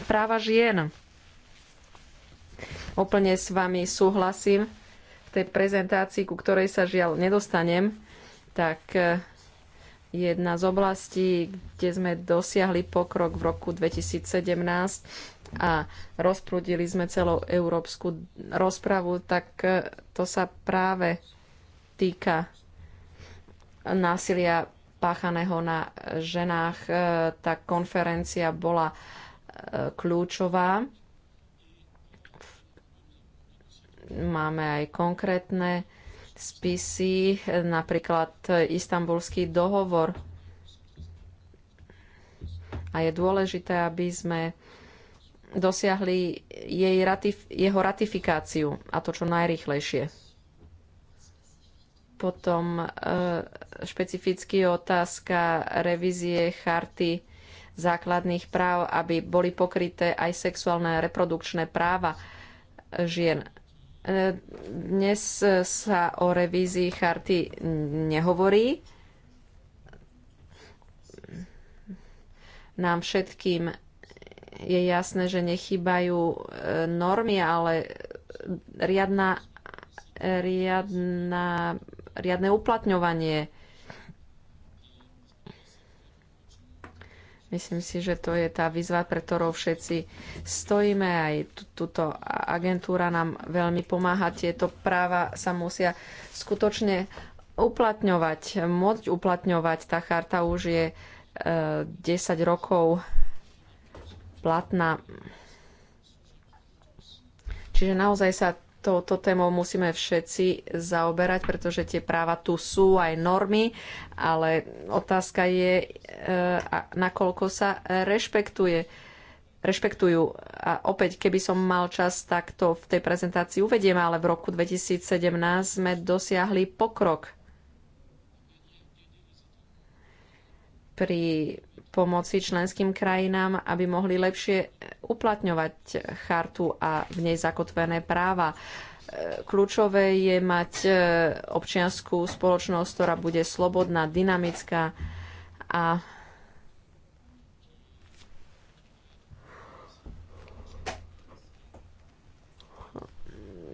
Práva žien. Úplne s vami súhlasím. V tej prezentácii, ku ktorej sa žiaľ nedostanem, tak eh, jedna z oblastí, kde sme dosiahli pokrok v roku 2017, a rozprudili sme celú európsku rozpravu, tak e, to sa práve týka násilia páchaného na ženách. E, tá konferencia bola e, kľúčová. Máme aj konkrétne spisy, napríklad istambulský dohovor. A je dôležité, aby sme dosiahli jej ratif- jeho ratifikáciu a to čo najrychlejšie. Potom e, špecificky otázka revízie charty základných práv, aby boli pokryté aj sexuálne a reprodukčné práva žien. E, dnes sa o revízii charty nehovorí. Nám všetkým je jasné, že nechybajú e, normy, ale riadna, riadna, riadne uplatňovanie. Myslím si, že to je tá výzva, pre ktorou všetci stojíme. Aj túto agentúra nám veľmi pomáha. Tieto práva sa musia skutočne uplatňovať, môcť uplatňovať. Tá charta už je 10 e, rokov platná. Čiže naozaj sa touto témou musíme všetci zaoberať, pretože tie práva tu sú aj normy, ale otázka je, e, nakoľko sa rešpektuje. Rešpektujú. A opäť, keby som mal čas, tak to v tej prezentácii uvediem, ale v roku 2017 sme dosiahli pokrok pri pomoci členským krajinám, aby mohli lepšie uplatňovať chartu a v nej zakotvené práva. E, kľúčové je mať e, občianskú spoločnosť, ktorá bude slobodná, dynamická a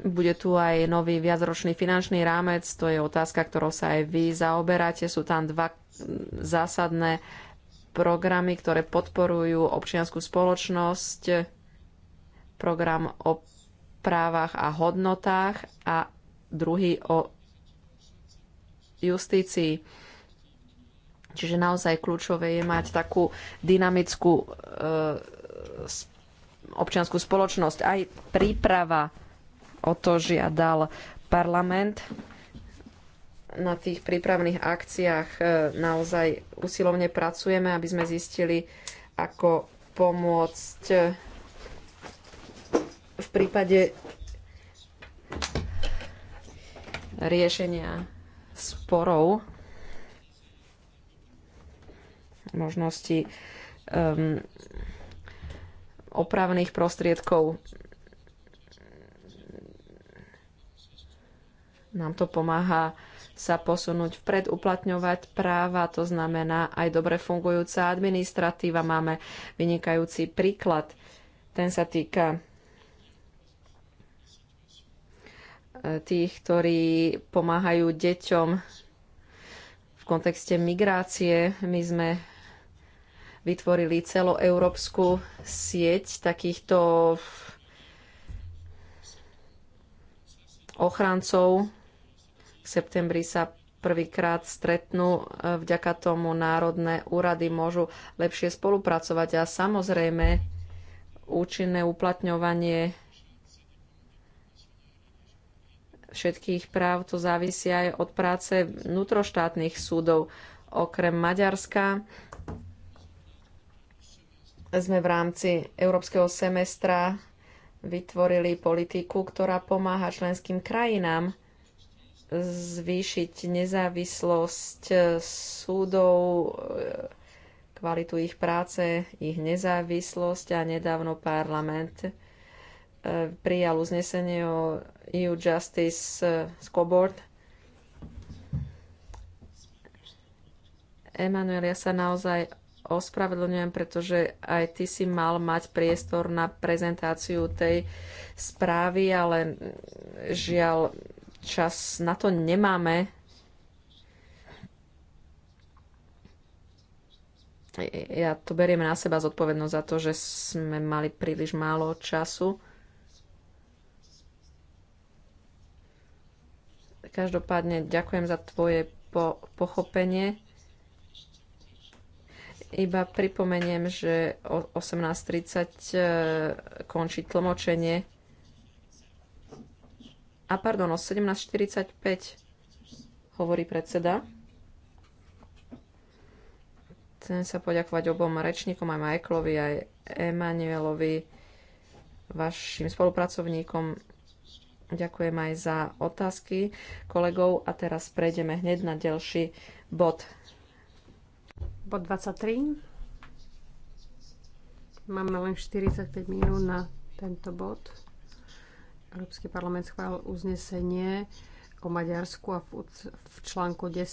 Bude tu aj nový viacročný finančný rámec, to je otázka, ktorou sa aj vy zaoberáte. Sú tam dva zásadné programy, ktoré podporujú občianskú spoločnosť, program o právach a hodnotách a druhý o justícii. Čiže naozaj kľúčové je mať takú dynamickú e, občianskú spoločnosť. Aj príprava o to žiadal parlament na tých prípravných akciách e, naozaj usilovne pracujeme, aby sme zistili, ako pomôcť e, v prípade riešenia sporov možnosti um, opravných prostriedkov nám to pomáha sa posunúť vpred, uplatňovať práva, to znamená aj dobre fungujúca administratíva. Máme vynikajúci príklad. Ten sa týka e, tých, ktorí pomáhajú deťom v kontexte migrácie. My sme vytvorili celoeurópsku sieť takýchto ochrancov septembri sa prvýkrát stretnú. E, vďaka tomu národné úrady môžu lepšie spolupracovať a samozrejme účinné uplatňovanie všetkých práv to závisí aj od práce vnútroštátnych súdov. Okrem Maďarska sme v rámci európskeho semestra vytvorili politiku, ktorá pomáha členským krajinám zvýšiť nezávislosť eh, súdov, eh, kvalitu ich práce, ich nezávislosť a nedávno parlament eh, prijal uznesenie o EU Justice Scoreboard. Emanuel, ja sa naozaj ospravedlňujem, pretože aj ty si mal mať priestor na prezentáciu tej správy, ale mm, žiaľ, Čas na to nemáme. Ja to beriem na seba zodpovednosť za to, že sme mali príliš málo času. Každopádne ďakujem za tvoje po- pochopenie. Iba pripomeniem, že o 18.30 eh, končí tlmočenie. A pardon, o 17.45 hovorí predseda. Chcem sa poďakovať obom rečníkom, aj Michaelovi, aj Emanuelovi, vašim spolupracovníkom. Ďakujem aj za otázky kolegov a teraz prejdeme hneď na ďalší bod. Bod 23. Máme len 45 minút na tento bod. Európsky parlament schválil uznesenie o Maďarsku a v, v článku 10 e,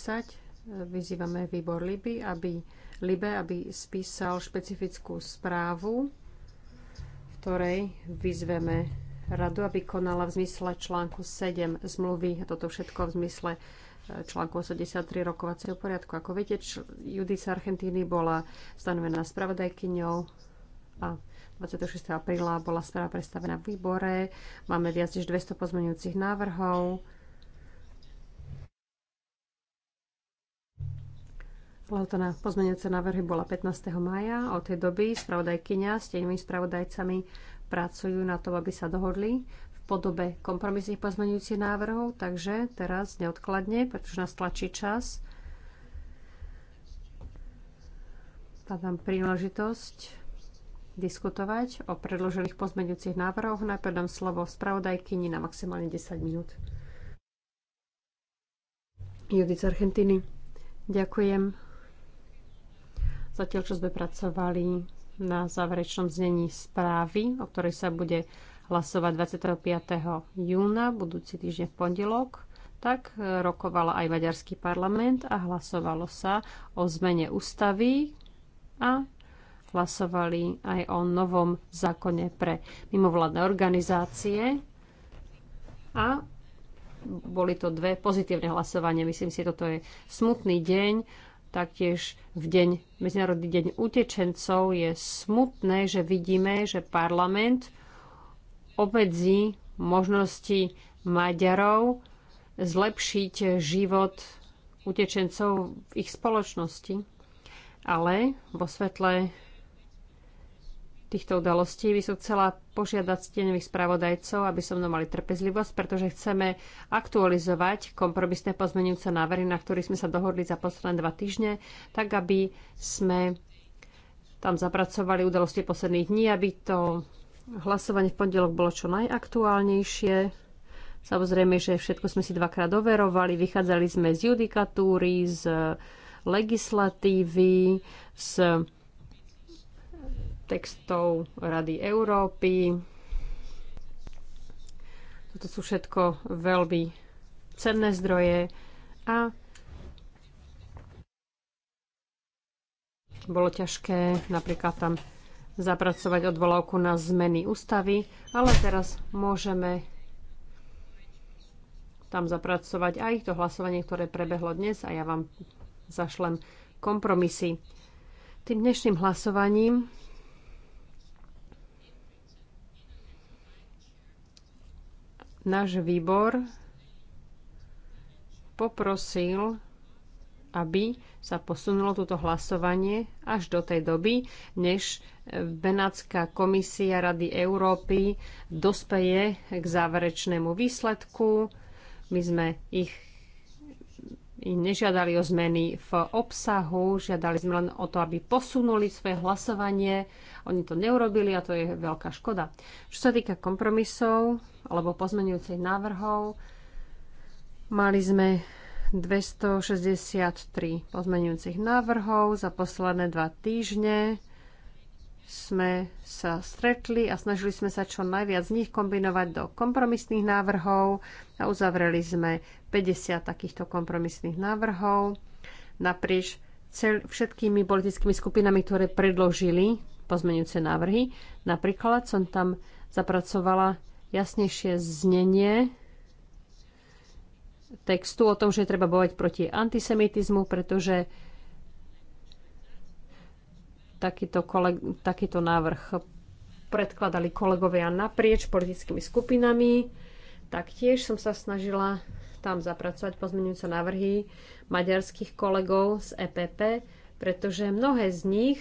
vyzývame výbor Liby, aby, Libe, aby spísal špecifickú správu, v ktorej vyzveme radu, aby konala v zmysle článku 7 zmluvy, a toto všetko v zmysle e, článku 83 rokovacieho poriadku. Ako viete, Judica Argentíny bola stanovená spravodajkyňou a 26. apríla bola správa predstavená v výbore. Máme viac než 200 pozmeňujúcich návrhov. Lehota na pozmeňujúce návrhy bola 15. maja. Od tej doby spravodajkynia s tenými spravodajcami pracujú na tom, aby sa dohodli v podobe kompromisných pozmeňujúcich návrhov, takže teraz neodkladne, pretože nás tlačí čas. Tá tam príležitosť diskutovať o predložených pozmeňujúcich návrhoch. Najprv dám slovo spravodajkyni na maximálne 10 minút. Judith z Argentíny, ďakujem. Zatiaľ, čo sme pracovali na záverečnom znení správy, o ktorej sa bude hlasovať 25. júna, budúci týždeň v pondelok, tak e, rokovala aj maďarský parlament a hlasovalo sa o zmene ústavy a hlasovali aj o novom zákone pre mimovládne organizácie. A boli to dve pozitívne hlasovanie. Myslím si, toto je smutný deň. Taktiež v deň, Medzinárodný deň utečencov je smutné, že vidíme, že parlament obmedzí možnosti Maďarov zlepšiť život utečencov v ich spoločnosti. Ale vo svetle týchto udalostí by som chcela požiadať steňových spravodajcov, aby som mnou mali trpezlivosť, pretože chceme aktualizovať kompromisné pozmenujúce návrhy, na ktorých sme sa dohodli za posledné dva týždne, tak aby sme tam zapracovali udalosti posledných dní, aby to hlasovanie v pondelok bolo čo najaktuálnejšie. Samozrejme, že všetko sme si dvakrát overovali, vychádzali sme z judikatúry, z legislatívy, z textov Rady Európy. Toto sú všetko veľmi cenné zdroje a bolo ťažké napríklad tam zapracovať odvolávku na zmeny ústavy, ale teraz môžeme tam zapracovať aj to hlasovanie, ktoré prebehlo dnes a ja vám zašlem kompromisy. Tým dnešným hlasovaním náš výbor poprosil, aby sa posunulo toto hlasovanie až do tej doby, než Benátska komisia Rady Európy dospeje k záverečnému výsledku. My sme ich nežiadali o zmeny v obsahu, žiadali sme len o to, aby posunuli svoje hlasovanie oni to neurobili a to je veľká škoda. Čo sa týka kompromisov alebo pozmenujúcich návrhov, mali sme 263 pozmenujúcich návrhov za posledné dva týždne sme sa stretli a snažili sme sa čo najviac z nich kombinovať do kompromisných návrhov a uzavreli sme 50 takýchto kompromisných návrhov naprieč cel, všetkými politickými skupinami, ktoré predložili pozmenujúce návrhy. Napríklad som tam zapracovala jasnejšie znenie textu o tom, že treba bojovať proti antisemitizmu, pretože takýto, koleg- takýto návrh predkladali kolegovia naprieč politickými skupinami. Taktiež som sa snažila tam zapracovať pozmenujúce návrhy maďarských kolegov z EPP, pretože mnohé z nich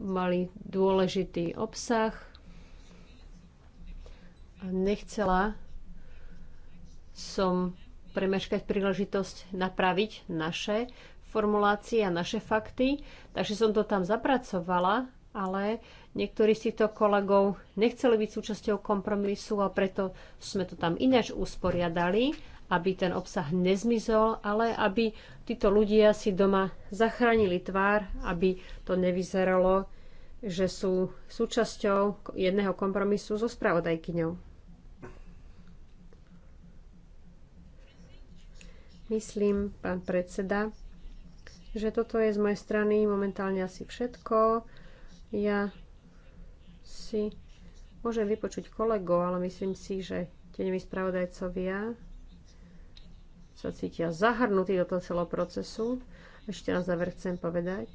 mali dôležitý obsah a nechcela som premeškať príležitosť napraviť naše formulácie a naše fakty, takže som to tam zapracovala, ale niektorí z týchto kolegov nechceli byť súčasťou kompromisu a preto sme to tam ináč usporiadali aby ten obsah nezmizol, ale aby títo ľudia si doma zachránili tvár, aby to nevyzeralo, že sú súčasťou jedného kompromisu so spravodajkyňou. Myslím, pán predseda, že toto je z mojej strany momentálne asi všetko. Ja si môžem vypočuť kolego, ale myslím si, že nevy spravodajcovia sa cítia zahrnutí do toho celého procesu. Ešte na záver chcem povedať,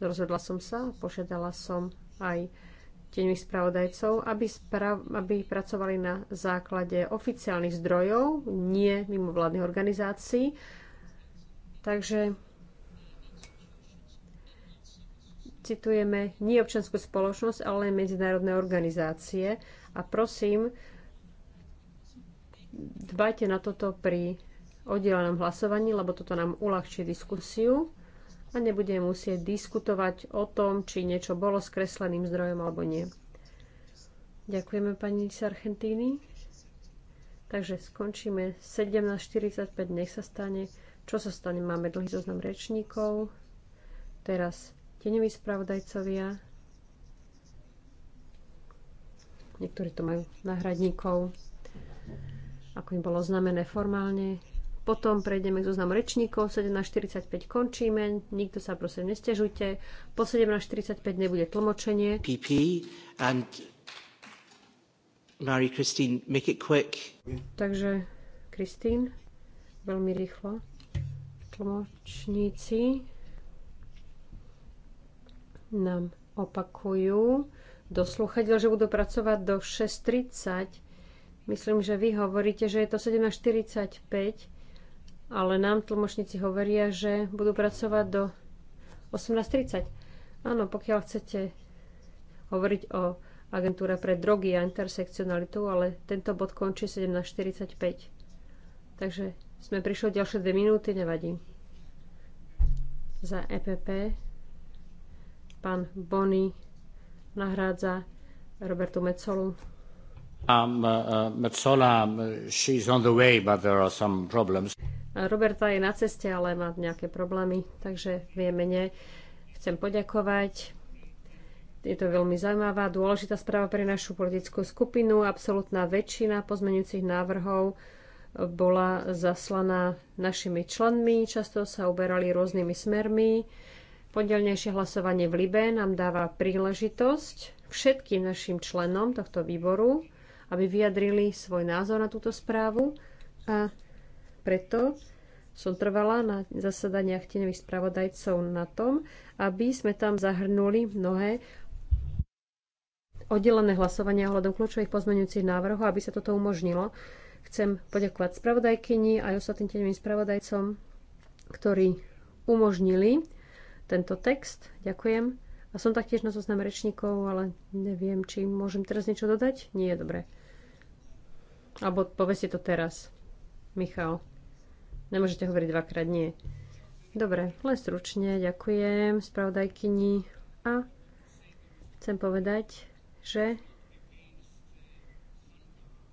rozhodla som sa, požiadala som aj tieňových spravodajcov, aby, spra- aby pracovali na základe oficiálnych zdrojov, nie mimo vládnych organizácií. Takže citujeme nie občanskú spoločnosť, ale medzinárodné organizácie. A prosím, dbajte na toto pri oddelenom hlasovaní, lebo toto nám uľahčí diskusiu a nebudeme musieť diskutovať o tom, či niečo bolo s kresleným zdrojom alebo nie. Ďakujeme pani Sargentini. Takže skončíme 17.45, nech sa stane. Čo sa stane? Máme dlhý zoznam rečníkov. Teraz tenevý spravodajcovia. Niektorí to majú náhradníkov ako im bolo znamené formálne. Potom prejdeme k zoznamu rečníkov, 17.45 končíme, nikto sa prosím nestežujte. Po 17.45 nebude tlmočenie. PP and Mary Christine, make it quick. Takže, Kristín, veľmi rýchlo. Tlmočníci nám opakujú do sluchadiel, že budú pracovať do 6.30 Myslím, že vy hovoríte, že je to 17.45, ale nám tlmočníci hovoria, že budú pracovať do 18.30. Áno, pokiaľ chcete hovoriť o agentúre pre drogy a intersekcionalitu, ale tento bod končí 17.45. Takže sme prišli ďalšie dve minúty, nevadí. Za EPP pán Bonny, nahrádza Robertu Mecolu. Metzola, um, uh, uh, um, she's on the way, but there are some problems. Roberta je na ceste, ale má nejaké problémy, takže vieme. Jemene chcem poďakovať. Je to veľmi zaujímavá, dôležitá správa pre našu politickú skupinu. Absolutná väčšina pozmenujúcich návrhov bola zaslaná našimi členmi. Často sa uberali rôznymi smermi. Pondelnejšie hlasovanie v Libe nám dáva príležitosť všetkým našim členom tohto výboru aby vyjadrili svoj názor na túto správu a preto som trvala na zasadaniach tieňových spravodajcov na tom, aby sme tam zahrnuli mnohé oddelené hlasovania ohľadom kľúčových pozmeňujúcich návrhov, aby sa toto umožnilo. Chcem poďakovať spravodajkyni aj ostatným tieňovým spravodajcom, ktorí umožnili tento text. Ďakujem. A som taktiež na zoznam rečníkov, ale neviem, či môžem teraz niečo dodať. Nie je dobré. Alebo poveste to teraz, Michal. Nemôžete hovoriť dvakrát, nie. Dobre, len stručne ďakujem spravodajkyni a chcem povedať, že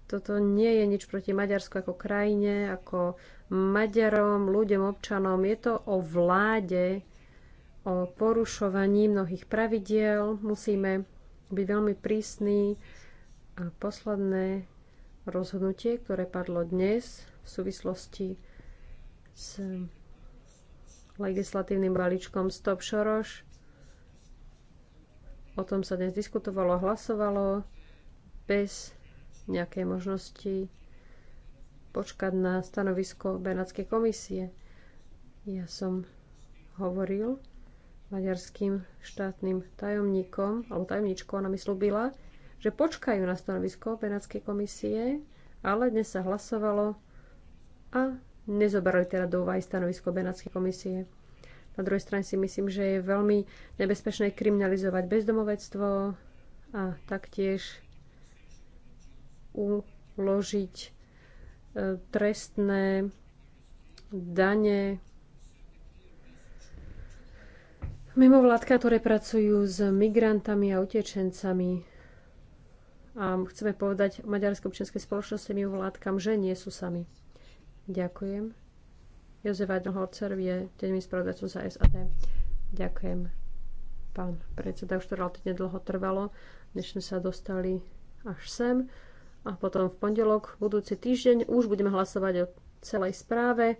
toto nie je nič proti Maďarsku ako krajine, ako Maďarom, ľuďom, občanom. Je to o vláde, o porušovaní mnohých pravidiel. Musíme byť veľmi prísni a posledné rozhodnutie, ktoré padlo dnes v súvislosti s legislatívnym balíčkom Stop Šoroš. O tom sa dnes diskutovalo a hlasovalo bez nejakej možnosti počkať na stanovisko Benátskej komisie. Ja som hovoril maďarským štátnym tajomníkom alebo tajomníčkou Ona mi slúbila, že počkajú na stanovisko Benátskej komisie, ale dnes sa hlasovalo a nezobrali teda do úvahy stanovisko Benátskej komisie. Na druhej strane si myslím, že je veľmi nebezpečné kriminalizovať bezdomovectvo a taktiež uložiť e, trestné dane Mimo vládka, ktoré pracujú s migrantami a utečencami. A chceme povedať maďarskej občianskej spoločnosti mimo vládkam, že nie sú sami. Ďakujem. Jozef Adelhorcer je tým spravodajcom za SAD. Ďakujem, pán predseda. Už to relatívne dlho trvalo, než sme sa dostali až sem. A potom v pondelok, budúci týždeň, už budeme hlasovať o celej správe.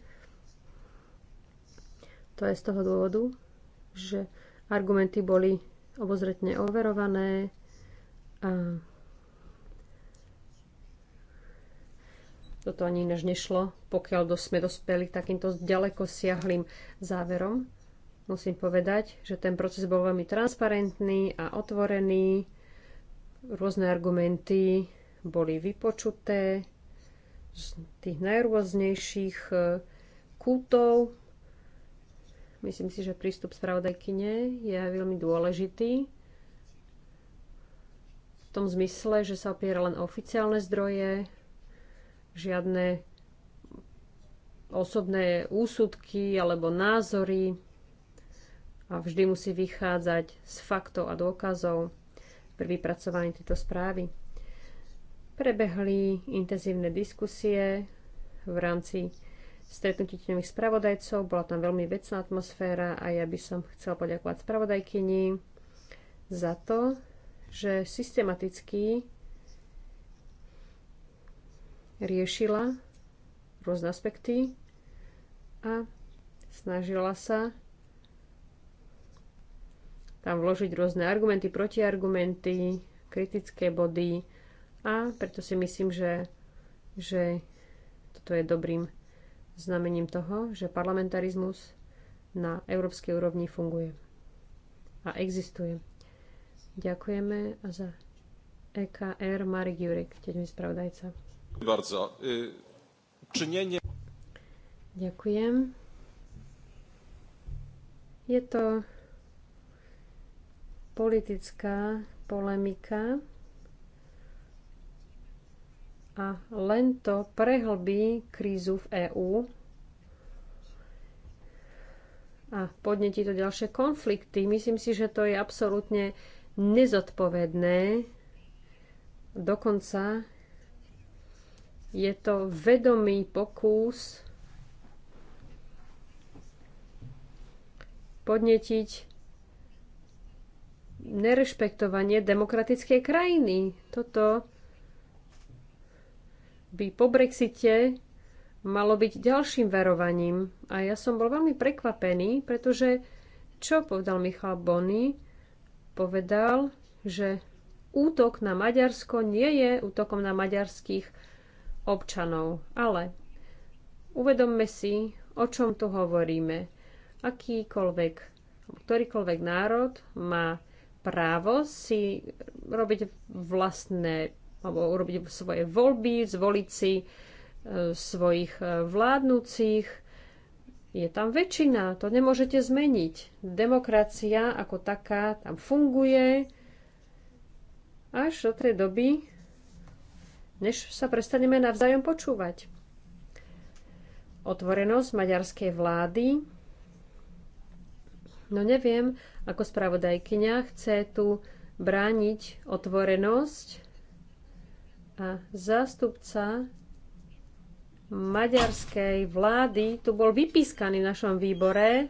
To je z toho dôvodu, že argumenty boli obozretne overované a toto ani než nešlo, pokiaľ sme dospeli k takýmto ďaleko siahlým záverom. Musím povedať, že ten proces bol veľmi transparentný a otvorený. Rôzne argumenty boli vypočuté z tých najrôznejších eh, kútov Myslím si, že prístup spravodajkyne je veľmi dôležitý. V tom zmysle, že sa opiera len oficiálne zdroje, žiadne osobné úsudky alebo názory a vždy musí vychádzať z faktov a dôkazov pri vypracovaní tejto správy. Prebehli intenzívne diskusie v rámci stretnutí tenových spravodajcov. Bola tam veľmi vecná atmosféra a ja by som chcela poďakovať spravodajkyni za to, že systematicky riešila rôzne aspekty a snažila sa tam vložiť rôzne argumenty, protiargumenty, kritické body a preto si myslím, že, že toto je dobrým znamením toho, že parlamentarizmus na európskej úrovni funguje a existuje. Ďakujeme za EKR Marek Jurek, teďmi spravodajca. Bardzo. Činenie... Ďakujem. Je to politická polemika a len to prehlbí krízu v EÚ a podnetí to ďalšie konflikty. Myslím si, že to je absolútne nezodpovedné. Dokonca je to vedomý pokus podnetiť nerešpektovanie demokratickej krajiny. Toto by po Brexite malo byť ďalším verovaním. A ja som bol veľmi prekvapený, pretože čo povedal Michal Bonny? Povedal, že útok na Maďarsko nie je útokom na maďarských občanov. Ale uvedomme si, o čom tu hovoríme. Akýkoľvek, ktorýkoľvek národ má právo si robiť vlastné alebo urobiť svoje voľby, zvoliť si e, svojich e, vládnúcich. Je tam väčšina, to nemôžete zmeniť. Demokracia ako taká tam funguje až do tej doby, než sa prestaneme navzájom počúvať. Otvorenosť maďarskej vlády. No neviem, ako spravodajkyňa chce tu brániť otvorenosť a zástupca maďarskej vlády tu bol vypískaný v našom výbore.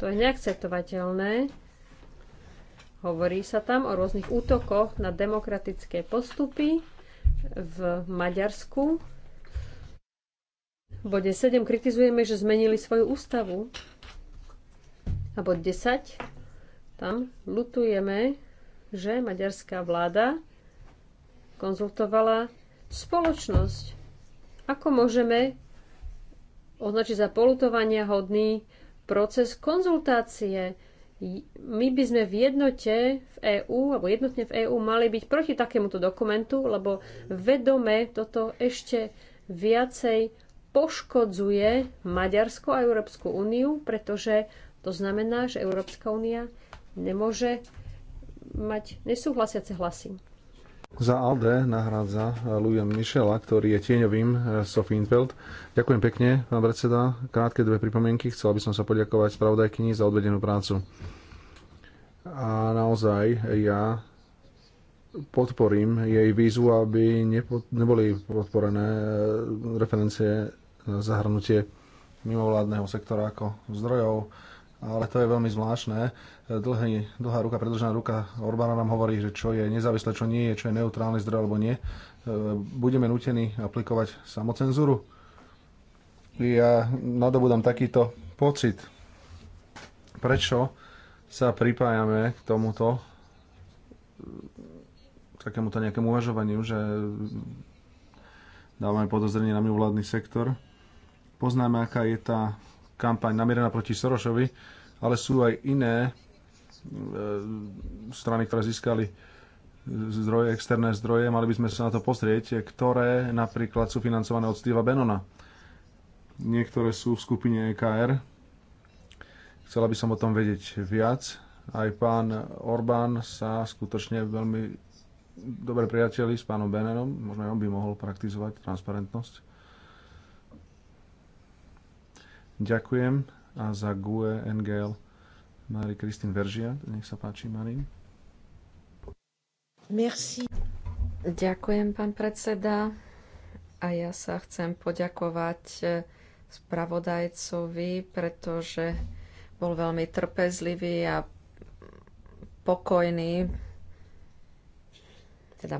To je neakceptovateľné. Hovorí sa tam o rôznych útokoch na demokratické postupy v Maďarsku. V bode 7 kritizujeme, že zmenili svoju ústavu. A bod 10, tam lutujeme, že maďarská vláda konzultovala spoločnosť. Ako môžeme označiť za polutovania hodný proces konzultácie? My by sme v jednote v EÚ, alebo jednotne v EÚ mali byť proti takémuto dokumentu, lebo vedome toto ešte viacej poškodzuje Maďarsko a Európsku úniu, pretože to znamená, že Európska únia nemôže mať nesúhlasiace hlasy. Za ALDE nahrádza Lujan Mišela, ktorý je tieňovým eh, Sofienfeld. Ďakujem pekne, pán predseda. Krátke dve pripomienky. Chcel by som sa poďakovať spravodajkyni za odvedenú prácu. A naozaj ja podporím jej výzvu, aby nepo, neboli podporené eh, referencie na zahrnutie mimovládneho sektora ako zdrojov, ale to je veľmi zvláštne dlhý, dlhá ruka, predlžená ruka Orbána nám hovorí, že čo je nezávislé, čo nie je, čo je neutrálny zdroj alebo nie. E, budeme nutení aplikovať samocenzúru. Ja nadobudám takýto pocit. Prečo sa pripájame k tomuto takémuto nejakému uvažovaniu, že dávame podozrenie na mimovládny sektor. Poznáme, aká je tá kampaň namierená proti Sorošovi, ale sú aj iné E, strany, ktoré získali zdroje, externé zdroje, mali by sme sa na to pozrieť, ktoré napríklad sú financované od Steva Benona. Niektoré sú v skupine EKR. Chcela by som o tom vedieť viac. Aj pán Orbán sa skutočne veľmi dobre priateľi s pánom Benenom. Možno aj on by mohol praktizovať transparentnosť. Ďakujem a za GUE NGL Mari Kristín Veržia. Nech sa páči, Mari. Merci. Ďakujem, pán predseda. A ja sa chcem poďakovať eh, spravodajcovi, pretože bol veľmi trpezlivý a pokojný, teda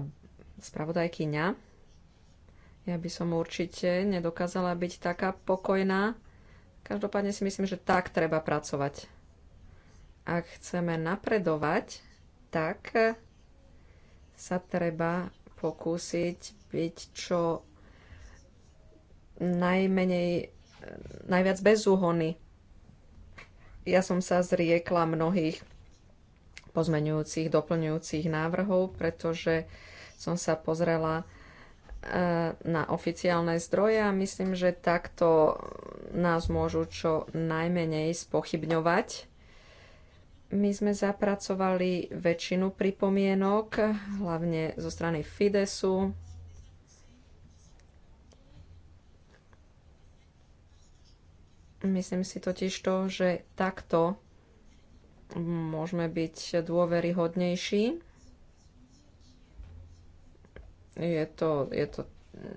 spravodajkyňa. Ja by som určite nedokázala byť taká pokojná. Každopádne si myslím, že tak treba pracovať. Ak chceme napredovať, tak sa treba pokúsiť byť čo najmenej, najviac bezúhony. Ja som sa zriekla mnohých pozmeňujúcich, doplňujúcich návrhov, pretože som sa pozrela e, na oficiálne zdroje a myslím, že takto nás môžu čo najmenej spochybňovať my sme zapracovali väčšinu pripomienok, hlavne zo strany Fidesu. Myslím si totiž to, že takto môžeme byť dôveryhodnejší. Je to, je to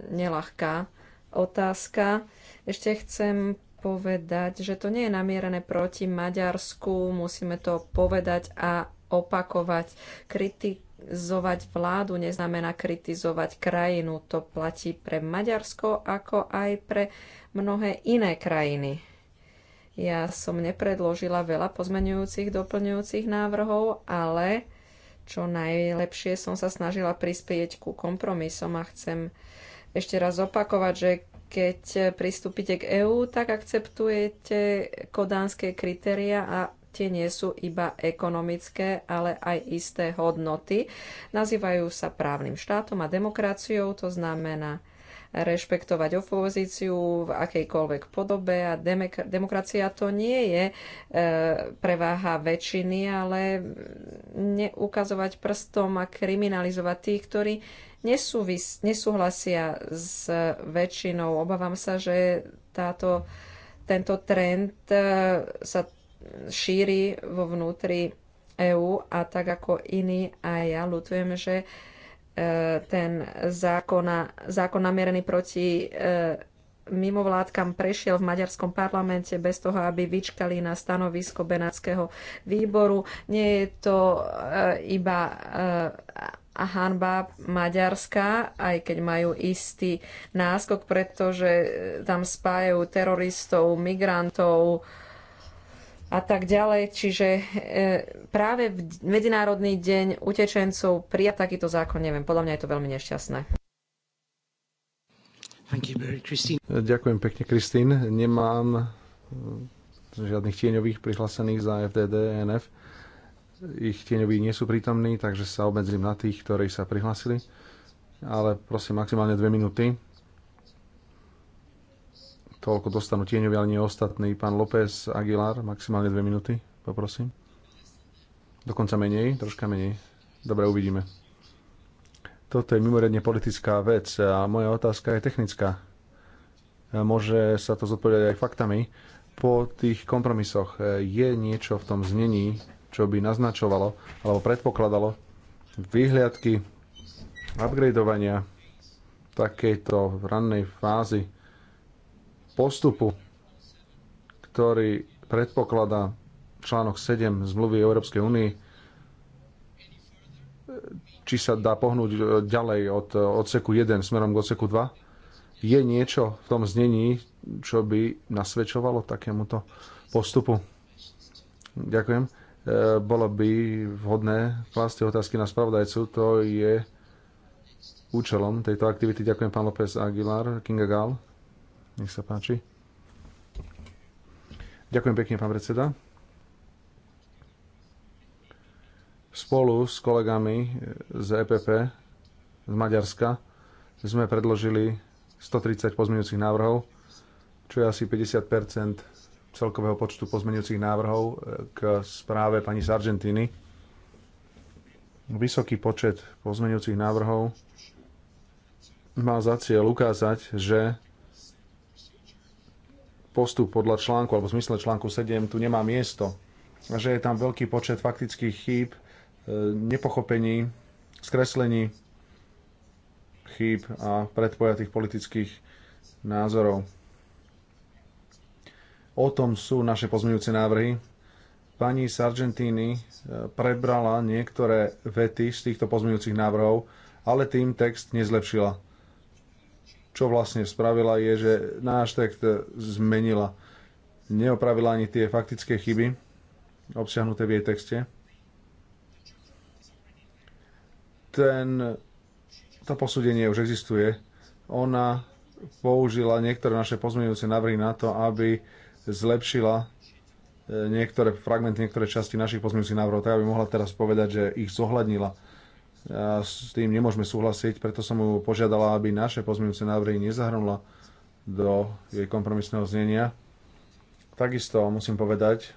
nelahká otázka. Ešte chcem povedať, že to nie je namierené proti Maďarsku, musíme to povedať a opakovať. Kritizovať vládu neznamená kritizovať krajinu. To platí pre Maďarsko, ako aj pre mnohé iné krajiny. Ja som nepredložila veľa pozmenujúcich, doplňujúcich návrhov, ale čo najlepšie som sa snažila prispieť ku kompromisom a chcem ešte raz opakovať, že keď e, pristúpite k EÚ, tak akceptujete kodánske kritéria a tie nie sú iba ekonomické, ale aj isté hodnoty. Nazývajú sa právnym štátom a demokraciou, to znamená rešpektovať opozíciu v akejkoľvek podobe a demokracia to nie je e, preváha väčšiny, ale neukazovať prstom a kriminalizovať tých, ktorí nesúvis, nesúhlasia s väčšinou. Obávam sa, že táto, tento trend e, sa šíri vo vnútri EÚ a tak ako iní aj ja ľutujem, že e, ten zákon, zákon namierený proti e, mimovládkam prešiel v maďarskom parlamente bez toho, aby vyčkali na stanovisko Benátskeho výboru. Nie je to iba a hanba Maďarska, aj keď majú istý náskok, pretože e, tam spájajú teroristov, migrantov a tak ďalej. Čiže e, práve v Medzinárodný deň utečencov prijať takýto zákon, neviem, podľa mňa je to veľmi nešťastné. You, e, Ďakujem pekne, Kristín. Nemám žiadnych tieňových prihlásených za FDD, NF ich tieňoví nie sú prítomní, takže sa obmedzím na tých, ktorí sa prihlasili. Ale prosím, maximálne dve minúty. Toľko dostanú tieňovi, ale nie ostatní. Pán López Aguilar, maximálne dve minúty, poprosím. Dokonca menej, troška menej. Dobre, uvidíme. Toto je mimoriadne politická vec a moja otázka je technická. Môže sa to zodpovedať aj faktami. Po tých kompromisoch je niečo v tom znení, čo by naznačovalo alebo predpokladalo výhliadky upgradeovania takejto rannej fázy postupu, ktorý predpokladá článok 7 zmluvy Európskej únie, či sa dá pohnúť ďalej od odseku 1 smerom k odseku 2. Je niečo v tom znení, čo by nasvedčovalo takémuto postupu? Ďakujem. E, bolo by vhodné klásť otázky na spravodajcu. To je účelom tejto aktivity. Ďakujem pán López Aguilar, Kinga Gal. Nech sa páči. Ďakujem pekne, pán predseda. Spolu s kolegami z EPP z Maďarska sme predložili 130 pozmeňujúcich návrhov, čo je asi 50 celkového počtu pozmenujúcich návrhov e, k správe pani Sargentini. Vysoký počet pozmeňujúcich návrhov má za cieľ ukázať, že postup podľa článku alebo v zmysle článku 7 tu nemá miesto. Že je tam veľký počet faktických chýb, e, nepochopení, skreslení chýb a predpojatých politických názorov. O tom sú naše pozmeňujúce návrhy. Pani Sargentini eh, prebrala niektoré vety z týchto pozmeňujúcich návrhov, ale tým text nezlepšila. Čo vlastne spravila je, že náš text eh, zmenila. Neopravila ani tie faktické chyby obsiahnuté v jej texte. Ten, to posúdenie už existuje. Ona použila niektoré naše pozmeňujúce návrhy na to, aby zlepšila e, niektoré fragmenty, niektoré časti našich pozmeňujúcich návrhov, tak aby mohla teraz povedať, že ich zohľadnila. A s tým nemôžeme súhlasiť, preto som ju požiadala, aby naše pozmeňujúce návrhy nezahrnula do jej kompromisného znenia. Takisto musím povedať,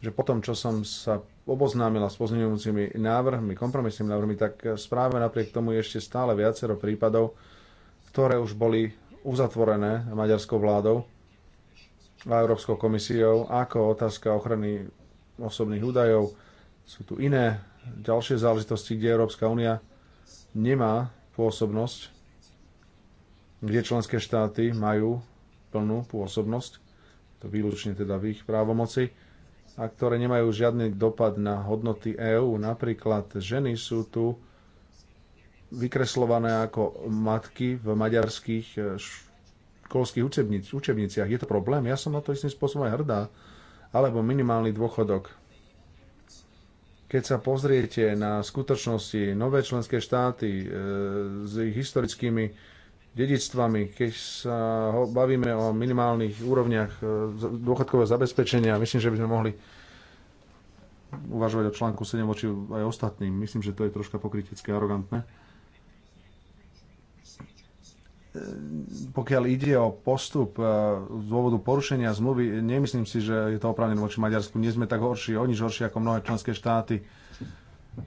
že po tom, čo som sa oboznámila s pozmeňujúcimi návrhmi, kompromisnými návrhmi, tak správe napriek tomu je ešte stále viacero prípadov, ktoré už boli uzatvorené maďarskou vládou a Európskou komisiou, ako otázka ochrany osobných údajov. Sú tu iné ďalšie záležitosti, kde Európska únia nemá pôsobnosť, kde členské štáty majú plnú pôsobnosť, to výlučne teda v ich právomoci, a ktoré nemajú žiadny dopad na hodnoty EÚ. Napríklad ženy sú tu vykreslované ako matky v maďarských školských učebnic, učebniciach. Je to problém? Ja som na to istým spôsobom aj hrdá. Alebo minimálny dôchodok. Keď sa pozriete na skutočnosti nové členské štáty e, s ich historickými dedictvami, keď sa ho bavíme o minimálnych úrovniach e, dôchodkového zabezpečenia, myslím, že by sme mohli uvažovať o článku 7 voči aj ostatným. Myslím, že to je troška pokrytecké, arogantné. E, pokiaľ ide o postup e, z dôvodu porušenia zmluvy, nemyslím si, že je to oprávnené voči Maďarsku. Nie sme tak horší, oni horší ako mnohé členské štáty.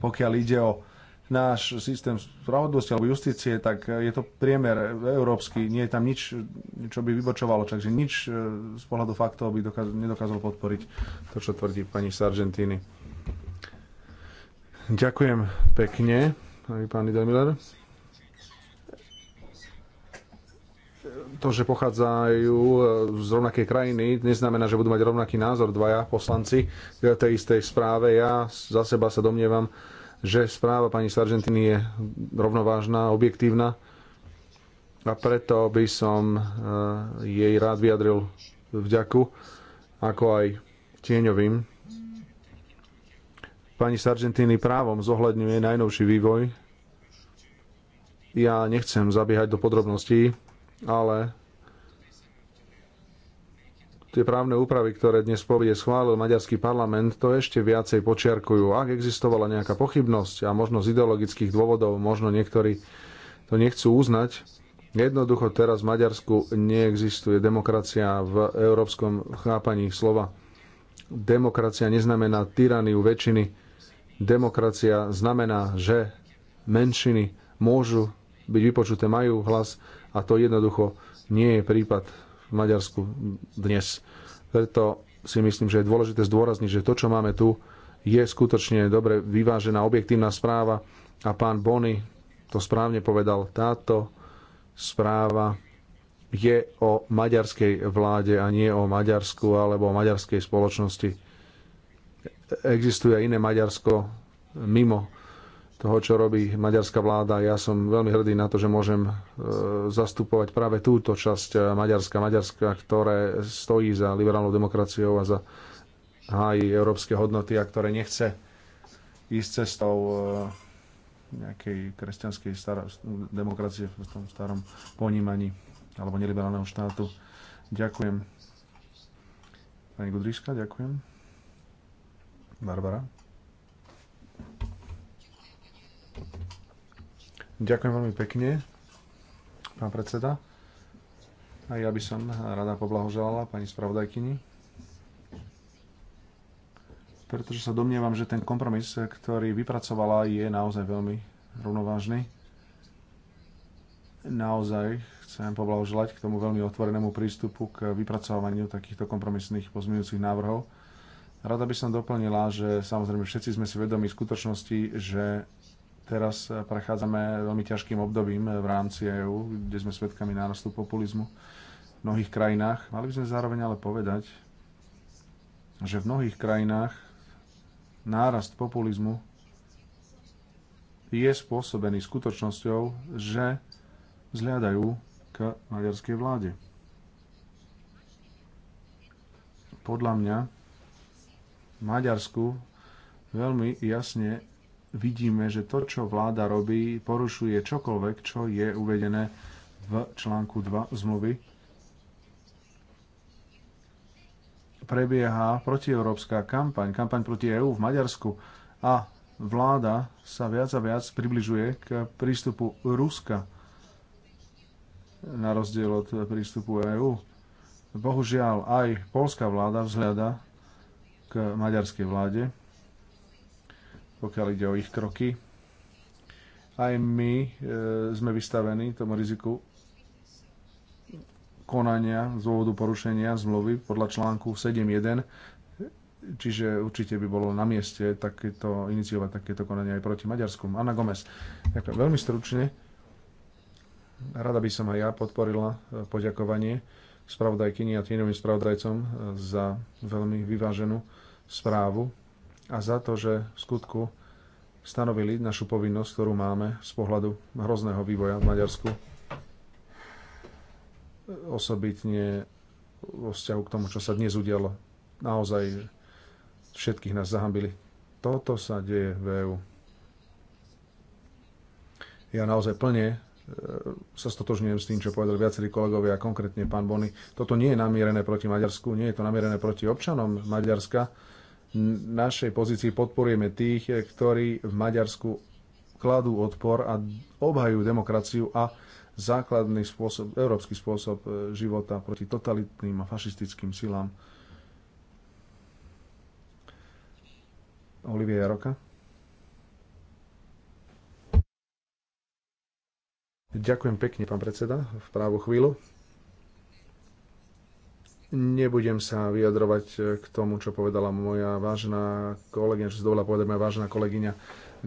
Pokiaľ ide o náš systém spravodlivosti alebo justície, tak e, je to priemer európsky. Nie je tam nič, čo by vybočovalo. Takže nič z pohľadu faktov by dokaz- nedokázalo podporiť to, čo tvrdí pani Sargentini. Ďakujem pekne, pán Lidermiller. to, že pochádzajú e, z rovnakej krajiny, neznamená, že budú mať rovnaký názor dvaja poslanci k tej istej správe. Ja za seba sa domnievam, že správa pani Sargentiny je rovnovážna, objektívna a preto by som e, jej rád vyjadril vďaku, ako aj tieňovým. Pani Sargentini právom zohľadňuje najnovší vývoj. Ja nechcem zabiehať do podrobností, ale tie právne úpravy, ktoré dnes povie schválil maďarský parlament, to ešte viacej počiarkujú. Ak existovala nejaká pochybnosť a možno z ideologických dôvodov, možno niektorí to nechcú uznať, jednoducho teraz v Maďarsku neexistuje demokracia v európskom chápaní slova. Demokracia neznamená tyraniu väčšiny. Demokracia znamená, že menšiny môžu byť vypočuté, majú hlas a to jednoducho nie je prípad v Maďarsku dnes. Preto si myslím, že je dôležité zdôrazniť, že to, čo máme tu, je skutočne dobre vyvážená objektívna správa a pán Bony to správne povedal. Táto správa je o maďarskej vláde a nie o Maďarsku alebo o maďarskej spoločnosti. Existuje aj iné Maďarsko mimo toho, čo robí maďarská vláda. Ja som veľmi hrdý na to, že môžem e, zastupovať práve túto časť e, Maďarska, Maďarska, ktoré stojí za liberálnou demokraciou a za aj európske hodnoty a ktoré nechce ísť cestou e, nejakej kresťanskej star- demokracie v tom starom ponímaní alebo neliberálneho štátu. Ďakujem. Pani Gudriška, ďakujem. Barbara. Ďakujem veľmi pekne, pán predseda. A ja by som rada poblahoželala pani spravodajkyni, pretože sa domnievam, že ten kompromis, ktorý vypracovala, je naozaj veľmi rovnovážny. Naozaj chcem poblahoželať k tomu veľmi otvorenému prístupu k vypracovaniu takýchto kompromisných pozmeňujúcich návrhov. Rada by som doplnila, že samozrejme všetci sme si vedomi skutočnosti, že Teraz eh, prechádzame veľmi ťažkým obdobím eh, v rámci EÚ, kde sme svedkami nárastu populizmu v mnohých krajinách. Mali by sme zároveň ale povedať, že v mnohých krajinách nárast populizmu je spôsobený skutočnosťou, že vzhľadajú k maďarskej vláde. Podľa mňa Maďarsku veľmi jasne vidíme, že to, čo vláda robí, porušuje čokoľvek, čo je uvedené v článku 2 zmluvy. Prebieha protieurópska kampaň, kampaň proti EÚ v Maďarsku a vláda sa viac a viac približuje k prístupu Ruska na rozdiel od prístupu EÚ. Bohužiaľ aj polská vláda vzhľada k maďarskej vláde pokiaľ ide o ich kroky. Aj my e, sme vystavení tomu riziku konania z dôvodu porušenia zmluvy podľa článku 7.1, čiže určite by bolo na mieste takéto, iniciovať takéto konanie aj proti Maďarsku. Anna Gomez, ďakujem veľmi stručne. Rada by som aj ja podporila e, poďakovanie spravodajkyni a tieňovým spravodajcom e, za veľmi vyváženú správu a za to, že v skutku stanovili našu povinnosť, ktorú máme z pohľadu hrozného vývoja v Maďarsku. Osobitne vo vzťahu k tomu, čo sa dnes udialo. Naozaj všetkých nás zahambili. Toto sa deje v EU. Ja naozaj plne e, sa stotožňujem s tým, čo povedali viacerí kolegovia, a konkrétne pán Bony. Toto nie je namierené proti Maďarsku, nie je to namierené proti občanom Maďarska našej pozícii podporujeme tých, ktorí v Maďarsku kladú odpor a obhajujú demokraciu a základný spôsob, európsky spôsob e, života proti totalitným a fašistickým silám. Olivia Jaroka. Ďakujem pekne, pán predseda, v právu chvíľu. Nebudem sa vyjadrovať eh, k tomu, čo povedala moja vážna kolegyňa, čo si dovolila povedať moja vážna kolegyňa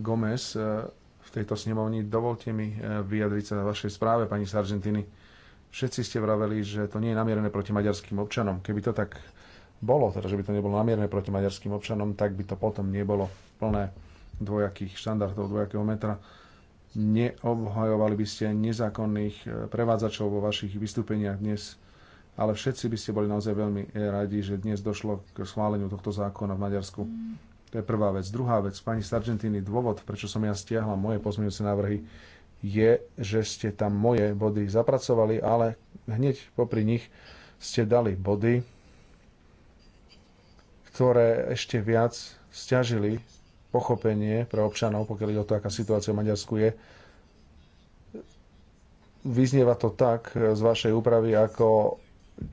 Gomez eh, v tejto snemovni. Dovolte mi eh, vyjadriť sa na vašej správe, pani Sargentini. Všetci ste vraveli, že to nie je namierené proti maďarským občanom. Keby to tak bolo, teda že by to nebolo namierené proti maďarským občanom, tak by to potom nebolo plné dvojakých štandardov, dvojakého metra. Neobhajovali by ste nezákonných prevádzačov vo vašich vystúpeniach dnes ale všetci by ste boli naozaj veľmi eh, radi, že dnes došlo k schváleniu tohto zákona v Maďarsku. To je prvá vec. Druhá vec, pani Sargentini, dôvod, prečo som ja stiahla moje pozmeňujúce návrhy, je, že ste tam moje body zapracovali, ale hneď popri nich ste dali body, ktoré ešte viac stiažili pochopenie pre občanov, pokiaľ ide o to, aká situácia v Maďarsku je. Vyznieva to tak z vašej úpravy, ako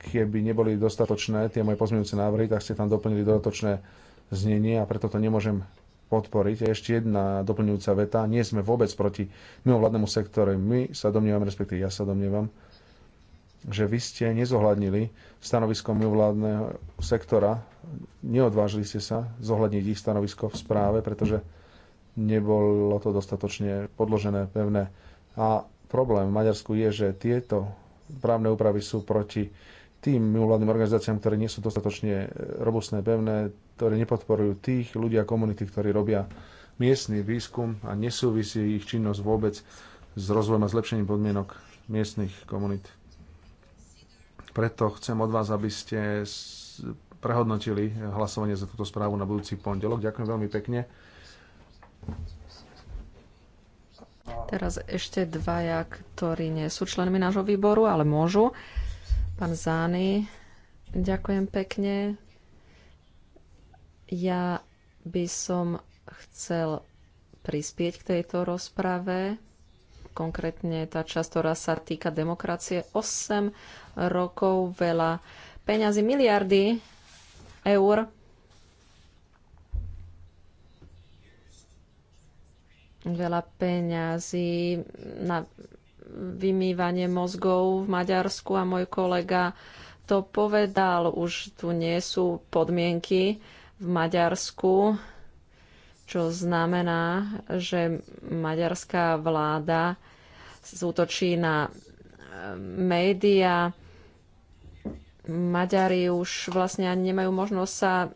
keby neboli dostatočné tie moje pozmeňujúce návrhy, tak ste tam doplnili dodatočné znenie a preto to nemôžem podporiť. Ešte jedna doplňujúca veta. Nie sme vôbec proti mimovládnemu sektoru. My sa domnievam, respektíve ja sa domnievam, že vy ste nezohľadnili stanovisko mimovládneho sektora. Neodvážili ste sa zohľadniť ich stanovisko v správe, pretože nebolo to dostatočne podložené, pevné. A problém v Maďarsku je, že tieto právne úpravy sú proti tým mimovládnym organizáciám, ktoré nie sú dostatočne e, robustné, pevné, ktoré nepodporujú tých ľudí a komunity, ktorí robia miestny výskum a nesúvisí ich činnosť vôbec s rozvojom a zlepšením podmienok miestnych komunít. Preto chcem od vás, aby ste prehodnotili hlasovanie za túto správu na budúci pondelok. Ďakujem veľmi pekne. Teraz ešte dvaja, ktorí nie sú členmi nášho výboru, ale môžu. Pán Zány, ďakujem pekne. Ja by som chcel prispieť k tejto rozprave, konkrétne tá časť, ktorá sa týka demokracie. 8 rokov veľa peňazí, miliardy eur. Veľa peňazí na vymývanie mozgov v Maďarsku a môj kolega to povedal, už tu nie sú podmienky v Maďarsku, čo znamená, že maďarská vláda zútočí na eh, médiá, Maďari už vlastne ani nemajú možnosť sa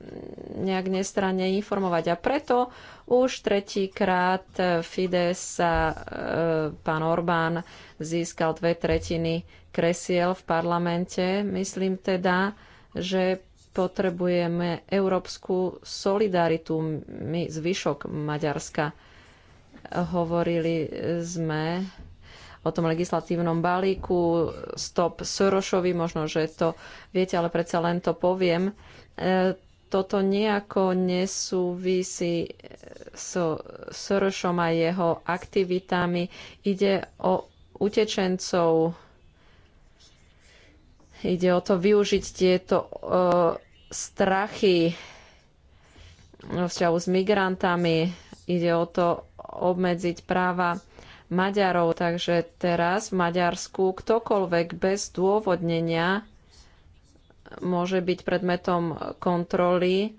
nejak nestranne informovať. A preto už tretíkrát Fides sa e, pán Orbán získal dve tretiny kresiel v parlamente. Myslím teda, že potrebujeme európsku solidaritu. My zvyšok Maďarska hovorili sme o tom legislatívnom balíku Stop Sorošovi, možno, že to viete, ale predsa len to poviem. E, toto nejako nesúvisí e, so Sorošom a jeho aktivitami. Ide o utečencov, ide o to využiť tieto e, strachy vzťahu s migrantami, ide o to obmedziť práva Maďarov. Takže teraz v Maďarsku ktokoľvek bez dôvodnenia môže byť predmetom kontroly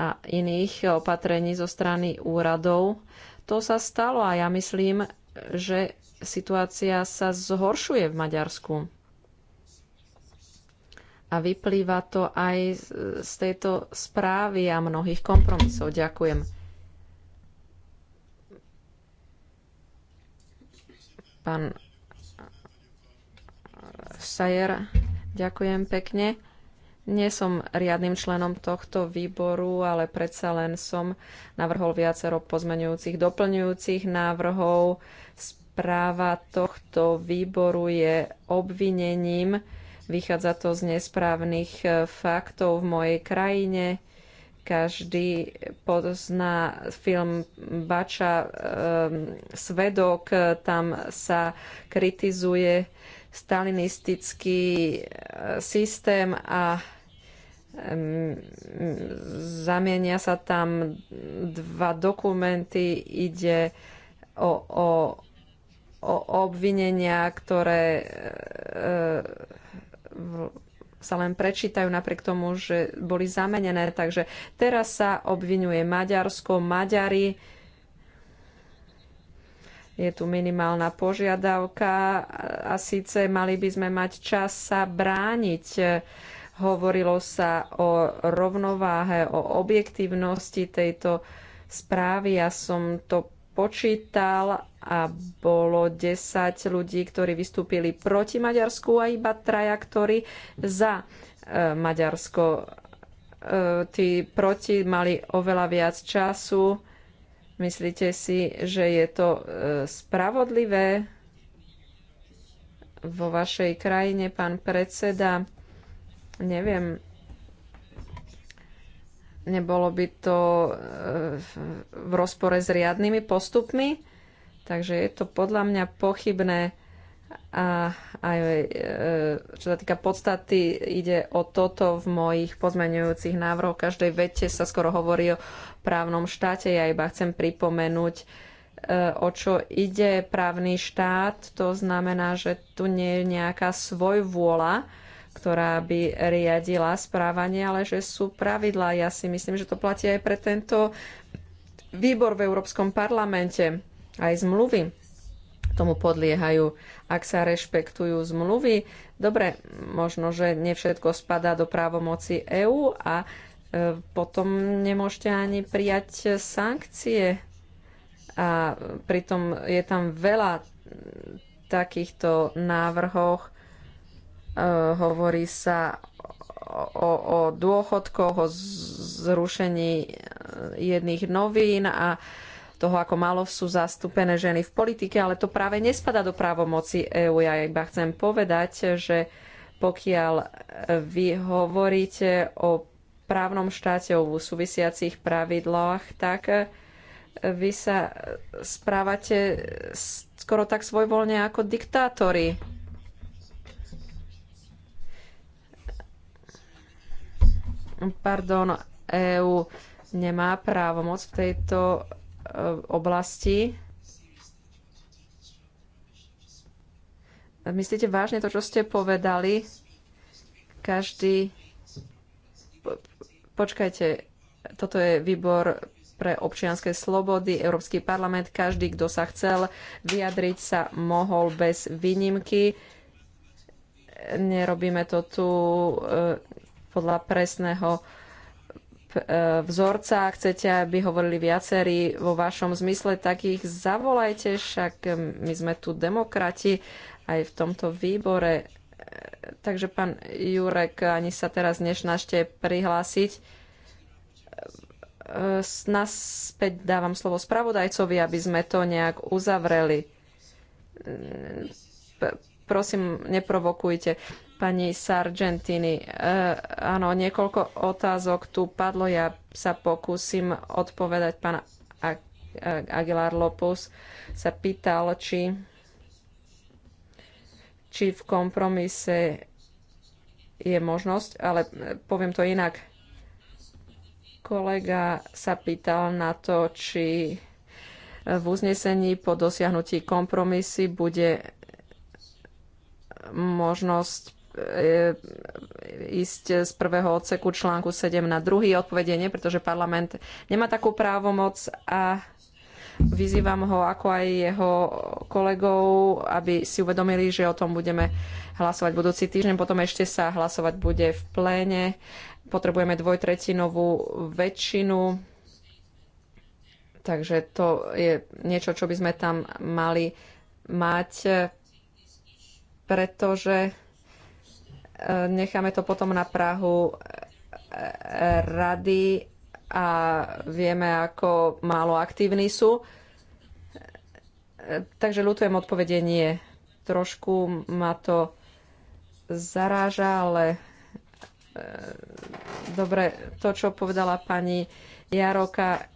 a iných opatrení zo strany úradov. To sa stalo a ja myslím, že situácia sa zhoršuje v Maďarsku. A vyplýva to aj z tejto správy a mnohých kompromisov. Ďakujem. Pán Sajer, ďakujem pekne. Nie som riadnym členom tohto výboru, ale predsa len som navrhol viacero pozmenujúcich, doplňujúcich návrhov. Správa tohto výboru je obvinením. Vychádza to z nesprávnych eh, faktov v mojej krajine. Každý pozná film Bača um, Svedok, tam sa kritizuje stalinistický eh, systém a um, zamienia sa tam dva dokumenty, ide o, o, o obvinenia, ktoré uh, sa len prečítajú napriek tomu, že boli zamenené. Takže teraz sa obvinuje Maďarsko, Maďari. Je tu minimálna požiadavka a síce mali by sme mať čas sa brániť. Hovorilo sa o rovnováhe, o objektívnosti tejto správy. Ja som to počítal a bolo 10 ľudí, ktorí vystúpili proti Maďarsku a iba traja, ktorí za e, Maďarsko. E, tí proti mali oveľa viac času. Myslíte si, že je to e, spravodlivé vo vašej krajine, pán predseda? Neviem. Nebolo by to v rozpore s riadnymi postupmi? Takže je to podľa mňa pochybné a aj e, čo sa týka podstaty, ide o toto v mojich pozmeňujúcich návrhoch. každej vete sa skoro hovorí o právnom štáte. Ja iba chcem pripomenúť, e, o čo ide právny štát. To znamená, že tu nie je nejaká svojvôľa, ktorá by riadila správanie, ale že sú pravidlá. Ja si myslím, že to platí aj pre tento výbor v Európskom parlamente aj zmluvy tomu podliehajú, ak sa rešpektujú zmluvy. Dobre, možno, že nevšetko spadá do právomoci EÚ a e, potom nemôžete ani prijať sankcie. A pritom je tam veľa takýchto návrhoch. E, hovorí sa o, o dôchodkoch, o zrušení jedných novín a toho, ako málo sú zastúpené ženy v politike, ale to práve nespada do právomoci EÚ. Ja iba chcem povedať, že pokiaľ vy hovoríte o právnom štáte, o súvisiacich pravidlách, tak vy sa správate skoro tak svojvoľne ako diktátori. Pardon, EÚ nemá právomoc v tejto Eh, oblasti. Myslíte vážne to, čo ste povedali? Každý... Počkajte, toto je výbor pre občianske slobody, Európsky parlament. Každý, kto sa chcel vyjadriť, sa mohol bez výnimky. Nerobíme to tu eh, podľa presného vzorca, chcete, aby hovorili viacerí vo vašom zmysle, tak ich zavolajte, však my sme tu demokrati aj v tomto výbore. Takže pán Jurek, ani sa teraz nešnašte prihlásiť. Naspäť dávam slovo spravodajcovi, aby sme to nejak uzavreli. P prosím, neprovokujte pani Sargentini. E, áno, niekoľko otázok tu padlo. Ja sa pokúsim odpovedať. Pán Aguilar Lopus sa pýtal, či, či v kompromise je možnosť, ale poviem to inak. Kolega sa pýtal na to, či v uznesení po dosiahnutí kompromisy bude možnosť E, ísť z prvého odseku článku 7 na druhý odpovedenie, pretože parlament nemá takú právomoc a vyzývam ho, ako aj jeho kolegov, aby si uvedomili, že o tom budeme hlasovať budúci týždeň. Potom ešte sa hlasovať bude v pléne. Potrebujeme dvojtretinovú väčšinu. Takže to je niečo, čo by sme tam mali mať, pretože necháme to potom na Prahu e, e, rady a vieme, ako málo aktívni sú. E, takže ľutujem odpovede nie. Trošku ma to zaráža, ale dobre, to, čo povedala pani Jaroka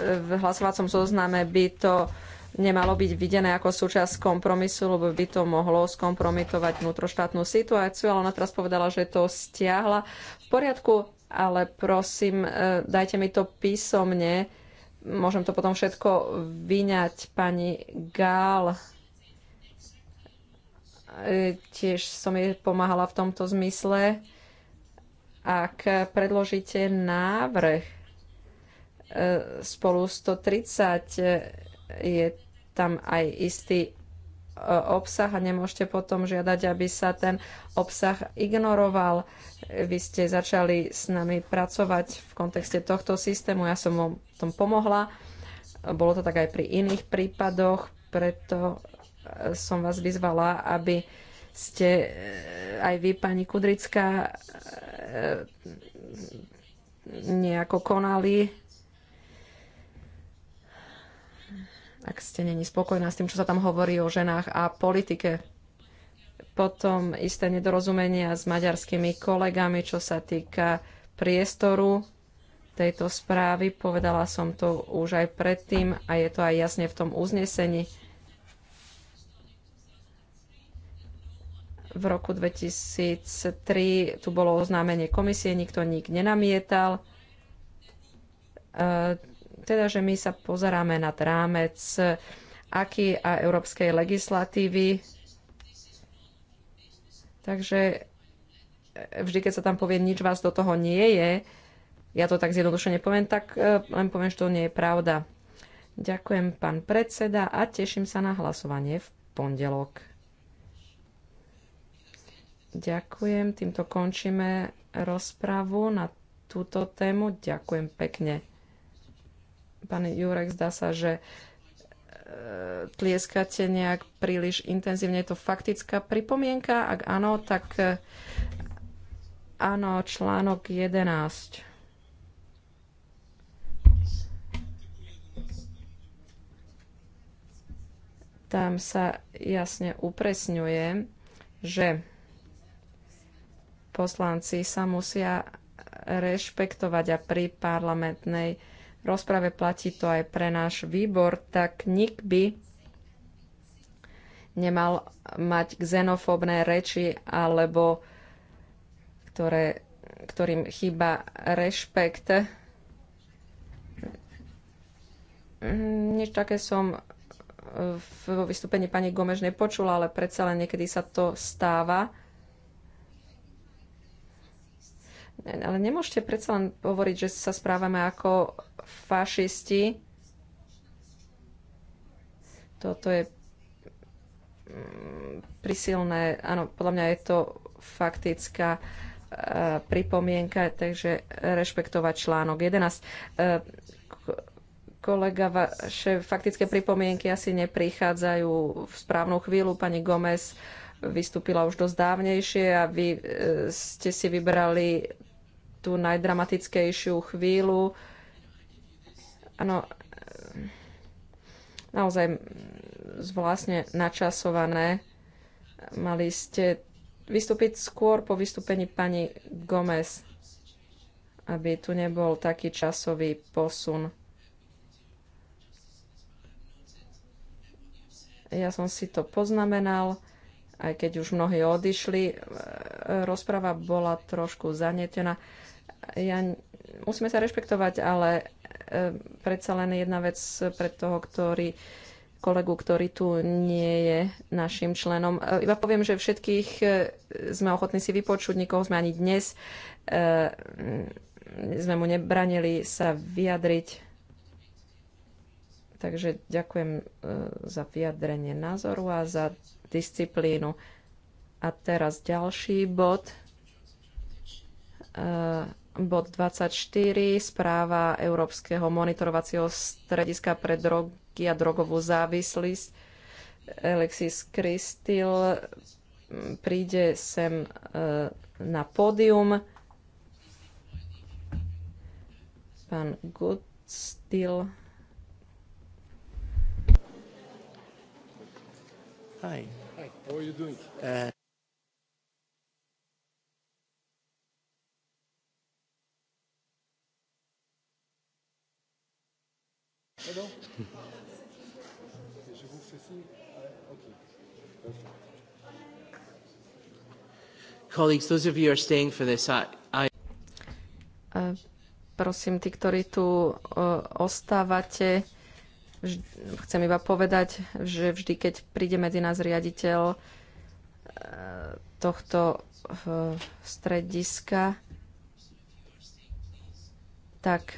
v hlasovacom zozname, by to nemalo byť videné ako súčasť kompromisu, lebo by to mohlo skompromitovať vnútroštátnu situáciu, ale ona teraz povedala, že to stiahla. V poriadku, ale prosím, e, dajte mi to písomne. Môžem to potom všetko vyňať, pani Gál. E, tiež som jej pomáhala v tomto zmysle. Ak predložíte návrh e, spolu 130 je tam aj istý e, obsah a nemôžete potom žiadať, aby sa ten obsah ignoroval. Vy ste začali s nami pracovať v kontexte tohto systému, ja som vám tom pomohla. Bolo to tak aj pri iných prípadoch, preto e, som vás vyzvala, aby ste e, aj vy, pani Kudrická, nejako konali ak ste není spokojná s tým, čo sa tam hovorí o ženách a politike. Potom isté nedorozumenia s maďarskými kolegami, čo sa týka priestoru tejto správy. Povedala som to už aj predtým a je to aj jasne v tom uznesení. V roku 2003 tu bolo oznámenie komisie, nikto nik nenamietal e, teda, že my sa pozeráme nad rámec aký a európskej legislatívy. Takže e, vždy, keď sa tam povie, nič vás do toho nie je, ja to tak zjednodušene poviem, tak e, len poviem, že to nie je pravda. Ďakujem, pán predseda, a teším sa na hlasovanie v pondelok. Ďakujem, týmto končíme rozpravu na túto tému. Ďakujem pekne. Pán Jurek, zdá sa, že e, tlieskate nejak príliš intenzívne. Je to faktická pripomienka? Ak áno, tak e, áno, článok 11. Tam sa jasne upresňuje, že poslanci sa musia rešpektovať a pri parlamentnej rozprave, platí to aj pre náš výbor, tak nik by nemal mať xenofóbne reči alebo ktoré, ktorým chýba rešpekt. Nič také som vo vystúpení pani gomež nepočula, ale predsa len niekedy sa to stáva. Ale nemôžete predsa len hovoriť, že sa správame ako fašisti. Toto je mm, prisilné, áno, podľa mňa je to faktická e, pripomienka, takže rešpektovať článok 11. E, kolega, vaše faktické pripomienky asi neprichádzajú v správnu chvíľu. Pani Gomez vystúpila už dosť dávnejšie a vy e, ste si vybrali tú najdramatickejšiu chvíľu. Áno, naozaj zvláštne načasované. Mali ste vystúpiť skôr po vystúpení pani Gomez, aby tu nebol taký časový posun. Ja som si to poznamenal aj keď už mnohí odišli, rozprava bola trošku zanetená ja, musíme sa rešpektovať, ale e, predsa len jedna vec pre toho, ktorý kolegu, ktorý tu nie je našim členom. E, iba poviem, že všetkých e, sme ochotní si vypočuť, nikoho sme ani dnes sme mu nebranili sa vyjadriť. Takže ďakujem za vyjadrenie názoru a za disciplínu. A teraz ďalší bod. Bod 24, správa Európskeho monitorovacieho strediska pre drogy a drogovú závislosť. Alexis Kristil mm, príde sem e, na pódium. Pán Goodstill. Hi. Hi, how are you doing? Uh... Ah Je vous fais signe. Ah, ok. Colleagues, those of you are staying for this, I, I... Uh, prosím, tí, ktorí tu uh, ostávate, chcem iba povedať, že vždy, keď príde medzi nás riaditeľ eh, tohto strediska, tak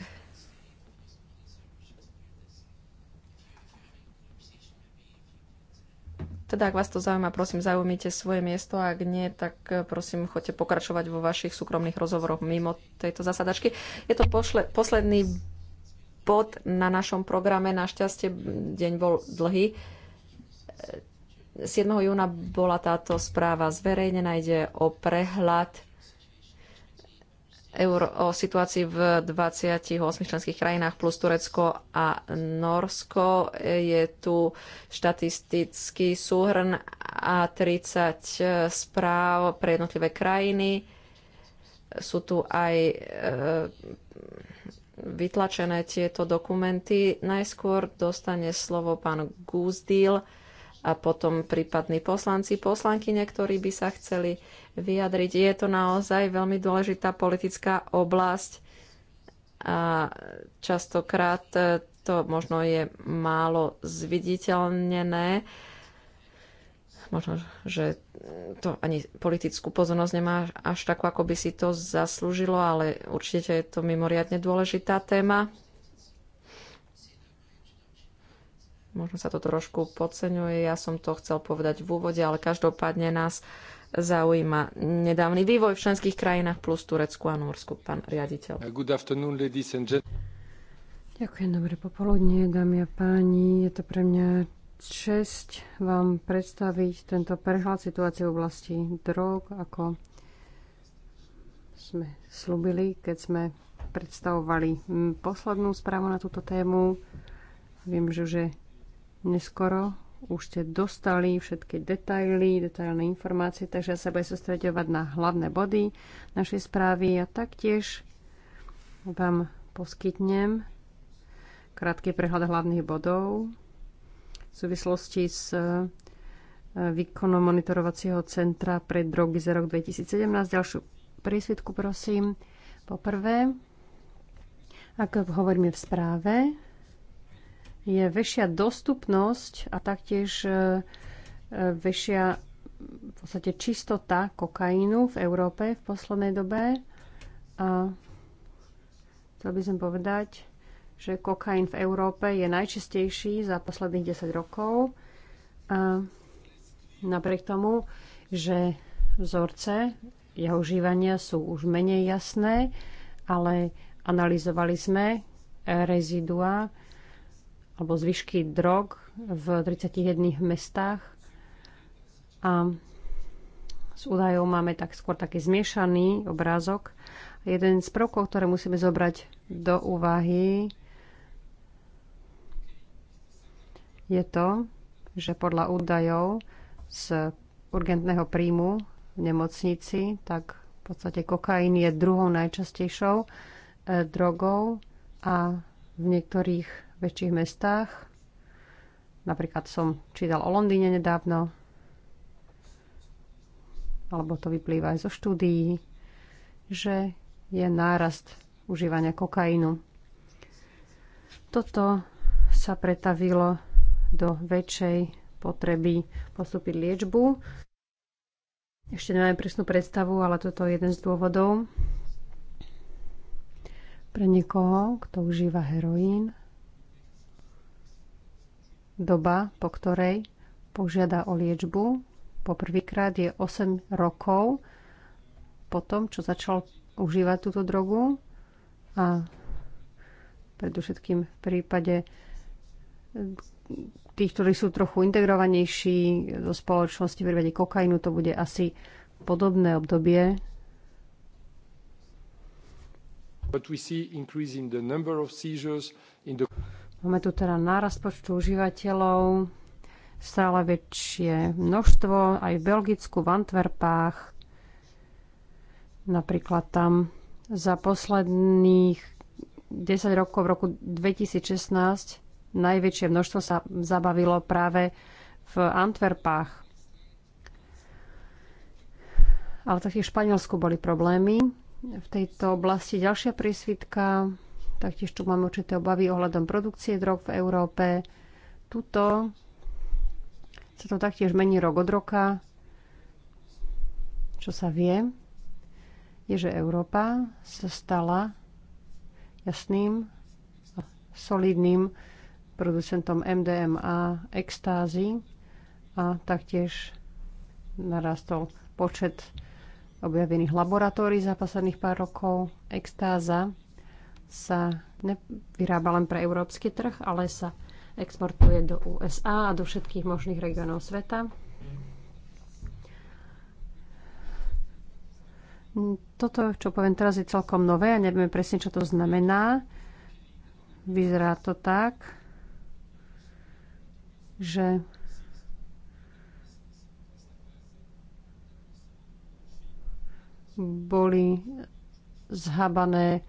Teda ak vás to zaujíma, prosím, zaujímite svoje miesto a ak nie, tak e, prosím, choďte pokračovať vo vašich súkromných rozhovoroch mimo tejto zasadačky. Je to pošle, posledný bod na našom programe. Našťastie deň bol dlhý. 7. E, júna bola táto správa zverejnená. Ide o prehľad eur o situácii v 28 členských krajinách plus Turecko a Norsko. Je tu štatistický súhrn a 30 e, správ pre jednotlivé krajiny. Sú tu aj e, vytlačené tieto dokumenty. Najskôr dostane slovo pán Guzdil a potom prípadní poslanci, poslanky, niektorí by sa chceli vyjadriť. Je to naozaj veľmi dôležitá politická oblasť a častokrát e, to možno je málo zviditeľnené. Možno, že to ani politickú pozornosť nemá až takú, ako by si to zaslúžilo, ale určite je to mimoriadne dôležitá téma. Možno sa to trošku podceňuje, ja som to chcel povedať v úvode, ale každopádne nás zaujíma nedávny vývoj v členských krajinách plus Turecku a Norsku, pán riaditeľ. Uh, good afternoon, ladies and gentlemen. Ďakujem, dobre popoludne, dámy a páni. Je to pre mňa čest vám predstaviť tento prehľad situácie v oblasti drog, ako sme slúbili, keď sme predstavovali poslednú správu na túto tému. Viem, že už je neskoro už ste dostali všetky detaily, detailné informácie, takže ja sa budem sústredovať na hlavné body našej správy a taktiež vám poskytnem krátky prehľad hlavných bodov v súvislosti s e, výkonom monitorovacieho centra pre drogy za rok 2017. Ďalšiu prísvitku prosím. Poprvé, ako hovoríme v správe, je väčšia dostupnosť a taktiež e, e, väčšia v podstate čistota kokainu v Európe v poslednej dobe. A to by som povedať, že kokain v Európe je najčistejší za posledných 10 rokov. A napriek tomu, že vzorce jeho užívania sú už menej jasné, ale analyzovali sme rezidua alebo zvyšky drog v 31 mestách. A s údajov máme tak skôr taký zmiešaný obrázok. Jeden z prvkov, ktoré musíme zobrať do úvahy, je to, že podľa údajov z urgentného príjmu v nemocnici, tak v podstate kokain je druhou najčastejšou eh, drogou a v niektorých väčších mestách. Napríklad som čítal o Londýne nedávno, alebo to vyplýva aj zo štúdií, že je nárast užívania kokainu. Toto sa pretavilo do väčšej potreby postúpiť liečbu. Ešte nemáme presnú predstavu, ale toto je jeden z dôvodov. Pre niekoho, kto užíva heroín, Doba, po ktorej požiada o liečbu, poprvýkrát je 8 rokov po tom, čo začal užívať túto drogu a predovšetkým v prípade tých, ktorí sú trochu integrovanejší do spoločnosti, v prípade kokainu to bude asi podobné obdobie. But we see increase in the number of seizures in the Máme tu teda nárast počtu užívateľov, stále väčšie množstvo, aj v Belgicku, v Antwerpách. Napríklad tam za posledných 10 rokov, v roku 2016, najväčšie množstvo sa zabavilo práve v Antwerpách. Ale taktiež v Španielsku boli problémy v tejto oblasti. Ďalšia prísvitka Taktiež tu máme určité obavy ohľadom produkcie drog v Európe. Tuto sa to taktiež mení rok od roka. Čo sa vie, je, že Európa sa stala jasným, solidným producentom MDMA, extázy a taktiež narastol počet objavených laboratórií za posledných pár rokov. Extáza sa nevyrába len pre európsky trh, ale sa exportuje do USA a do všetkých možných regionov sveta. Toto, čo poviem teraz, je celkom nové a nevieme presne, čo to znamená. Vyzerá to tak, že boli zhabané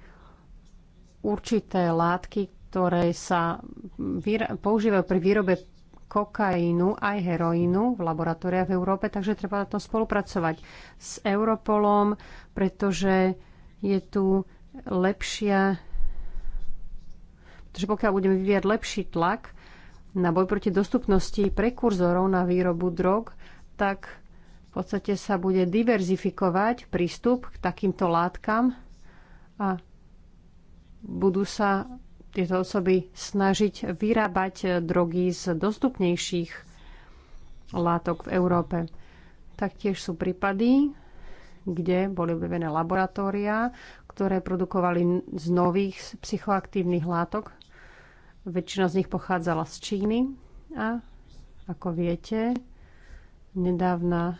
určité látky, ktoré sa používajú pri výrobe kokainu aj heroínu v laboratóriách v Európe, takže treba na tom spolupracovať s Europolom, pretože je tu lepšia pretože pokiaľ budeme vyvíjať lepší tlak na boj proti dostupnosti prekurzorov na výrobu drog, tak v podstate sa bude diverzifikovať prístup k takýmto látkam a budú sa tieto osoby snažiť vyrábať drogy z dostupnejších látok v Európe. Taktiež sú prípady, kde boli objavené laboratória, ktoré produkovali z nových psychoaktívnych látok. Väčšina z nich pochádzala z Číny a ako viete, nedávna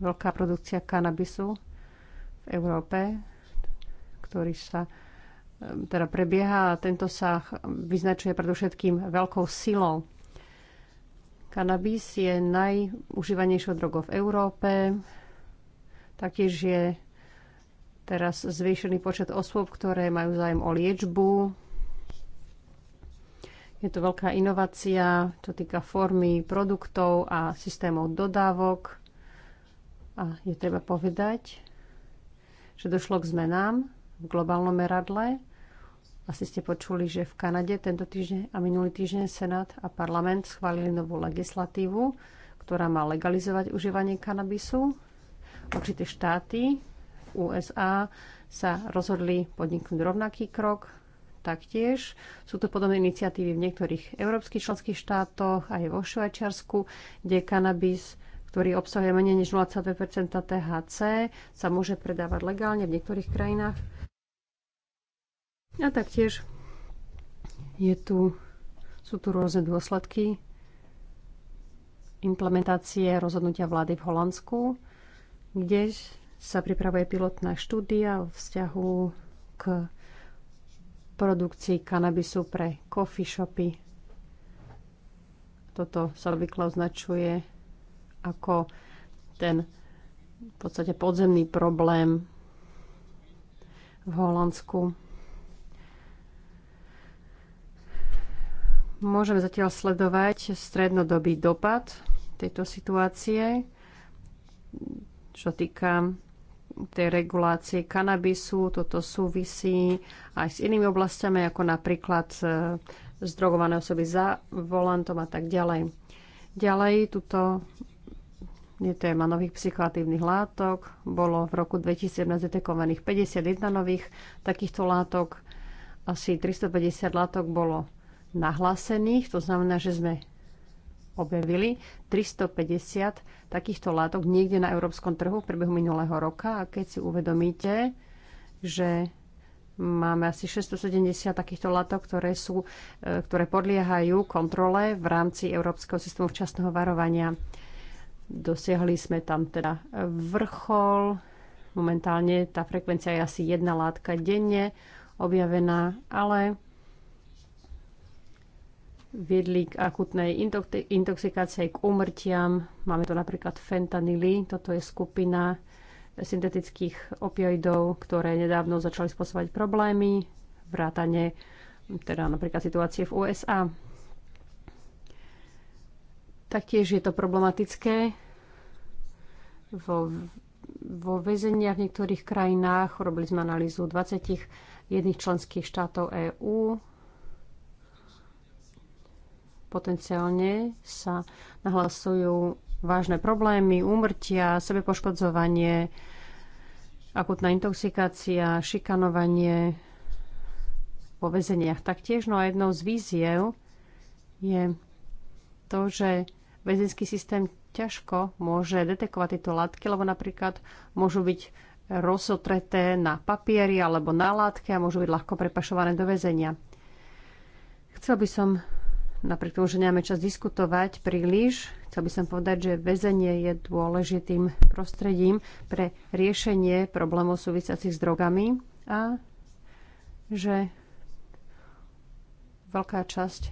veľká produkcia kanabisu v Európe, ktorý sa Ehm, teda prebieha a tento sa vyznačuje predovšetkým veľkou silou. Kanabis je najužívanejšou drogou v Európe. Taktiež je teraz zvýšený počet osôb, ktoré majú zájem o liečbu. Je to veľká inovácia, čo týka formy produktov a systémov dodávok. A je treba povedať, že došlo k zmenám v globálnom meradle asi ste počuli, že v Kanade tento týždeň a minulý týždeň Senát a parlament schválili novú legislatívu, ktorá má legalizovať užívanie kanabisu. Určité štáty v USA sa rozhodli podniknúť rovnaký krok. Taktiež sú to podobné iniciatívy v niektorých európskych členských štátoch, aj vo Švajčiarsku, kde kanabis ktorý obsahuje menej než 0,2 THC, sa môže predávať legálne v niektorých krajinách a taktiež je tu, sú tu rôzne dôsledky implementácie rozhodnutia vlády v Holandsku, kde sa pripravuje pilotná štúdia v vzťahu k produkcii kanabisu pre coffee shopy. Toto sa obvykle označuje ako ten v podstate podzemný problém v Holandsku. Môžeme zatiaľ sledovať strednodobý dopad tejto situácie, čo týka tej regulácie kanabisu. Toto súvisí aj s inými oblastiami, ako napríklad e, zdrogované osoby za volantom a tak ďalej. Ďalej, tuto je téma nových psychoatívnych látok. Bolo v roku 2017 detekovaných 51 nových takýchto látok. Asi 350 látok bolo nahlásených, to znamená, že sme objavili 350 takýchto látok niekde na európskom trhu v priebehu minulého roka. A keď si uvedomíte, že máme asi 670 takýchto látok, ktoré, sú, e, ktoré podliehajú kontrole v rámci Európskeho systému včasného varovania. Dosiahli sme tam teda vrchol. Momentálne tá frekvencia je asi jedna látka denne objavená, ale viedli k akutnej intoxikácii, k úmrtiam. Máme tu napríklad fentanily, toto je skupina syntetických opioidov, ktoré nedávno začali spôsobať problémy, vrátane teda napríklad situácie v USA. Taktiež je to problematické vo, vo väzeniach v niektorých krajinách. Robili sme analýzu 21 členských štátov EÚ potenciálne sa nahlasujú vážne problémy, úmrtia, sebepoškodzovanie, akutná intoxikácia, šikanovanie vo väzeniach. Taktiež no a jednou z víziev je to, že väzenský systém ťažko môže detekovať tieto látky, lebo napríklad môžu byť rozotreté na papieri alebo na látke a môžu byť ľahko prepašované do väzenia. Chcel by som napriek tomu, že nemáme čas diskutovať príliš, chcel by som povedať, že väzenie je dôležitým prostredím pre riešenie problémov súvisiacich s drogami a že veľká časť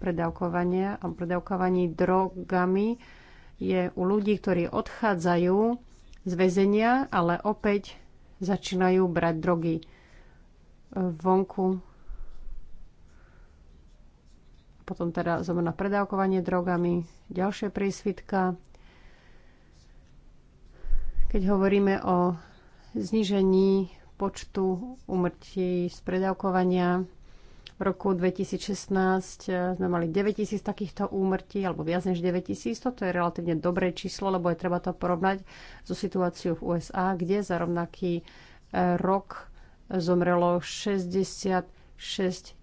predávkovania a predávkovaní drogami je u ľudí, ktorí odchádzajú z väzenia, ale opäť začínajú brať drogy vonku potom teda zomr na predávkovanie drogami, ďalšia prísvitka. Keď hovoríme o znižení počtu umrtí z predávkovania, v roku 2016 sme mali 9000 takýchto úmrtí, alebo viac než 9000. Toto je relatívne dobré číslo, lebo je treba to porovnať so situáciou v USA, kde za rovnaký e, rok zomrelo 66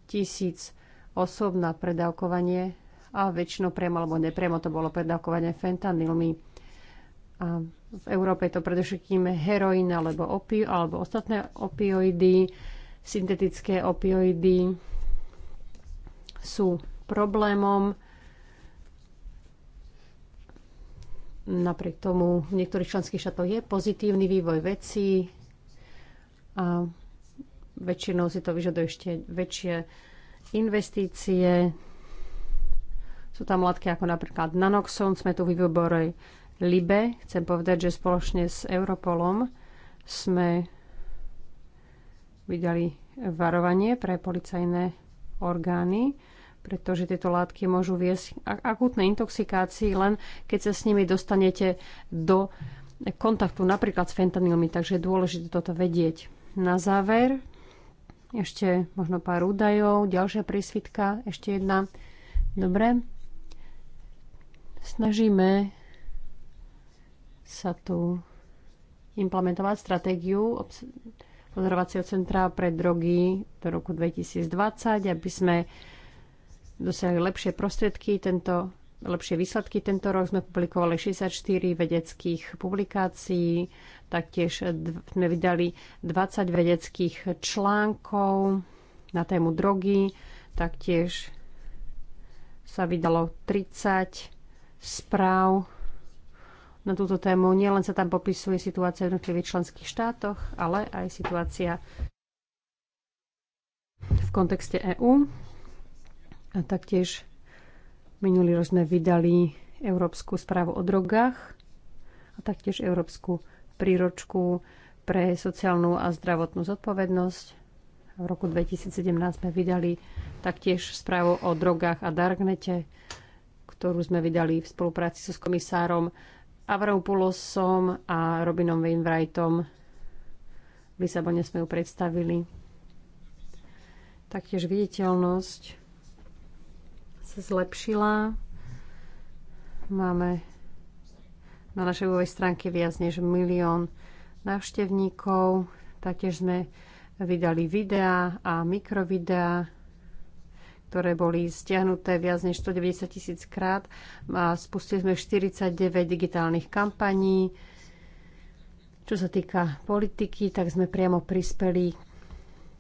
tisíc osob na predávkovanie a väčšinou priamo alebo nepriamo to bolo predávkovanie fentanylmi. A v Európe je to predovšetkým heroin alebo, opi- alebo ostatné opioidy, syntetické opioidy sú problémom. Napriek tomu v niektorých členských štátoch je pozitívny vývoj vecí a väčšinou si to vyžaduje ešte väčšie investície. Sú tam látky ako napríklad nanoxon, sme tu v výbore LIBE. Chcem povedať, že spoločne s Europolom sme vydali varovanie pre policajné orgány, pretože tieto látky môžu viesť akútnej intoxikácii, len keď sa s nimi dostanete do kontaktu napríklad s fentanylmi, takže je dôležité toto vedieť. Na záver ešte možno pár údajov, ďalšia prísvitka, ešte jedna. Dobre. Snažíme sa tu implementovať stratégiu pozorovacieho centra pre drogy do roku 2020, aby sme dosiahli lepšie prostriedky. Tento lepšie výsledky. Tento rok sme publikovali 64 vedeckých publikácií, taktiež sme vydali 20 vedeckých článkov na tému drogy, taktiež sa vydalo 30 správ na túto tému. Nielen sa tam popisuje situácia v jednotlivých členských štátoch, ale aj situácia v kontexte EÚ. A taktiež Minulý rok sme vydali Európsku správu o drogách a taktiež Európsku príročku pre sociálnu a zdravotnú zodpovednosť. V roku 2017 sme vydali taktiež správu o drogách a darknete, ktorú sme vydali v spolupráci so s komisárom Avropulosom a Robinom Wainwrightom. V Lisabone sme ju predstavili. Taktiež viditeľnosť sa zlepšila. Máme na našej webovej stránke viac než milión návštevníkov. Taktiež sme vydali videá a mikrovideá, ktoré boli stiahnuté viac než 190 tisíc krát a spustili sme 49 digitálnych kampaní. Čo sa týka politiky, tak sme priamo prispeli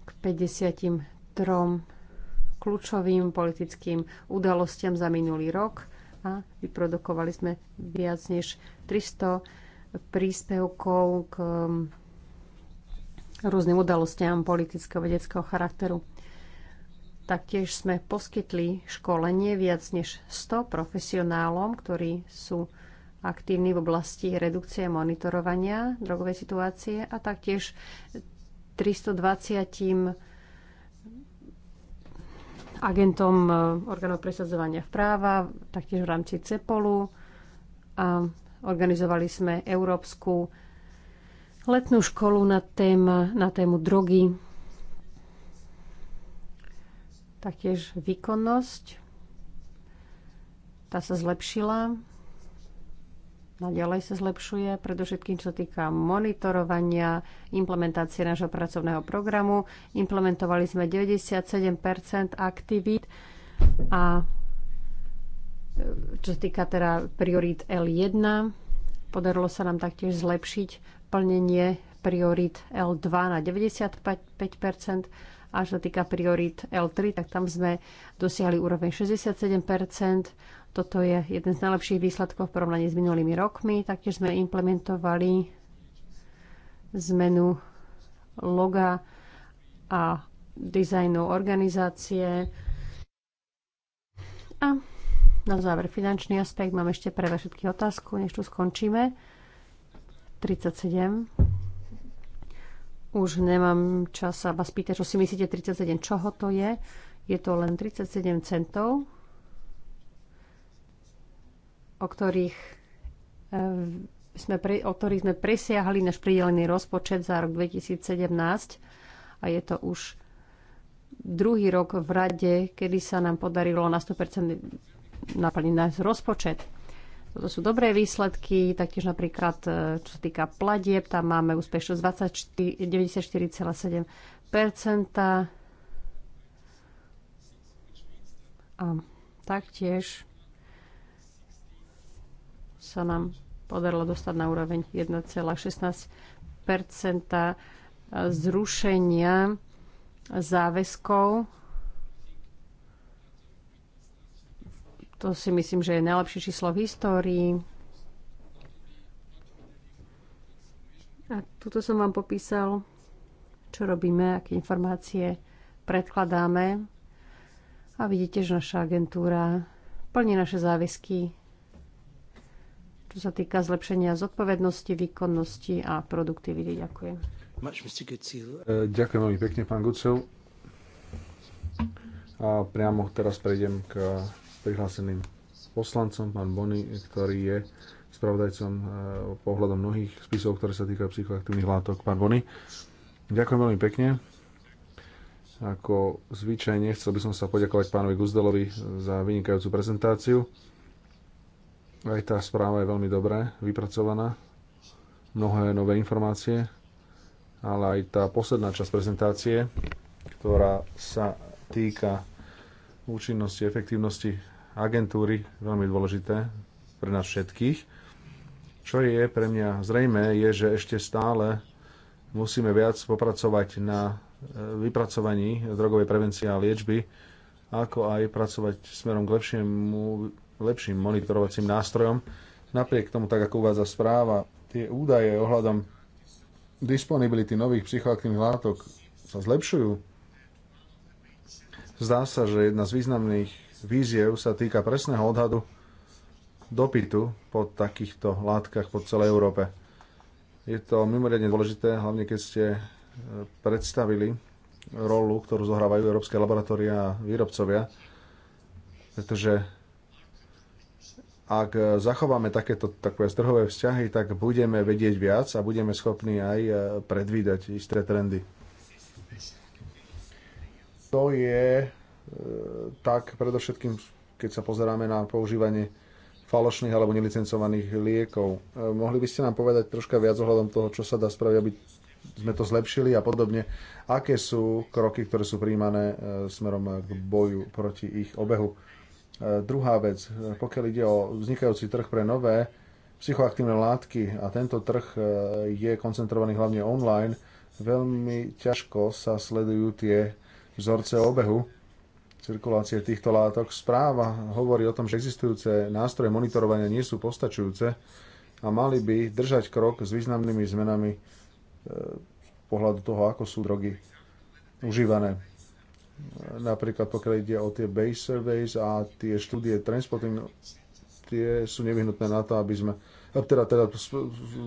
k 53 kľúčovým politickým udalostiam za minulý rok a vyprodukovali sme viac než 300 príspevkov k um, rôznym udalostiam politického vedeckého charakteru. Taktiež sme poskytli školenie viac než 100 profesionálom, ktorí sú aktívni v oblasti redukcie monitorovania drogovej situácie a taktiež 320 agentom e, orgánov presadzovania v práva, taktiež v rámci CEPOLu. A organizovali sme európsku letnú školu na, téma, na tému drogy. Taktiež výkonnosť. Tá sa zlepšila. Naďalej sa zlepšuje, predovšetkým čo sa týka monitorovania implementácie nášho pracovného programu. Implementovali sme 97 aktivít a e, čo sa týka teda priorít L1, podarilo sa nám taktiež zlepšiť plnenie priorít L2 na 95 a čo týka priorít L3, tak tam sme dosiahli úroveň 67 toto je jeden z najlepších výsledkov v porovnaní s minulými rokmi. Taktiež sme implementovali zmenu loga a dizajnu organizácie. A na záver finančný aspekt. Mám ešte pre vás všetky otázku, než tu skončíme. 37. Už nemám čas sa vás pýtať, čo si myslíte 37, čoho to je. Je to len 37 centov o ktorých e, sme, pre, o ktorých sme presiahli náš pridelený rozpočet za rok 2017 a je to už druhý rok v rade, kedy sa nám podarilo na 100% naplniť náš rozpočet. Toto sú dobré výsledky, taktiež napríklad, e, čo sa týka pladieb, tam máme úspešnosť 94,7%. A taktiež sa nám podarilo dostať na úroveň 1,16 zrušenia záväzkov. To si myslím, že je najlepšie číslo v histórii. A tuto som vám popísal, čo robíme, aké informácie predkladáme. A vidíte, že naša agentúra plní naše záväzky čo sa týka zlepšenia zodpovednosti, výkonnosti a produktivity. Ďakujem. E, ďakujem veľmi pekne, pán Gucel. A priamo teraz prejdem k prihláseným poslancom, pán Bony, ktorý je spravodajcom e, pohľadom mnohých spisov, ktoré sa týkajú psychoaktívnych látok. Pán Bony, ďakujem veľmi pekne. Ako zvyčajne chcel by som sa poďakovať pánovi Guzdelovi za vynikajúcu prezentáciu. Aj tá správa je veľmi dobre vypracovaná. Mnohé nové informácie, ale aj tá posledná časť prezentácie, ktorá sa týka účinnosti, efektívnosti agentúry, veľmi dôležité pre nás všetkých. Čo je pre mňa zrejme, je, že ešte stále musíme viac popracovať na e, vypracovaní drogovej prevencie a liečby, ako aj pracovať smerom k lepšiemu lepším monitorovacím nástrojom. Napriek tomu, tak ako uvádza správa, tie údaje ohľadom disponibility nových psychoaktívnych látok sa zlepšujú. Zdá sa, že jedna z významných víziev sa týka presného odhadu dopytu po takýchto látkach po celej Európe. Je to mimoriadne dôležité, hlavne keď ste e, predstavili rolu, ktorú zohrávajú európske laboratória a výrobcovia, pretože ak e, zachováme takéto takové strhové vzťahy, tak budeme vedieť viac a budeme schopní aj e, predvídať isté trendy. To je e, tak predovšetkým, keď sa pozeráme na používanie falošných alebo nelicencovaných liekov. mohli by ste nám povedať troška viac ohľadom toho, čo sa dá spraviť, aby sme to zlepšili a podobne. Aké sú kroky, ktoré sú príjmané smerom k boju proti ich obehu? E, druhá vec, e, pokiaľ ide o vznikajúci trh pre nové psychoaktívne látky a tento trh e, je koncentrovaný hlavne online, veľmi ťažko sa sledujú tie vzorce obehu cirkulácie týchto látok. Správa hovorí o tom, že existujúce nástroje monitorovania nie sú postačujúce a mali by držať krok s významnými zmenami z pohľadu toho, ako sú drogy užívané napríklad pokiaľ ide o tie base surveys a tie štúdie transporting, tie sú nevyhnutné na to, aby sme eh, teda, teda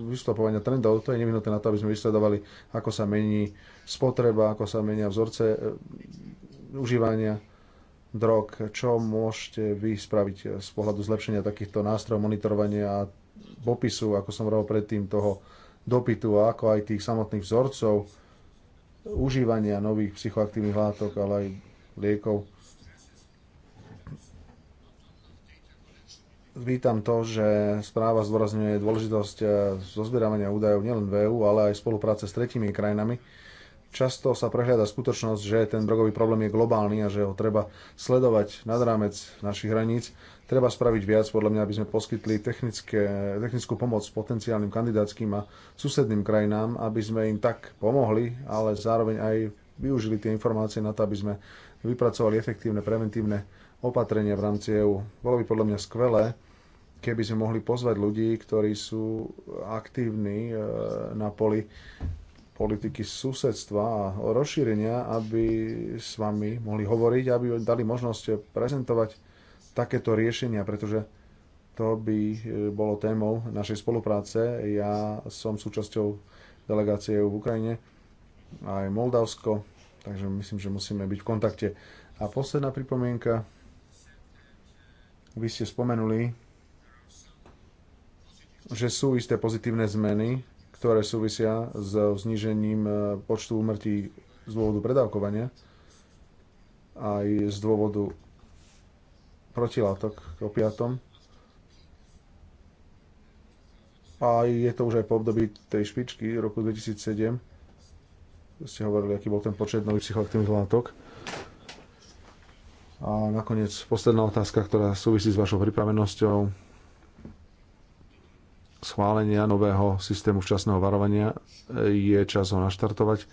vystupovania trendov, to je nevyhnutné na to, aby sme vysledovali, ako sa mení spotreba, ako sa menia vzorce eh, užívania drog. Čo môžete vy spraviť eh, z pohľadu zlepšenia takýchto nástrojov monitorovania a popisu, ako som hovoril predtým, toho dopytu a ako aj tých samotných vzorcov, užívania nových psychoaktívnych látok, ale aj liekov. Vítam to, že správa zdôrazňuje dôležitosť eh, zozbieravania údajov nielen v EU, ale aj spolupráce s tretími krajinami. Často sa prehliada skutočnosť, že ten drogový problém je globálny a že ho treba sledovať nad rámec našich hraníc. Treba spraviť viac, podľa mňa, aby sme poskytli technickú pomoc potenciálnym kandidátským a susedným krajinám, aby sme im tak pomohli, ale zároveň aj využili tie informácie na to, aby sme vypracovali efektívne preventívne opatrenia v rámci EÚ. Bolo by podľa mňa skvelé, keby sme mohli pozvať ľudí, ktorí sú aktívni e, na poli politiky susedstva a rozšírenia, aby s vami mohli hovoriť, aby dali možnosť prezentovať takéto riešenia, pretože to by e, bolo témou našej spolupráce. Ja som súčasťou delegácie v Ukrajine aj Moldavsko, takže myslím, že musíme byť v kontakte. A posledná pripomienka, vy ste spomenuli, že sú isté pozitívne zmeny, ktoré súvisia s znížením e, počtu úmrtí z dôvodu predávkovania aj z dôvodu protilátok k opiatom. A je to už aj po období tej špičky roku 2007. Ste hovorili, aký bol ten počet nových psychoaktívnych látok. A nakoniec posledná otázka, ktorá súvisí s vašou pripravenosťou schválenia nového systému včasného varovania. Je čas ho naštartovať.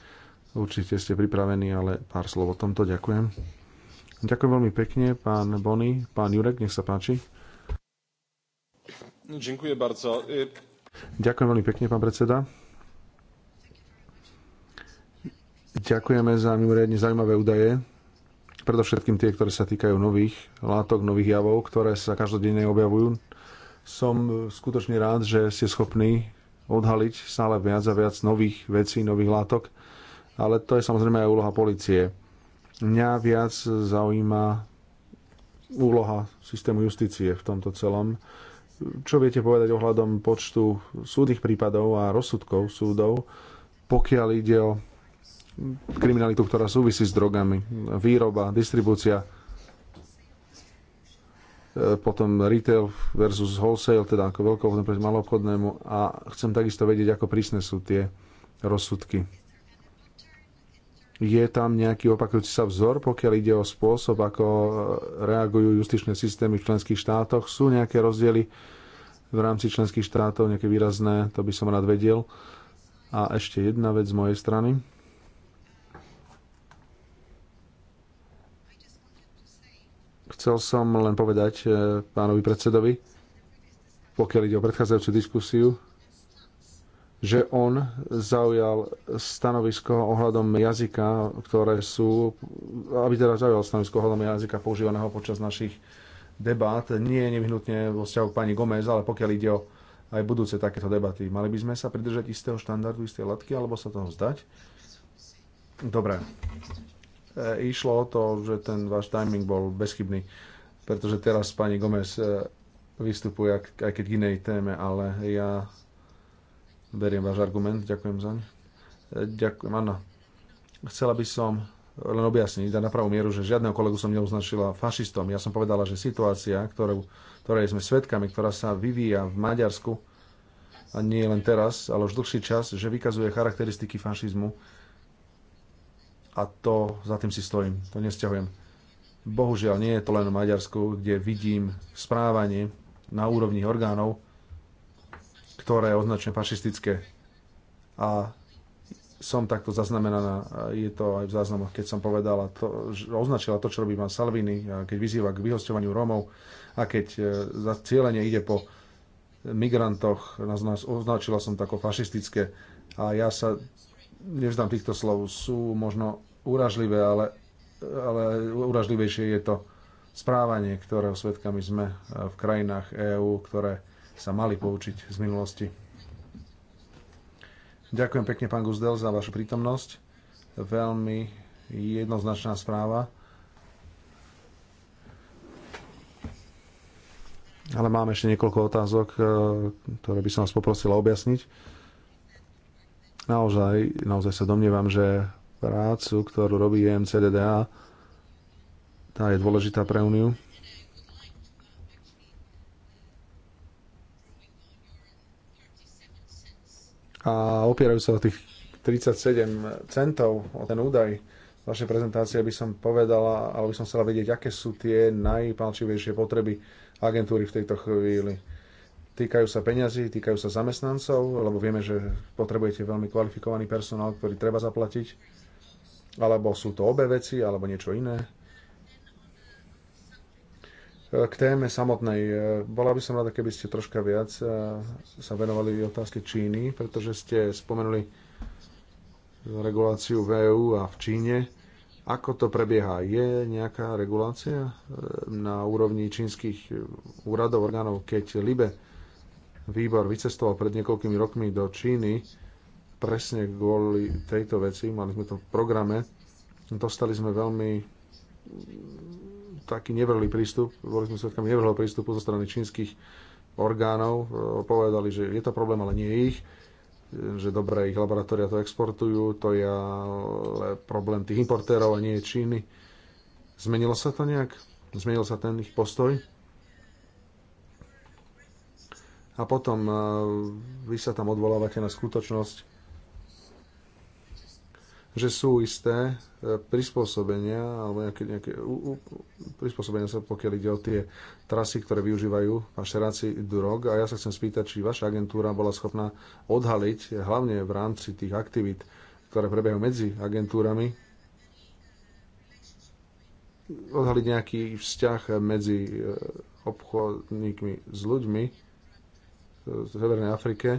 Určite ste pripravení, ale pár slov o tomto. Ďakujem. Ďakujem veľmi pekne, pán Bony, pán Jurek, nech sa páči. No, ďakujem bardzo. Ďakujem veľmi pekne, pán predseda. Ďakujeme za mimoriadne zaujímavé údaje, predovšetkým tie, ktoré sa týkajú nových látok, nových javov, ktoré sa každodenne objavujú. Som skutočne rád, že ste schopní odhaliť stále viac a viac nových vecí, nových látok, ale to je samozrejme aj úloha policie Mňa viac zaujíma úloha systému justície v tomto celom. Čo viete povedať ohľadom počtu súdnych prípadov a rozsudkov súdov, pokiaľ ide o kriminalitu, ktorá súvisí s drogami, výroba, distribúcia, e, potom retail versus wholesale, teda ako veľkou, proti maloobchodnému a chcem takisto vedieť, ako prísne sú tie rozsudky. Je tam nejaký opakujúci sa vzor, pokiaľ ide o spôsob, ako e, reagujú justičné systémy v členských štátoch? Sú nejaké rozdiely v rámci členských štátov, nejaké výrazné? To by som rád vedel. A ešte jedna vec z mojej strany. Chcel som len povedať e, pánovi predsedovi, pokiaľ ide o predchádzajúcu diskusiu, že on zaujal stanovisko ohľadom jazyka, ktoré sú, aby teda zaujal stanovisko ohľadom jazyka používaného počas našich debát. Nie je nevyhnutne vo vzťahu k pani Gomez, ale pokiaľ ide o aj budúce takéto debaty. Mali by sme sa pridržať istého štandardu, istej latky, alebo sa toho vzdať? Dobre. E, išlo o to, že ten váš timing bol bezchybný, pretože teraz pani Gomez e, vystupuje, aj keď k inej téme, ale ja Beriem váš argument, ďakujem zaň. E, ďakujem, Áno. Chcela by som len objasniť, na pravú mieru, že žiadneho kolegu som neuznačila fašistom. Ja som povedala, že situácia, ktorú, ktorej sme svedkami, ktorá sa vyvíja v Maďarsku, a nie len teraz, ale už dlhší čas, že vykazuje charakteristiky fašizmu a to za tým si stojím, to nestiahujem. Bohužiaľ, nie je to len v Maďarsku, kde vidím správanie na úrovni orgánov, ktoré je označené fašistické. A som takto zaznamenaná, je to aj v záznamoch, keď som povedala, to, označila to, čo robí pán Salvini, keď vyzýva k vyhostovaniu Rómov a keď e, za cieľenie ide po migrantoch, označila som to ako fašistické a ja sa nevzdám týchto slov, sú možno úražlivé, ale, ale úražlivejšie je to správanie, ktorého svetkami sme e, v krajinách EÚ, ktoré sa mali poučiť z minulosti. Ďakujem pekne, pán Guzdel, za vašu prítomnosť. Veľmi jednoznačná správa. Ale mám ešte niekoľko otázok, e, ktoré by som vás poprosil objasniť. Naozaj, naozaj sa domnievam, že prácu, ktorú robí MCDDA, tá je dôležitá pre Uniu. a opierajú sa o tých 37 centov, o ten údaj z vašej prezentácie by som povedala, alebo by som chcela vedieť, aké sú tie najpálčivejšie potreby agentúry v tejto chvíli. Týkajú sa peňazí, týkajú sa zamestnancov, lebo vieme, že potrebujete veľmi kvalifikovaný personál, ktorý treba zaplatiť. Alebo sú to obe veci, alebo niečo iné. E, k téme samotnej. E, bola by som rada, keby ste troška viac e, sa venovali otázke Číny, pretože ste spomenuli reguláciu v EU a v Číne. Ako to prebieha? Je nejaká regulácia na úrovni čínskych úradov, orgánov, keď Libe výbor vycestoval pred niekoľkými rokmi do Číny, presne kvôli tejto veci, mali sme to v programe, dostali sme veľmi taký nevrhlý prístup, boli sme svetkami nevrhlého prístupu zo strany čínskych orgánov, e, povedali, že je to problém, ale nie ich, e, že dobre, ich laboratória to exportujú, to je ale problém tých importérov a nie je Číny. Zmenilo sa to nejak? Zmenil sa ten ich postoj? A potom e, vy sa tam odvolávate na skutočnosť, že sú isté e, prispôsobenia alebo nejaké, nejaké u, u, prispôsobenia sa pokiaľ ide o tie trasy, ktoré využívajú pašeráci drog. A ja sa chcem spýtať, či vaša agentúra bola schopná odhaliť, hlavne v rámci tých aktivít, ktoré prebiehajú medzi agentúrami, odhaliť nejaký vzťah medzi e, obchodníkmi s ľuďmi v e, Severnej Afrike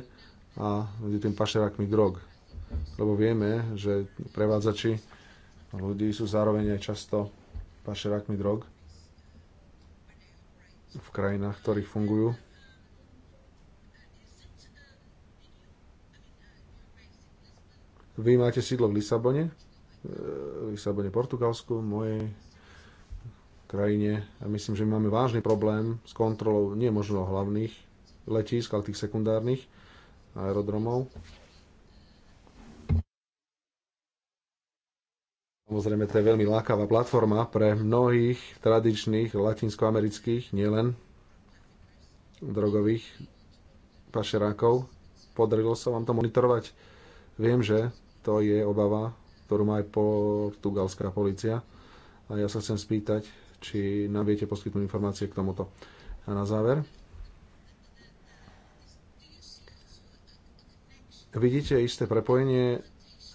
a medzi tým pašerákmi drog lebo vieme, že prevádzači ľudí sú zároveň aj často pašerákmi drog v krajinách, v ktorých fungujú. Vy máte sídlo v Lisabone, v Lisabone, Portugalsku, v mojej krajine a myslím, že my máme vážny problém s kontrolou nie možno hlavných letísk, ale tých sekundárnych aerodromov. Samozrejme, to je veľmi lákavá platforma pre mnohých tradičných latinskoamerických, nielen drogových pašerákov. Podarilo sa vám to monitorovať? Viem, že to je obava, ktorú má aj portugalská policia. A ja sa chcem spýtať, či nám viete poskytnúť informácie k tomuto. A na záver. Vidíte isté prepojenie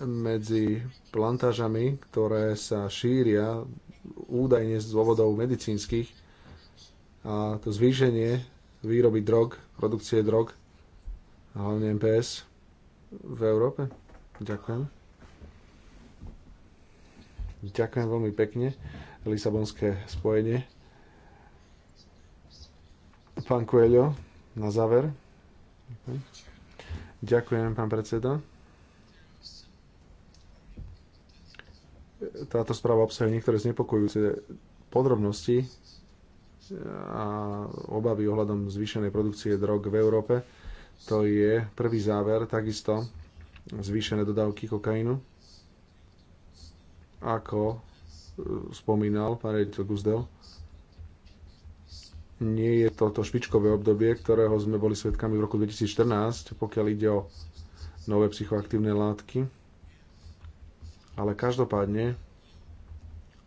medzi plantážami, ktoré sa šíria údajne z dôvodov medicínskych a to zvýšenie výroby drog, produkcie drog, hlavne MPS v Európe. Ďakujem. Ďakujem veľmi pekne. Lisabonské spojenie. Pán Coelho, na záver. Ďakujem, pán predseda. táto správa obsahuje niektoré znepokojujúce podrobnosti a obavy ohľadom zvýšenej produkcie drog v Európe. To je prvý záver, takisto zvýšené dodávky kokainu. Ako e, spomínal pán rediteľ Guzdel, nie je toto špičkové obdobie, ktorého sme boli svedkami v roku 2014, pokiaľ ide o nové psychoaktívne látky ale každopádne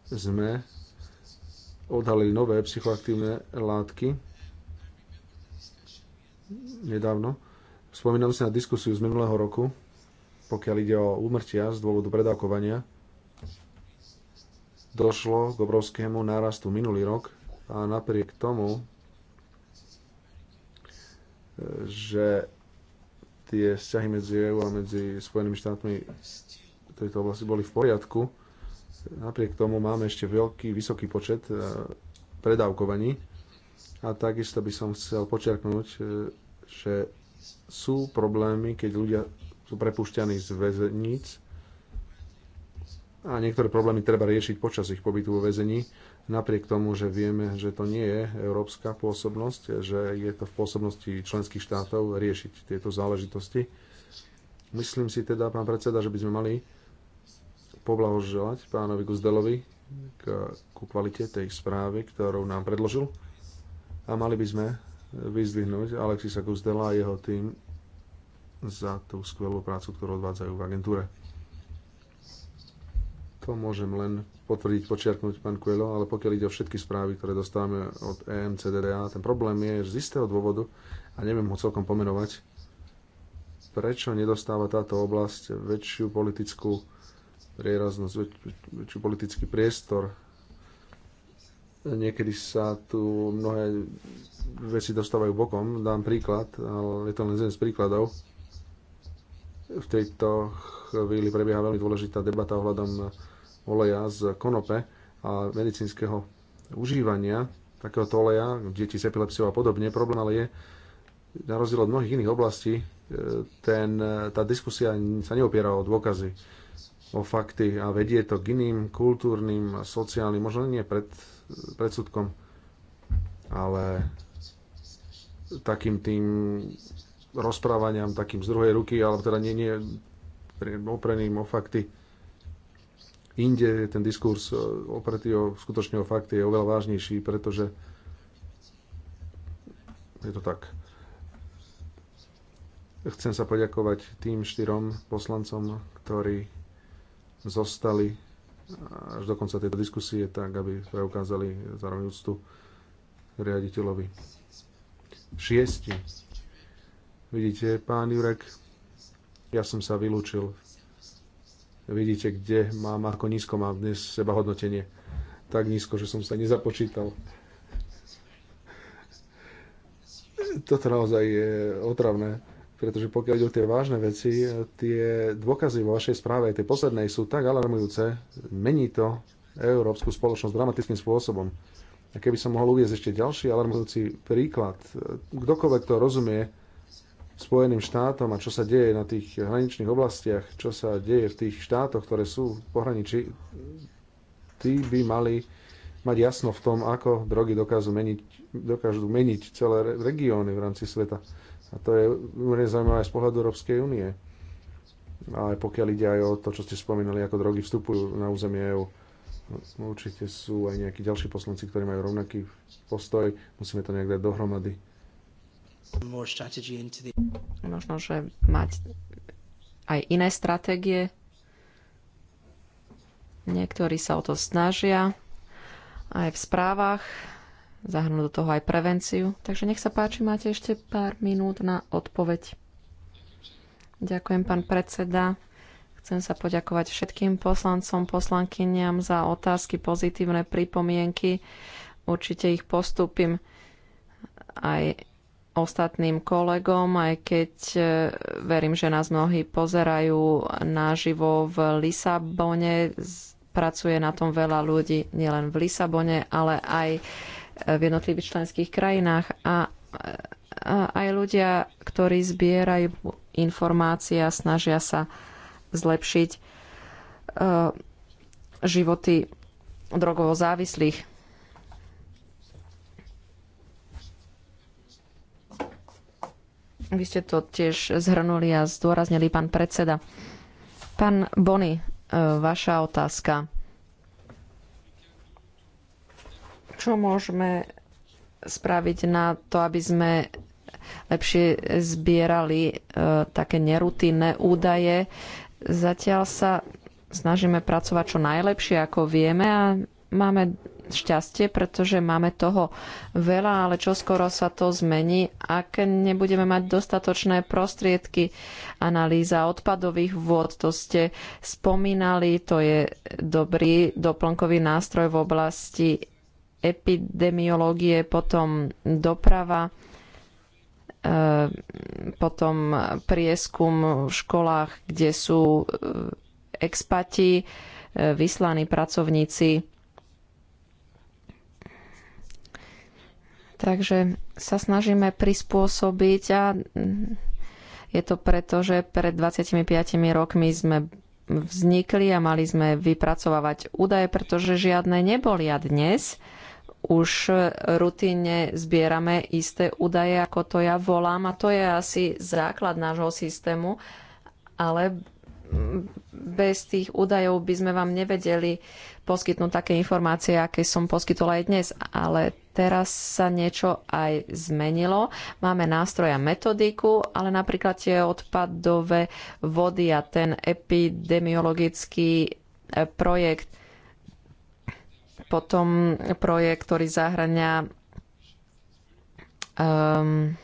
sme odhalili nové psychoaktívne látky nedávno. Spomínam si na diskusiu z minulého roku, pokiaľ ide o úmrtia z dôvodu predávkovania. Došlo k obrovskému nárastu minulý rok a napriek tomu, e, že tie vzťahy medzi EU a medzi Spojenými štátmi tejto oblasti boli v poriadku. Napriek tomu máme ešte veľký, vysoký počet eh, predávkovaní. A takisto by som chcel počiarknúť, eh, že sú problémy, keď ľudia sú prepušťaní z väzníc a niektoré problémy treba riešiť počas ich pobytu vo väzení, napriek tomu, že vieme, že to nie je európska pôsobnosť, že je to v pôsobnosti členských štátov riešiť tieto záležitosti. Myslím si teda, pán predseda, že by sme mali poblahoželať pánovi Guzdelovi k, ku kvalite tej správy, ktorú nám predložil. A mali by sme vyzdvihnúť Alexisa Guzdela a jeho tým za tú skvelú prácu, ktorú odvádzajú v agentúre. To môžem len potvrdiť, počiarknúť pán Kuelo, ale pokiaľ ide o všetky správy, ktoré dostávame od EMCDDA, ten problém je z istého dôvodu, a neviem ho celkom pomenovať, prečo nedostáva táto oblasť väčšiu politickú prieraznosť, väč, väčší politický priestor. Niekedy sa tu mnohé veci dostávajú bokom. Dám príklad, ale je to len jeden z príkladov. V tejto chvíli prebieha veľmi dôležitá debata ohľadom oleja z konope a medicínskeho užívania takéhoto oleja, deti s epilepsiou a podobne. Problém ale je, na rozdiel od mnohých iných oblastí, e, ten, e, tá diskusia sa neopiera o dôkazy o fakty a vedie to k iným kultúrnym, a sociálnym, možno nie pred, predsudkom, ale takým tým rozprávaniam, takým z druhej ruky, alebo teda nie, nie opreným o fakty. Inde je ten diskurs e, opretý o skutočne o fakty je oveľa vážnejší, pretože je to tak. Chcem sa poďakovať tým štyrom poslancom, ktorí zostali až do konca tejto diskusie, tak aby preukázali zároveň úctu riaditeľovi. Šiesti. Vidíte, pán Jurek, ja som sa vylúčil. Vidíte, kde mám, ako nízko mám dnes seba hodnotenie. Tak nízko, že som sa nezapočítal. Toto naozaj je otravné pretože pokiaľ idú o tie vážne veci, tie dôkazy vo vašej správe, tie poslednej, sú tak alarmujúce. Mení to európsku spoločnosť dramatickým spôsobom. A keby som mohol uvieť ešte ďalší alarmujúci príklad, kdokoľvek to rozumie Spojeným štátom a čo sa deje na tých hraničných oblastiach, čo sa deje v tých štátoch, ktoré sú v pohraničí, tí by mali mať jasno v tom, ako drogy dokážu meniť, dokážu meniť celé regióny v rámci sveta. A to je úplne zaujímavé aj z pohľadu Európskej únie. Ale pokiaľ ide aj o to, čo ste spomínali, ako drogy vstupujú na územie EÚ, určite sú aj nejakí ďalší poslanci, ktorí majú rovnaký postoj. Musíme to nejak dať dohromady. Možno, že mať aj iné stratégie. Niektorí sa o to snažia aj v správach zahrnúť do toho aj prevenciu. Takže nech sa páči, máte ešte pár minút na odpoveď. Ďakujem, pán predseda. Chcem sa poďakovať všetkým poslancom, poslankyniam za otázky, pozitívne pripomienky. Určite ich postupím aj ostatným kolegom, aj keď e, verím, že nás mnohí pozerajú naživo v Lisabone. Pracuje na tom veľa ľudí, nielen v Lisabone, ale aj v jednotlivých členských krajinách a, aj ľudia, ktorí zbierajú informácie a snažia sa zlepšiť e, životy drogovo závislých. Vy ste to tiež zhrnuli a zdôraznili, pán predseda. Pán Bony, e, vaša otázka. Čo môžeme spraviť na to, aby sme lepšie zbierali e, také nerutinné údaje. Zatiaľ sa snažíme pracovať čo najlepšie, ako vieme a máme šťastie, pretože máme toho veľa, ale čo skoro sa to zmení, ak nebudeme mať dostatočné prostriedky. Analýza odpadových vôd, to ste spomínali, to je dobrý doplnkový nástroj v oblasti epidemiológie, potom doprava, e, potom prieskum v školách, kde sú e, expati, e, vyslaní pracovníci. Takže sa snažíme prispôsobiť a je to preto, že pred 25 rokmi sme vznikli a mali sme vypracovávať údaje, pretože žiadne neboli a dnes už e, rutínne zbierame isté údaje, ako to ja volám, a to je asi základ nášho systému, ale bez tých údajov by sme vám nevedeli poskytnúť také informácie, aké som poskytol aj dnes, ale teraz sa niečo aj zmenilo. Máme a metodiku, ale napríklad tie odpadové vody a ten epidemiologický e, projekt potom projekt, ktorý zahrania um,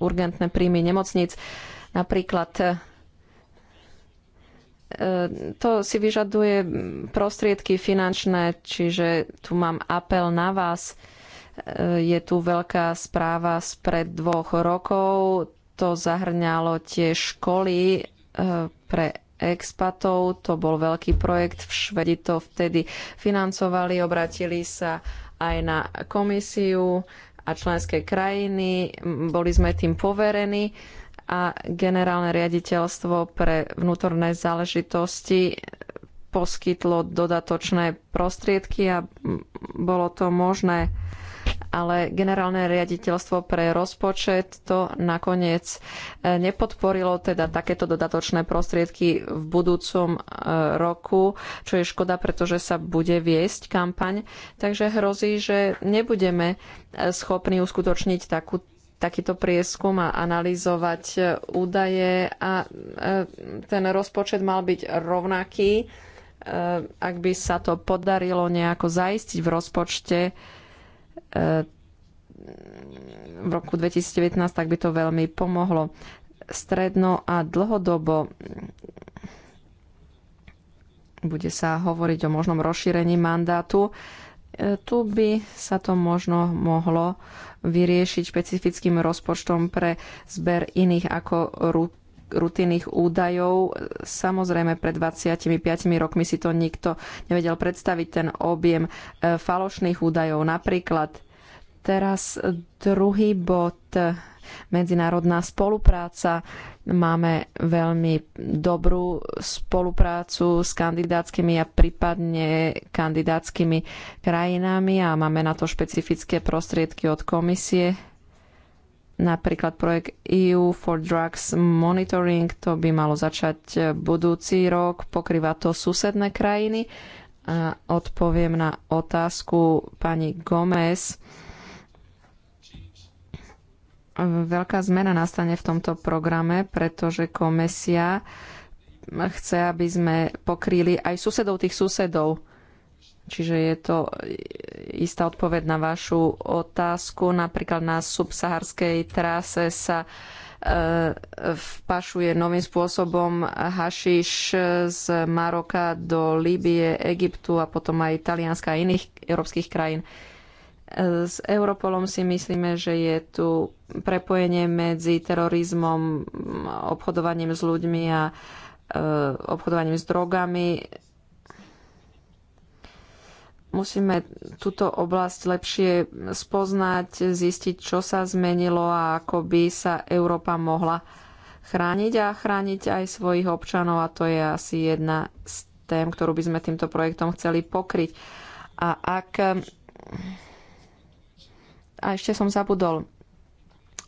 urgentné príjmy nemocnic. Napríklad e, to si vyžaduje prostriedky finančné, čiže tu mám apel na vás, E, je tu veľká správa spred dvoch rokov. To zahrňalo tie školy e, pre expatov. To bol veľký projekt. V Švedi to vtedy financovali, obratili sa aj na komisiu a členské krajiny. Boli sme tým poverení a generálne riaditeľstvo pre vnútorné záležitosti poskytlo dodatočné prostriedky a bolo to možné ale generálne riaditeľstvo pre rozpočet to nakoniec e, nepodporilo teda takéto dodatočné prostriedky v budúcom e, roku, čo je škoda, pretože sa bude viesť kampaň. Takže hrozí, že nebudeme e, schopní uskutočniť takú takýto prieskum a analyzovať údaje a ten rozpočet mal byť rovnaký. Ak by sa to podarilo nejako zaistiť v rozpočte, v roku 2019, tak by to veľmi pomohlo. Stredno a dlhodobo bude sa hovoriť o možnom rozšírení mandátu. E, tu by sa to možno mohlo vyriešiť špecifickým rozpočtom pre zber iných ako rutinných údajov. Samozrejme, pred 25 rokmi si to nikto nevedel predstaviť, ten objem e, falošných údajov. Napríklad Teraz druhý bod, medzinárodná spolupráca. Máme veľmi dobrú spoluprácu s kandidátskymi a prípadne kandidátskymi krajinami a máme na to špecifické prostriedky od komisie. Napríklad projekt EU for Drugs Monitoring, to by malo začať budúci rok, pokrýva to susedné krajiny. A odpoviem na otázku pani Gomez veľká zmena nastane v tomto programe, pretože komisia chce, aby sme pokríli aj susedov tých susedov. Čiže je to istá odpoveď na vašu otázku. Napríklad na subsaharskej trase sa e, vpašuje novým spôsobom hašiš z Maroka do Líbie, Egyptu a potom aj Talianska a iných európskych krajín. S Europolom si myslíme, že je tu prepojenie medzi terorizmom, obchodovaním s ľuďmi a e, obchodovaním s drogami. Musíme túto oblasť lepšie spoznať, zistiť, čo sa zmenilo a ako by sa Európa mohla chrániť a chrániť aj svojich občanov a to je asi jedna z tém, ktorú by sme týmto projektom chceli pokryť. A ak a ešte som zabudol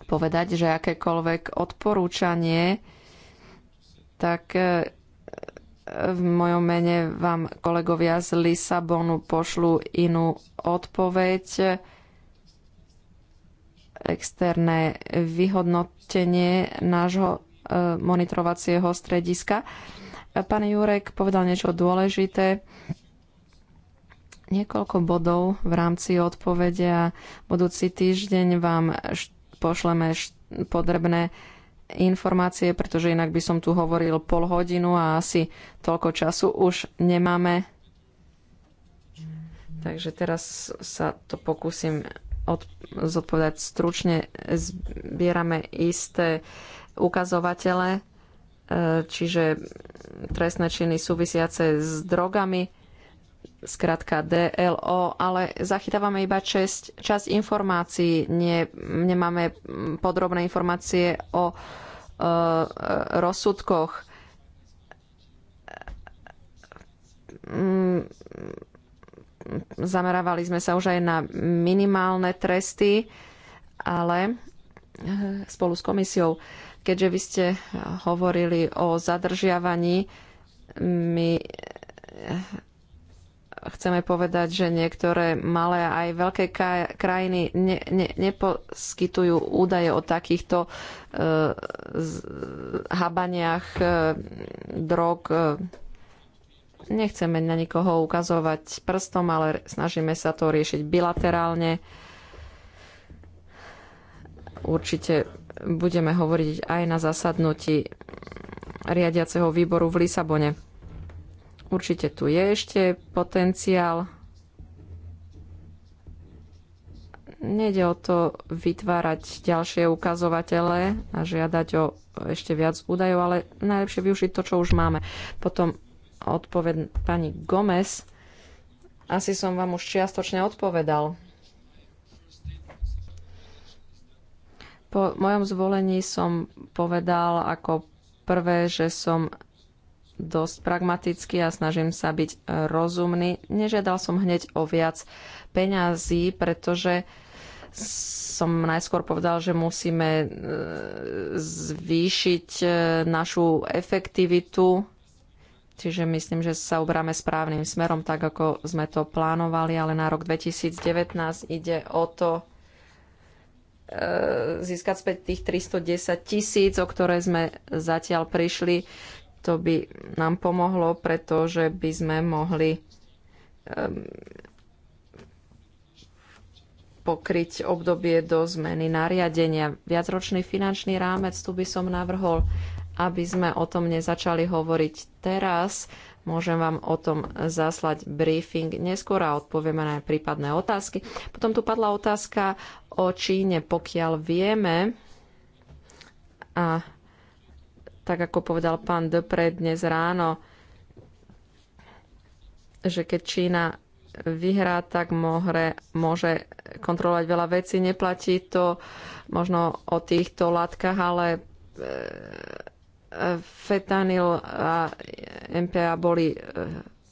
povedať, že akékoľvek odporúčanie, tak e, v mojom mene vám kolegovia z Lisabonu pošlu inú odpoveď. Externé vyhodnotenie nášho e, monitorovacieho strediska. Pán Jurek povedal niečo dôležité niekoľko bodov v rámci odpovede a budúci týždeň vám pošleme podrebné informácie, pretože inak by som tu hovoril pol hodinu a asi toľko času už nemáme. Takže teraz sa to pokúsim od, zodpovedať stručne. Zbierame isté ukazovatele, e, čiže trestné činy súvisiace s drogami, skratka DLO, ale zachytávame iba časť, časť informácií, nie, nemáme podrobné informácie o e, e rozsudkoch. Mm, zamerávali sme sa už aj na minimálne tresty, ale e, spolu s komisiou, keďže vy ste hovorili o zadržiavaní, my chceme povedať, že niektoré malé a aj veľké krajiny ne, ne, neposkytujú údaje o takýchto uh, habaniach uh, drog. E. Nechceme na nikoho ukazovať prstom, ale snažíme sa to riešiť bilaterálne. Určite budeme hovoriť aj na zasadnutí riadiaceho výboru v Lisabone. Určite tu je ešte potenciál. Nede o to vytvárať ďalšie ukazovatele a žiadať o ešte viac údajov, ale najlepšie využiť to, čo už máme. Potom odpoved pani Gomez. Asi som vám už čiastočne odpovedal. Po mojom zvolení som povedal ako prvé, že som dosť pragmatický a snažím sa byť rozumný. Nežiadal som hneď o viac peňazí, pretože som najskôr povedal, že musíme e, zvýšiť e, našu efektivitu, čiže myslím, že sa ubráme správnym smerom, tak ako sme to plánovali, ale na rok 2019 ide o to, e, získať späť tých 310 tisíc, o ktoré sme zatiaľ prišli. To by nám pomohlo, pretože by sme mohli ehm, pokryť obdobie do zmeny nariadenia. Viacročný finančný rámec tu by som navrhol, aby sme o tom nezačali hovoriť teraz. Môžem vám o tom zaslať briefing neskôr a odpovieme na prípadné otázky. Potom tu padla otázka o Číne, pokiaľ vieme a tak ako povedal pán Dopre dnes ráno, že keď Čína vyhrá, tak môže, môže kontrolovať veľa vecí. Neplatí to možno o týchto látkach, ale fetanil e, fetanyl a MPA boli e,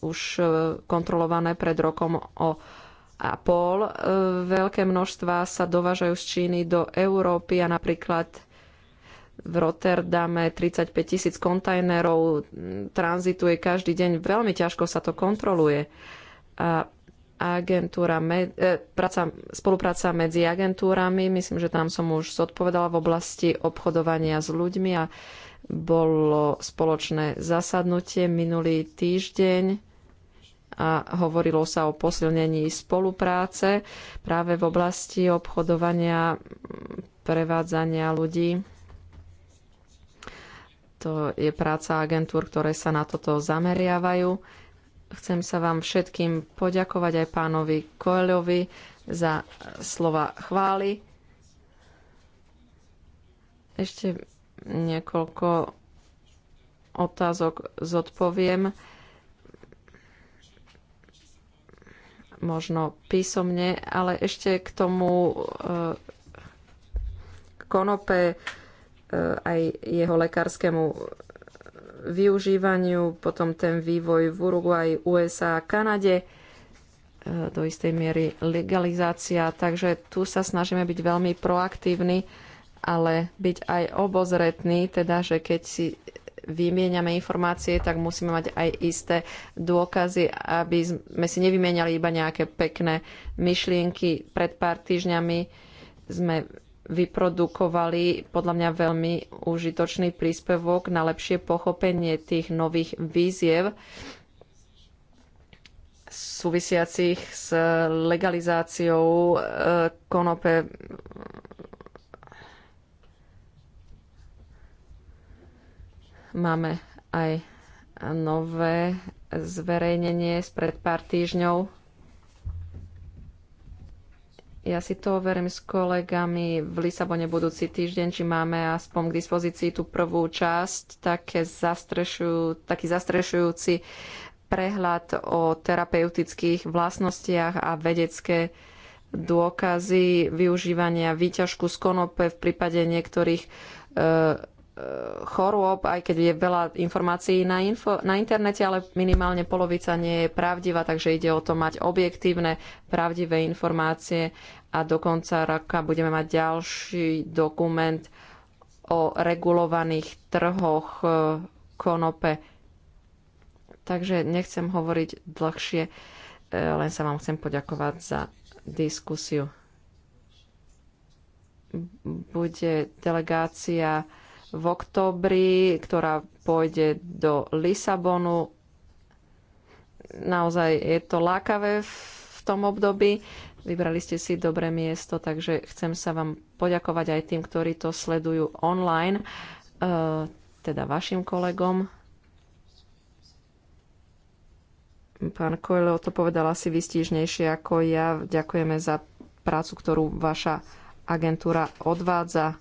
už e, kontrolované pred rokom o a pol. veľké množstva sa dovážajú z Číny do Európy a napríklad v Rotterdame 35 tisíc kontajnerov tranzituje každý deň. Veľmi ťažko sa to kontroluje. A agentúra, med, e, praca, spolupráca medzi agentúrami, myslím, že tam som už zodpovedala v oblasti obchodovania s ľuďmi a bolo spoločné zasadnutie minulý týždeň a hovorilo sa o posilnení spolupráce práve v oblasti obchodovania, prevádzania ľudí to je práca agentúr, ktoré sa na toto zameriavajú. Chcem sa vám všetkým poďakovať aj pánovi Koelovi za slova chvály. Ešte niekoľko otázok zodpoviem. Možno písomne, ale ešte k tomu eh, konope Eh, aj jeho lekárskému využívaniu, potom ten vývoj v Uruguay, USA a Kanade, eh, do istej miery legalizácia, takže tu sa snažíme byť veľmi proaktívni, ale byť aj obozretní, teda, že keď si vymieňame informácie, tak musíme mať aj isté dôkazy, aby sme si nevymieniali iba nejaké pekné myšlienky. Pred pár týždňami sme vyprodukovali podľa mňa veľmi užitočný príspevok na lepšie pochopenie tých nových víziev súvisiacich s legalizáciou eh, konope máme aj nové zverejnenie spred pár týždňov ja si to overím s kolegami v Lisabone budúci týždeň, či máme aspoň k dispozícii tú prvú časť, také zastrešujú, taký zastrešujúci prehľad o terapeutických vlastnostiach a vedecké dôkazy využívania výťažku z konope v prípade niektorých e, chorôb, aj keď je veľa informácií na, info, na internete, ale minimálne polovica nie je pravdivá, takže ide o to mať objektívne, pravdivé informácie a do konca roka budeme mať ďalší dokument o regulovaných trhoch e, konope. Takže nechcem hovoriť dlhšie, e, len sa vám chcem poďakovať za diskusiu. Bude delegácia v oktobri, ktorá pôjde do Lisabonu. Naozaj je to lákavé v tom období. Vybrali ste si dobré miesto, takže chcem sa vám poďakovať aj tým, ktorí to sledujú online, eh, teda vašim kolegom. Pán Koelo to povedal asi vystížnejšie ako ja. Ďakujeme za prácu, ktorú vaša agentúra odvádza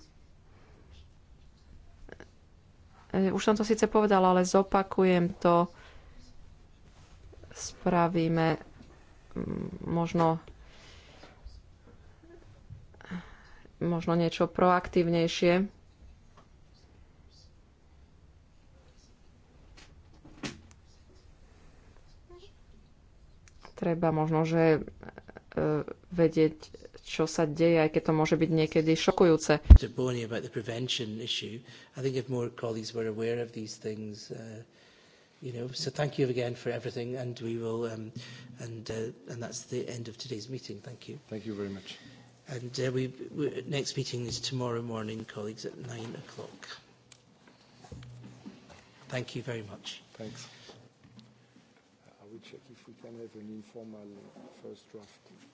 E, už som to síce povedala, ale zopakujem to. Spravíme mm, možno možno niečo proaktívnejšie. Treba možno, že e, vedieť čo sa deje, aj keď to môže byť niekedy šokujúce. Uh, you know, so thank you again for everything, and we will, um, and uh, and that's the end of today's meeting. Thank you. Thank you very much. And uh, we, we next meeting is tomorrow morning, colleagues, at nine o'clock. Thank you very much. Thanks. Uh, I will check if we can have an informal first draft.